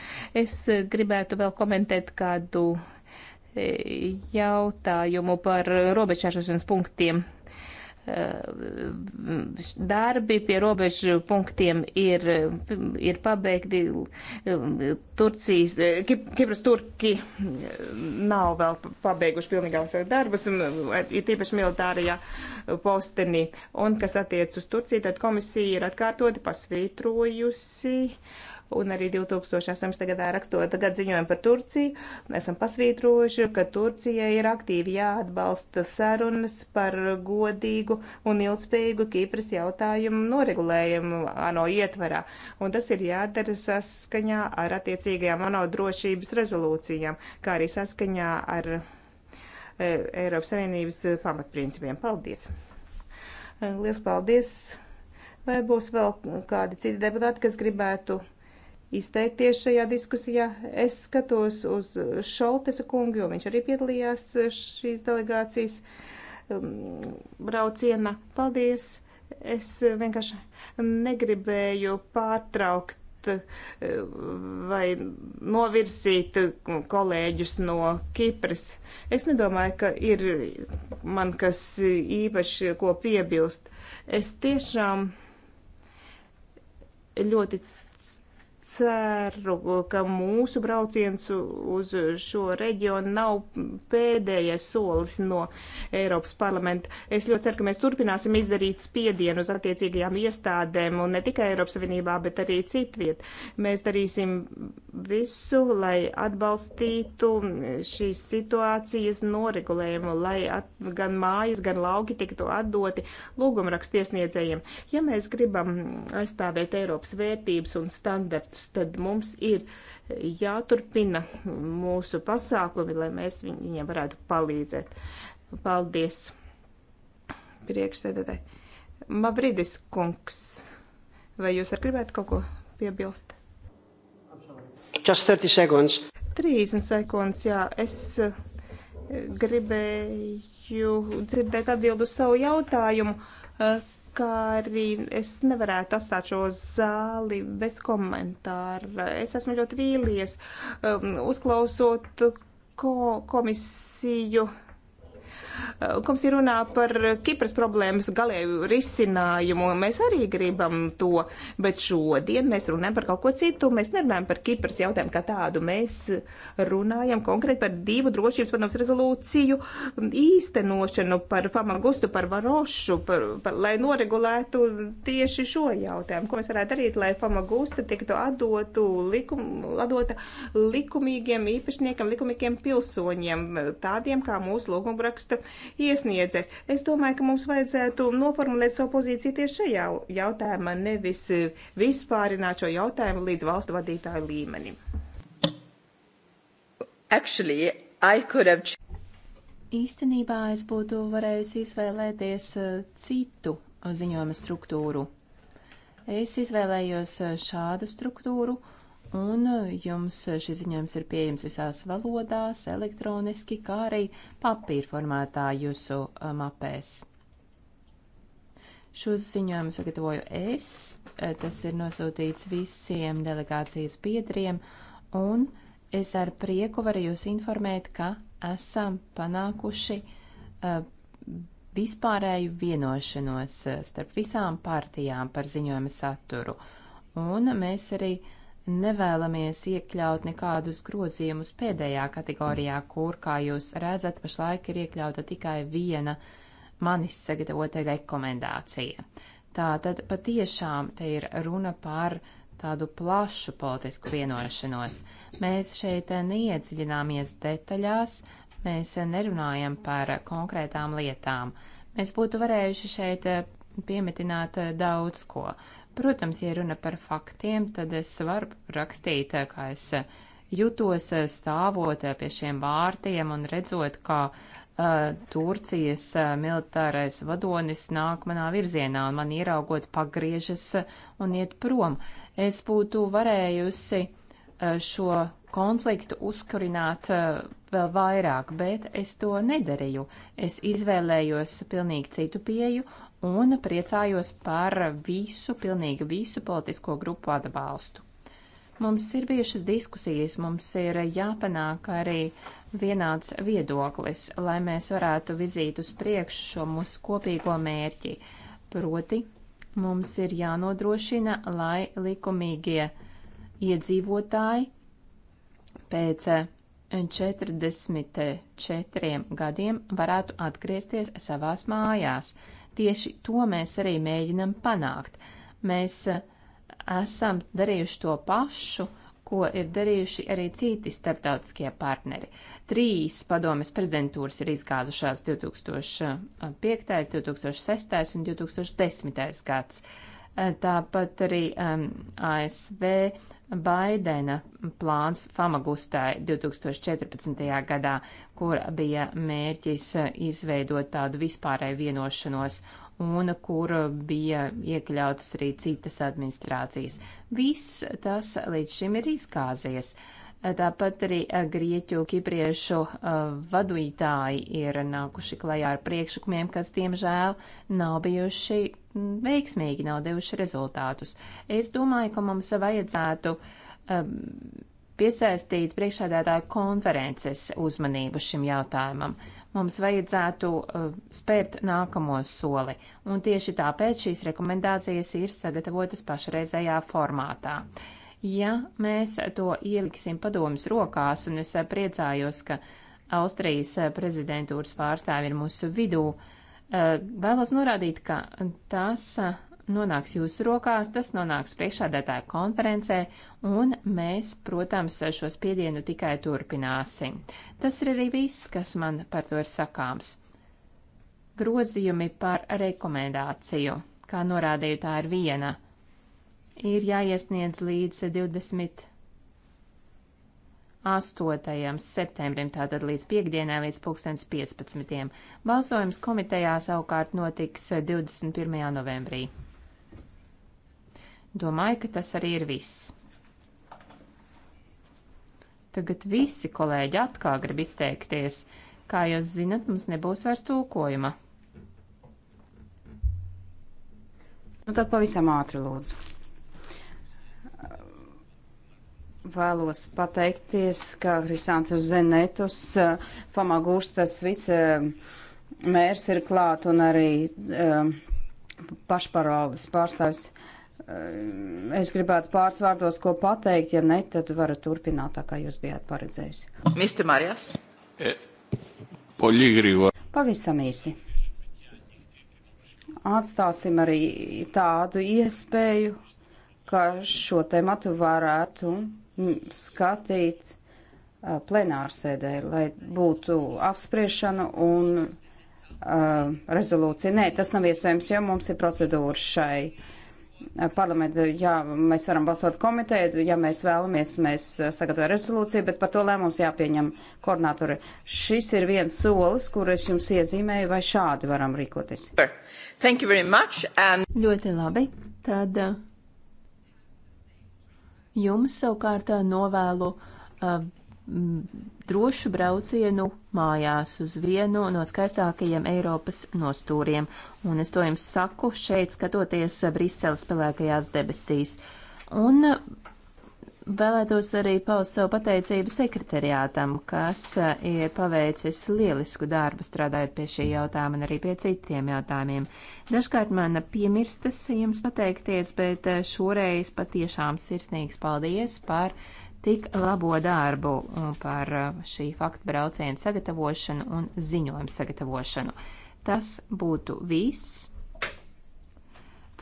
Es gribētu vēl komentēt kādu e, jautājumu par robežšķēršanas punktiem Eh, darbi pie robežu punktiem ir, ir pabeigti. Turcijas, eh, Kipras turki eh, nav vēl pabeiguši pilnīgā savus darbus, ir tīpaši militārajā postenī. Un, kas attiec uz Turciju, tad komisija ir atkārtoti pasvītrojusi. Uh, un arī 2018. gadā rakstot gadu ziņojumu par Turciju, esam pasvītrojuši, ka Turcijai ir aktīvi jāatbalsta sarunas par godīgu un ilgspējīgu Kīpras jautājumu noregulējumu ANO ietvarā, un tas ir jādara saskaņā ar attiecīgajām ANO drošības rezolūcijām, kā arī saskaņā ar e, Eiropas Savienības pamatprincipiem. Paldies! Lielas paldies! Vai būs vēl kādi citi deputāti, kas gribētu izteikties šajā diskusijā. Es skatos uz Šoltesa kungu, jo viņš arī piedalījās šīs delegācijas um, brauciena. Paldies! Es vienkārši negribēju pārtraukt uh, vai novirzīt kolēģus no Kipras. Es nedomāju, ka ir man kas īpaši ko piebilst. Es tiešām ļoti ceru, ka mūsu brauciens uz šo reģionu nav pēdējais solis no Eiropas parlamenta. Es ļoti ceru, ka mēs turpināsim izdarīt spiedienu uz attiecīgajām iestādēm, un ne tikai Eiropas Savienībā, bet arī citviet. Mēs darīsim visu, lai atbalstītu šīs situācijas noregulējumu, lai at, gan mājas, gan lauki tiktu atdoti lūgumrakstiesniedzējiem. Ja mēs gribam aizstāvēt Eiropas vērtības un standartus, aspektus, tad mums ir jāturpina mūsu pasākumi, lai mēs viņiem varētu palīdzēt. Paldies, priekšsēdētāji. Mavridis kungs, vai jūs arī gribētu kaut ko piebilst? Just 30 seconds. 30 sekundes, jā. Es eh, gribēju dzirdēt atbildu uz savu jautājumu eh, ka arī es nevarētu atstāt šo zāli bez komentāra. Es esmu ļoti vīlies, um, uzklausot ko, komisiju Eh, Kungs ir runā par Kipras problēmas galēju risinājumu. Mēs arī gribam to, bet šodien mēs runājam par kaut ko citu. Mēs nerunājam par Kipras jautājumu kā tādu. Mēs runājam konkrēti par divu drošības padomus rezolūciju īstenošanu, par Famagustu, par Varošu, par, par, lai noregulētu tieši šo jautājumu. Ko mēs varētu darīt, lai Famagusta tiktu atdotu likum, atdota likumīgiem īpašniekam, likumīgiem pilsoņiem, tādiem kā mūsu lūgumraksta iesniedzējs. Es domāju, ka mums vajadzētu noformulēt savu pozīciju tieši šajā jautājumā, nevis eh, vispārināt šo jautājumu līdz valstu vadītāju līmenim. Actually, I could have īstenībā es būtu varējusi izvēlēties eh, citu ziņojuma struktūru. Es izvēlējos eh, šādu struktūru, un eh, jums eh, šis ziņojums ir pieejams visās valodās, elektroniski, kā arī papīra formātā jūsu eh, mapēs. Šo ziņojumu sagatavoju es, tas ir nosūtīts visiem delegācijas biedriem, un es ar prieku varu jūs informēt, ka esam panākuši uh, vispārēju vienošanos starp visām partijām par ziņojuma saturu. Un mēs arī uh, nevēlamies iekļaut nekādus grozījumus pēdējā kategorijā, kur, kā jūs redzat, pašlaik ir iekļauta tikai viena manis sagatavota rekomendācija. Tātad patiešām te ir runa par tādu plašu politisku vienošanos. Mēs šeit neiedziļināmies detaļās, mēs nerunājam par konkrētām lietām. Mēs būtu varējuši šeit piemetināt daudz ko. Protams, ja runa par faktiem, tad es varu rakstīt, eh, kā es eh, jutos eh, stāvot pie šiem vārtiem un redzot, kā uh, Turcijas militārais vadonis nāk manā virzienā un man ieraugot pagriežas un iet prom. Es būtu varējusi uh, šo konfliktu uzkurināt uh, vēl vairāk, bet es to nedarīju. Es izvēlējos pilnīgi citu pieju un priecājos par visu, pilnīgi visu politisko grupu atbalstu. Mums ir bijušas diskusijas, mums ir jāpanāk arī vienāds viedoklis, lai mēs varētu vizīt uz priekšu šo mūsu kopīgo mērķi. Proti, mums ir jānodrošina, lai likumīgie iedzīvotāji pēc 44 gadiem varētu atgriezties savās mājās. Tieši to mēs arī mēģinam panākt. Mēs eh, esam darījuši to pašu, ko ir darījuši arī citi starptautiskie partneri. Trīs padomes prezidentūras ir izgāzušās 2005., 2006 un 2010. gads. Eh, tāpat arī um, ehm, ASV, Baidena plāns Famagustai 2014. gadā, kur bija mērķis izveidot tādu vispārēju vienošanos un kur bija iekļautas arī citas administrācijas. Viss tas līdz šim ir izgāzies. Uh, Tāpat arī eh, grieķu kipriešu eh, vadītāji ir nākuši klajā ar priekšlikumiem, kas, diemžēl, nav bijuši mm, veiksmīgi, nav devuši rezultātus. Es domāju, ka mums vajadzētu ehm, piesaistīt priekšādātāju konferences uzmanību šim jautājumam. Mums vajadzētu eh, spērt nākamo soli, un tieši tāpēc šīs rekomendācijas ir sagatavotas pašreizējā formātā. Uh, Ja mēs to ieliksim padomas rokās, un es eh, priecājos, ka Austrijas eh, prezidentūras pārstāvi ir mūsu vidū, eh, vēlos norādīt, ka tas nonāks jūsu rokās, tas nonāks priekšādētāju konferencē, un mēs, protams, šo spiedienu tikai turpināsim. Tas ir arī viss, kas man par to ir sakāms. Grozījumi par rekomendāciju. Kā norādīju, tā ir viena ir jāiesniedz līdz 28. septembrim, tātad līdz piekdienai, līdz 2015. Balsojums komitejā savukārt notiks 21. novembrī. Domāju, ka tas arī ir viss. Tagad visi kolēģi atkal grib izteikties. Kā jūs zinat, mums nebūs vairs tulkojuma. Nu tad pavisam ātri lūdzu. Vēlos pateikties, ka Risantu Zenetus pamagūstas eh, vice eh, mērs ir klāt un arī eh, pašparvaldes pārstāvis. Es gribētu pāris vārdos ko pateikt, ja ne, tad varat turpināt tā, kā jūs bijāt paredzējusi. Mr. Marijas? Pavisam īsi. Atstāsim arī tādu iespēju, ka šo tematu varētu skatīt plenārsēdē, lai būtu apspriešana un uh, rezolūcija. Nē, tas nav iespējams, jo mums ir procedūra šai parlamentu. Jā, mēs varam balsot komiteju, ja mēs vēlamies, mēs sagatavojam rezolūciju, bet par to lēmums jāpieņem koordinātori. Šis ir viens solis, kur es jums iezīmēju, vai šādi varam rīkoties. And... Ļoti labi. Tad. Uh... Jums savukārt novēlu uh, drošu braucienu mājās uz vienu no skaistākajiem Eiropas nostūriem. Un es to jums saku šeit, skatoties Briseles pelēkajās debesīs. Un Vēlētos arī paust savu pateicību sekretariātam, kas eh, ir paveicis lielisku darbu strādājot pie šī jautājuma un arī pie citiem jautājumiem. Dažkārt man piemirstas jums pateikties, bet eh, šoreiz patiešām sirsnīgs paldies par tik labo darbu, eh, par šī faktu brauciena sagatavošanu un ziņojumu sagatavošanu. Tas būtu viss.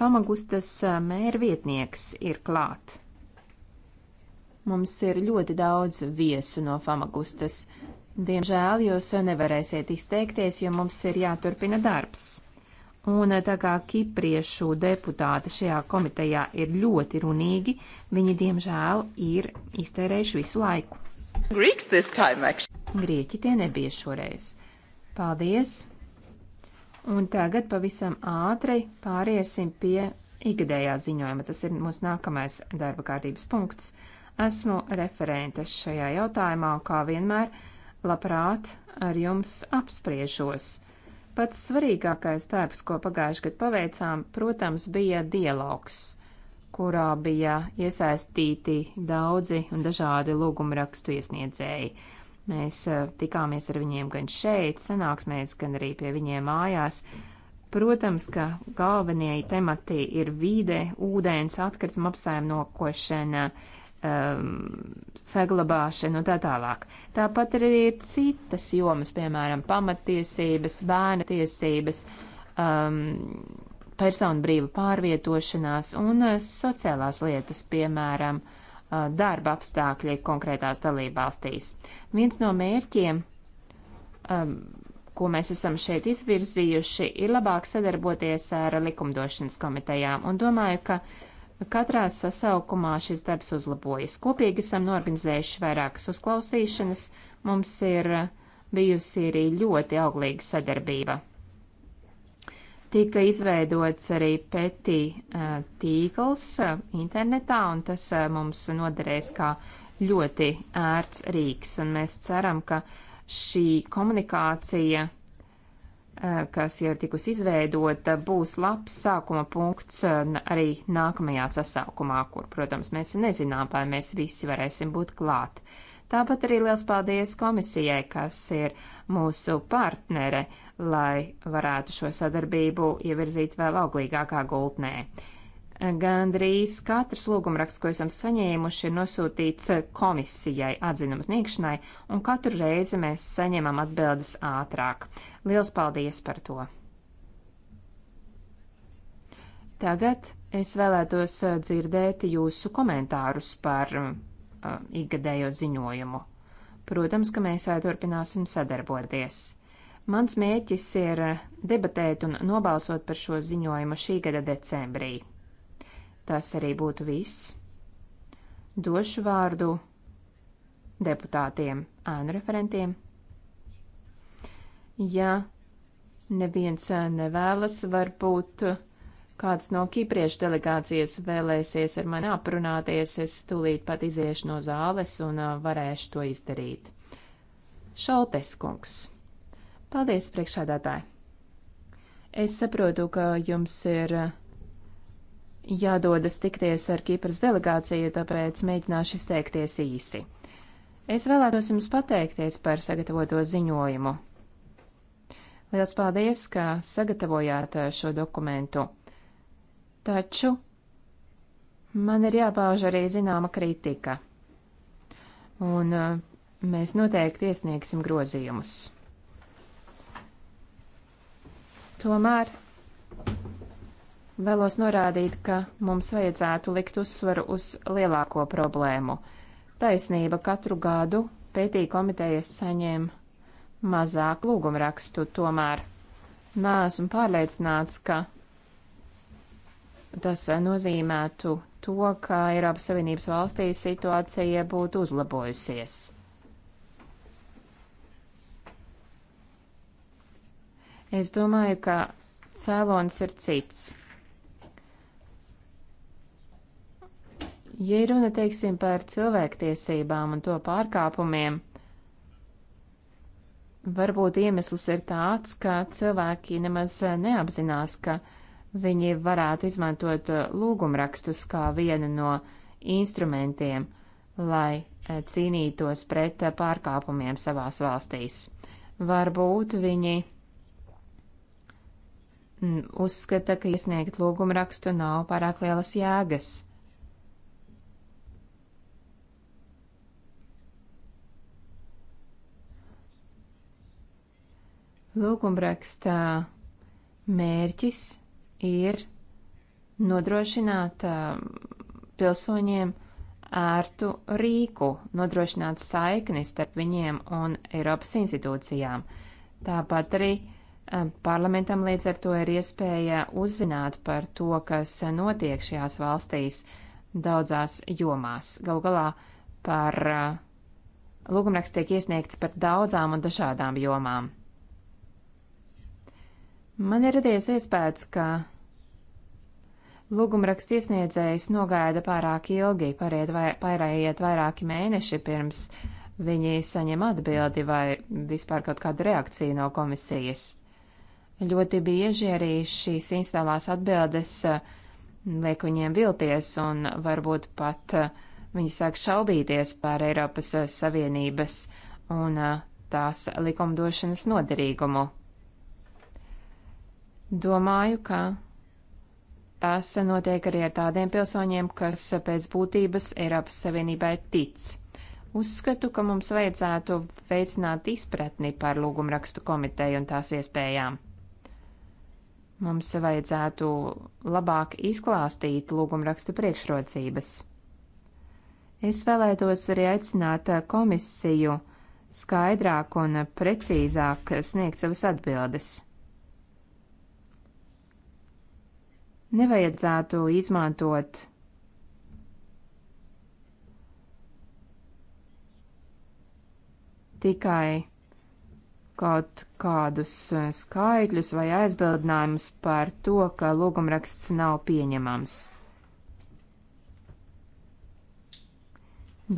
Famagustas mērvietnieks ir klāt. Mums ir ļoti daudz viesu no Famagustas. Diemžēl jūs nevarēsiet izteikties, jo mums ir jāturpina darbs. Un eh, tā kā kipriešu deputāti šajā komitejā ir ļoti runīgi, viņi diemžēl ir iztērējuši visu laiku. Time, Grieķi tie nebija šoreiz. Paldies! Un tagad pavisam ātri pāriesim pie ikgadējā ziņojuma. Tas ir mūsu nākamais darba kārtības punkts. Esmu referente šajā jautājumā, un kā vienmēr, labprāt ar jums apspriežos. Pats svarīgākais darbs, ko pagājuši gadu paveicām, protams, bija dialogs, kurā bija iesaistīti daudzi un dažādi lūgumrakstu iesniedzēji. Mēs eh, tikāmies ar viņiem gan šeit, sanāksmēs, gan arī pie viņiem mājās. Protams, ka galvenie temati ir vīde, ūdens, atkrituma apsaimnokošana, uh, um, saglabāšanu un tā tālāk. Tāpat arī ir citas jomas, piemēram, pamatiesības, bērna tiesības, um, personu brīva pārvietošanās un uh, sociālās lietas, piemēram, uh, darba apstākļi konkrētās dalībvalstīs. Viens no mērķiem. Um, ko mēs esam šeit izvirzījuši, ir labāk sadarboties ar likumdošanas komitejām, un domāju, ka uh, Katrā sasaukumā šis darbs uzlabojas. Kopīgi esam norganizējuši vairākas uzklausīšanas, mums ir bijusi arī ļoti auglīga sadarbība. Tika izveidots arī peti tīkls internetā, un tas mums noderēs kā ļoti ērts rīks, un mēs ceram, ka šī komunikācija Eh, kas jau ir tikusi izveidota, būs labs sākuma punkts eh, arī nākamajā sasaukumā, kur, protams, mēs nezinām, vai mēs visi varēsim būt klāt. Tāpat arī liels paldies komisijai, kas ir mūsu partnere, lai varētu šo sadarbību ievirzīt vēl auglīgākā gultnē. Gandrīz katrs lūgumraksts, ko esam saņēmuši, ir nosūtīts komisijai atzinuma sniegšanai, un katru reizi mēs saņemam atbildes ātrāk. Liels paldies par to! Tagad es vēlētos uh, dzirdēt jūsu komentārus par um, uh, ikgadējo ziņojumu. Protams, ka mēs uh, turpināsim sadarboties. Mans mērķis ir uh, debatēt un nobalsot par šo ziņojumu šī gada decembrī. Tas arī būtu viss. Došu vārdu deputātiem, ēnu referentiem. Ja neviens nevēlas, varbūt kāds no kipriešu delegācijas vēlēsies ar mani aprunāties, es tūlīt pat iziešu no zāles un varēšu to izdarīt. Šaltes kungs. Paldies, priekšādātāji! Es saprotu, ka jums ir jādodas tikties ar Kipras delegāciju, tāpēc mēģināšu izteikties īsi. Es vēlētos jums pateikties par sagatavoto ziņojumu. Liels paldies, ka sagatavojāt uh, šo dokumentu. Taču man ir jāpauž arī zināma kritika. Un uh, mēs noteikti iesniegsim grozījumus. Tomēr Vēlos norādīt, ka mums vajadzētu likt uzsvaru uz lielāko problēmu. Taisnība katru gadu pētī komitejas saņem mazāk lūgumrakstu, tomēr nāsmu pārliecināts, ka tas nozīmētu to, ka Eiropas Savienības valstīs situācija būtu uzlabojusies. Es domāju, ka cēlonis ir cits. Ja runa, teiksim, par cilvēktiesībām un to pārkāpumiem, varbūt iemesls ir tāds, ka cilvēki nemaz eh, neapzinās, ka viņi varētu izmantot eh, lūgumrakstus kā vienu no instrumentiem, lai eh, cīnītos pret pārkāpumiem savās valstīs. Varbūt viņi mm, uzskata, ka iesniegt lūgumrakstu nav pārāk lielas jēgas. Lūgumrakstā mērķis ir nodrošināt um, pilsoņiem ērtu rīku, nodrošināt saikni starp viņiem un Eiropas institūcijām. Tāpat arī um, parlamentam līdz ar to ir iespēja uzzināt par to, kas notiek šajās valstīs daudzās jomās. Galu galā par uh, lūgumrakstu tiek iesniegti par daudzām un dažādām jomām. Man ir radies iespējas, ka lūgumraksts iesniedzējs nogaida pārāk ilgi, pārējiet vairāki mēneši pirms viņi saņem atbildi vai vispār kaut kādu reakciju no komisijas. Ļoti bieži arī šīs instalās atbildes eh, liek viņiem vilties un varbūt pat eh, viņi sāk šaubīties par Eiropas eh, Savienības un tās likumdošanas noderīgumu. Domāju, ka tas notiek arī ar tādiem pilsoņiem, kas pēc būtības Eiropas Savienībai tic. Uzskatu, ka mums vajadzētu veicināt izpratni par lūgumrakstu komiteju un tās iespējām. Mums vajadzētu labāk izklāstīt lūgumrakstu priekšrocības. Es vēlētos arī aicināt komisiju skaidrāk un precīzāk sniegt savas atbildes. nevajadzētu izmantot tikai kaut kādus eh, skaitļus vai aizbildinājumus par to, ka lūgumraksts nav pieņemams.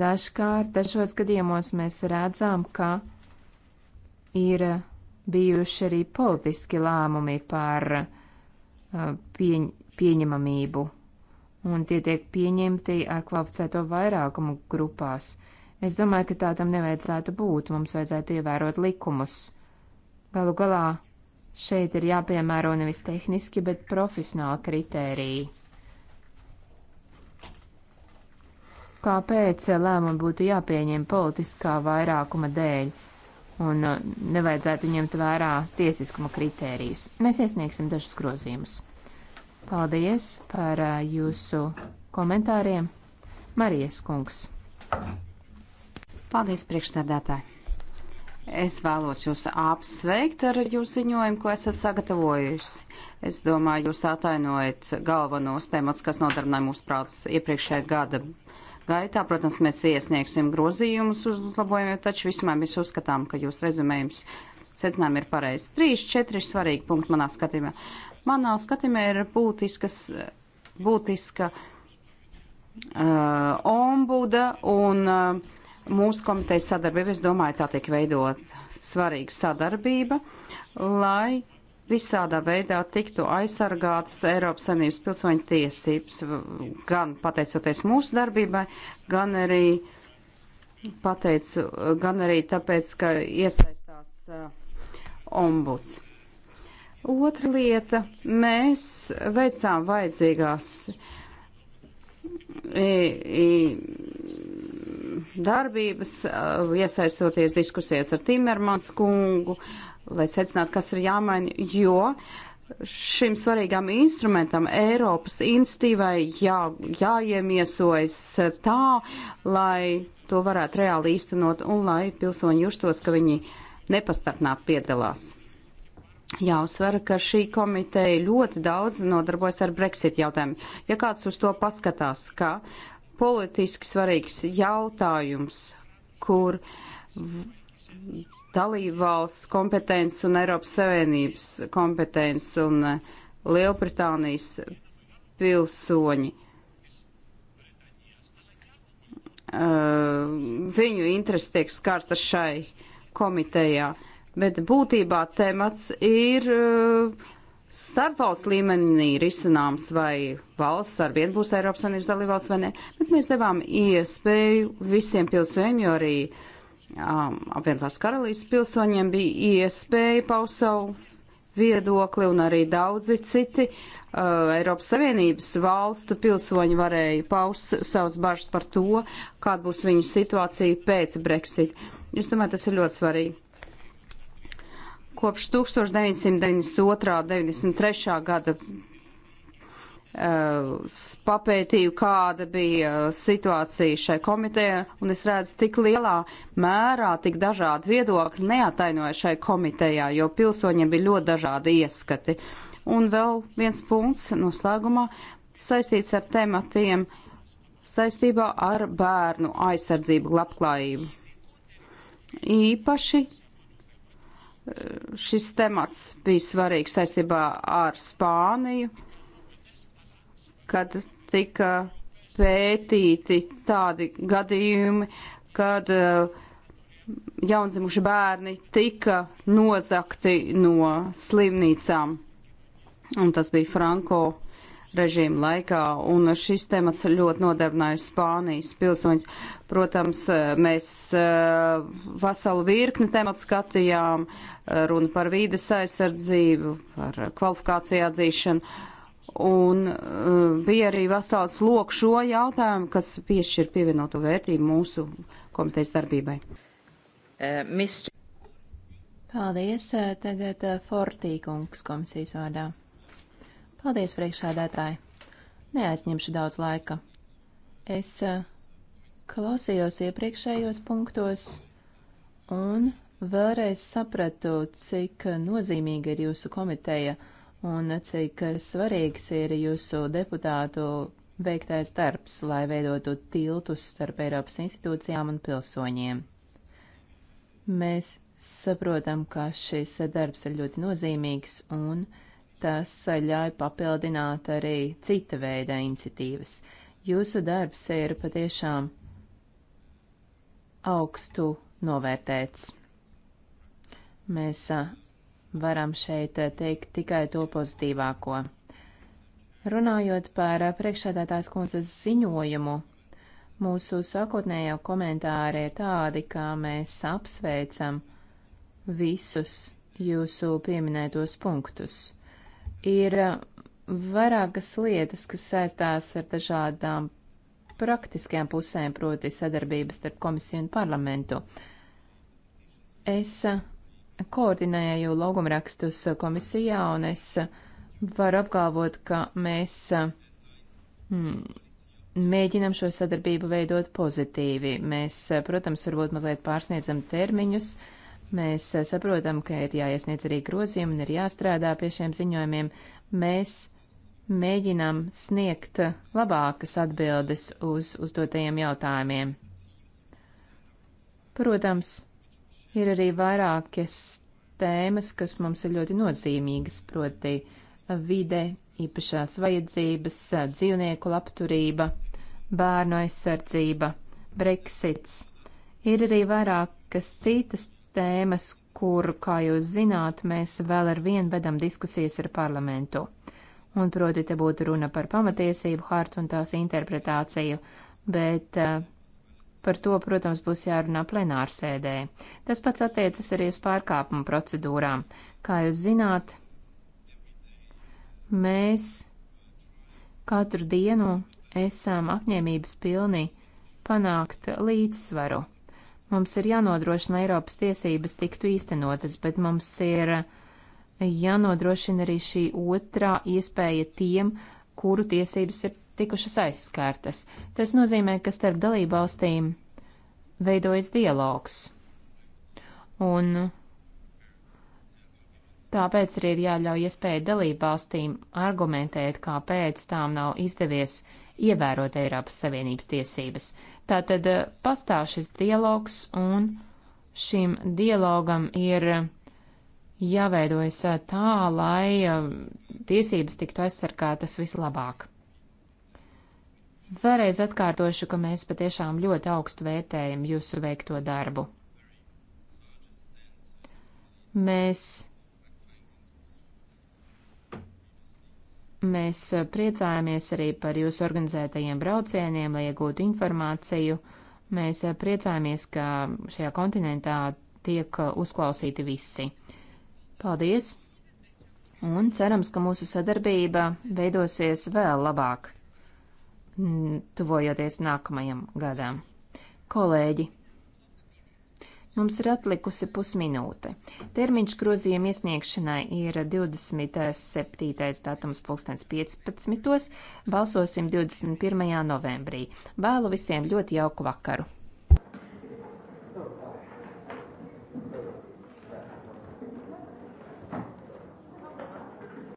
Dažkārt, dažos gadījumos mēs redzam, ka ir bijuši arī politiski lēmumi par uh, pieņ, pieņemamību, un tie tiek pieņemti ar kvalificēto vairākumu grupās. Es domāju, ka tā tam nevajadzētu būt, mums vajadzētu ievērot likumus. Galu galā šeit ir jāpiemēro nevis tehniski, bet profesionāli kritēriji. Kāpēc lēmumi būtu jāpieņem politiskā vairākuma dēļ? un uh, nevajadzētu ņemt vērā tiesiskuma kritērijus. Mēs iesniegsim dažus grozījumus. Paldies par uh, jūsu komentāriem. Marijas kungs. Paldies, priekšstādātāji. Es vēlos jūs apsveikt ar jūsu ziņojumu, ko esat sagatavojusi. Es domāju, jūs atainojat galvenos temats, kas nodarbināja mūsu prātus iepriekšējā gada gaitā. Protams, mēs iesniegsim grozījumus uz uzlabojumiem, taču vismaz mēs uzskatām, ka jūs rezumējums secinājumi ir pareizi. Trīs, četri svarīgi punkti manā skatījumā. Manā skatījumā ir būtiskas, būtiska uh, ombuda un uh, mūsu komitejas sadarbība. Es domāju, tā tiek veidot svarīga sadarbība, lai visādā veidā tiktu aizsargātas Eiropas Savienības pilsoņu tiesības, gan pateicoties mūsu darbībai, gan arī, pateicu, gan arī tāpēc, ka iesaistās uh, ombuds. Otra lieta - mēs veicām vajadzīgās i, i, darbības, uh, iesaistoties diskusijas ar Timermans kungu, uh, lai secinātu, kas ir jāmaina, jo šim svarīgam instrumentam Eiropas institīvai jā, jāiemiesojas tā, lai to varētu reāli īstenot un lai pilsoņi justos, ka viņi nepastarpnāt piedalās. Jāuzsver, ka šī komiteja ļoti daudz nodarbojas ar Brexit jautājumu. Ja kāds uz to paskatās, ka politiski svarīgs jautājums, kur dalībvalsts kompetences un Eiropas Savienības kompetences un eh, Lielbritānijas pilsoņi. Eh, viņu interesi tiek skarta šai komitejā, bet būtībā temats ir eh, starpvalsts līmenī risināms, vai valsts ar vienu būs Eiropas Savienības dalībvalsts vai ne, bet mēs devām iespēju visiem pilsoņiem, jo arī uh, Um, apvienotās karalīs pilsoņiem bija iespēja paust savu viedokli un arī daudzi citi uh, Eiropas Savienības valstu pilsoņi varēja paust savus bažas par to, kāda būs viņu situācija pēc Brexit. Es domāju, tas ir ļoti svarīgi. Kopš 1992. un 93. gada Uh, papētīju, kāda bija situācija šai komitejā, un es redzu, tik lielā mērā, tik dažādi viedokļi neatainoja šai komitejā, jo pilsoņiem bija ļoti dažādi ieskati. Un vēl viens punkts noslēgumā saistīts ar tematiem saistībā ar bērnu aizsardzību, labklājību. Īpaši uh, šis temats bija svarīgs saistībā ar Spāniju kad tika pētīti tādi gadījumi, kad eh, jaundzimuši bērni tika nozakti no slimnīcām. Un tas bija Franko režīma laikā, un šis temats ļoti nodarbināja Spānijas pilsoņus. Protams, eh, mēs eh, veselu virkni tematu skatījām, runa par vīdes aizsardzību, par kvalifikāciju atzīšanu Un uh, bija arī vesels lok šo jautājumu, kas piešķir pievienoto vērtību mūsu komitejas darbībai. Uh, mis... Paldies. Uh, tagad uh, Fortīkungs komisijas vārdā. Paldies, priekšsēdētāji. Neaizņemšu daudz laika. Es uh, klausījos iepriekšējos punktos un vēlreiz sapratu, cik uh, nozīmīga ir jūsu komiteja. Uh, un cik svarīgs ir jūsu deputātu veiktais darbs, lai veidotu tiltus starp Eiropas institūcijām un pilsoņiem. Mēs saprotam, ka šis darbs ir ļoti nozīmīgs un tas ļauj papildināt arī cita veida iniciatīvas. Jūsu darbs ir patiešām augstu novērtēts. Mēs varam šeit eh, teikt tikai to pozitīvāko. Runājot par eh, priekšsēdētās kundzes ziņojumu, mūsu sākotnējā komentāri ir tādi, kā mēs apsveicam visus jūsu pieminētos punktus. Ir eh, vairākas lietas, kas saistās ar dažādām praktiskajām pusēm, proti sadarbības starp komisiju un parlamentu. Es koordinēju logumrakstus komisijā, un es varu apgalvot, ka mēs mm, mēģinam šo sadarbību veidot pozitīvi. Mēs, protams, varbūt mazliet pārsniedzam termiņus, mēs saprotam, ka ir jāiesniedz arī grozījumi un ir jāstrādā pie šiem ziņojumiem. Mēs mēģinām sniegt labākas atbildes uz uzdotajiem jautājumiem. Protams, Ir arī vairākas tēmas, kas mums ir ļoti nozīmīgas, proti vide, īpašās vajadzības, dzīvnieku labturība, bērnu aizsardzība, Brexits. Ir arī vairākas citas tēmas, kur, kā jūs zināt, mēs vēl ar vienu vedam diskusijas ar parlamentu. Un proti te būtu runa par pamatiesību hartu un tās interpretāciju, bet uh, Par to, protams, būs jārunā plenārsēdē. Tas pats attiecas arī uz pārkāpumu procedūrām. Kā jūs zināt, mēs katru dienu esam apņēmības pilni panākt līdzsvaru. Mums ir jānodrošina Eiropas tiesības tiktu īstenotas, bet mums ir jānodrošina arī šī otrā iespēja tiem, kuru tiesības ir tikušas aizskārtas. Tas nozīmē, ka starp dalībvalstīm veidojas dialogs. Un tāpēc arī ir jāļauj iespēja dalībvalstīm argumentēt, kāpēc tām nav izdevies ievērot Eiropas Savienības tiesības. Tātad eh, pastāv šis dialogs un šim dialogam ir jāveidojas eh, tā, lai eh, tiesības tiktu aizsargātas vislabāk. Vēlreiz atkārtošu, ka mēs patiešām ļoti augstu vērtējam jūsu veikto darbu. Mēs, mēs priecājamies arī par jūsu organizētajiem braucieniem, lai iegūtu informāciju. Mēs priecājamies, ka šajā kontinentā tiek uzklausīti visi. Paldies! Un cerams, ka mūsu sadarbība veidosies vēl labāk tuvojoties nākamajam gadam. Kolēģi, mums ir atlikusi pusminūte. Termiņš grozījuma iesniegšanai ir 27. datums 2015. Balsosim 21. novembrī. Vēlu visiem ļoti jauku vakaru!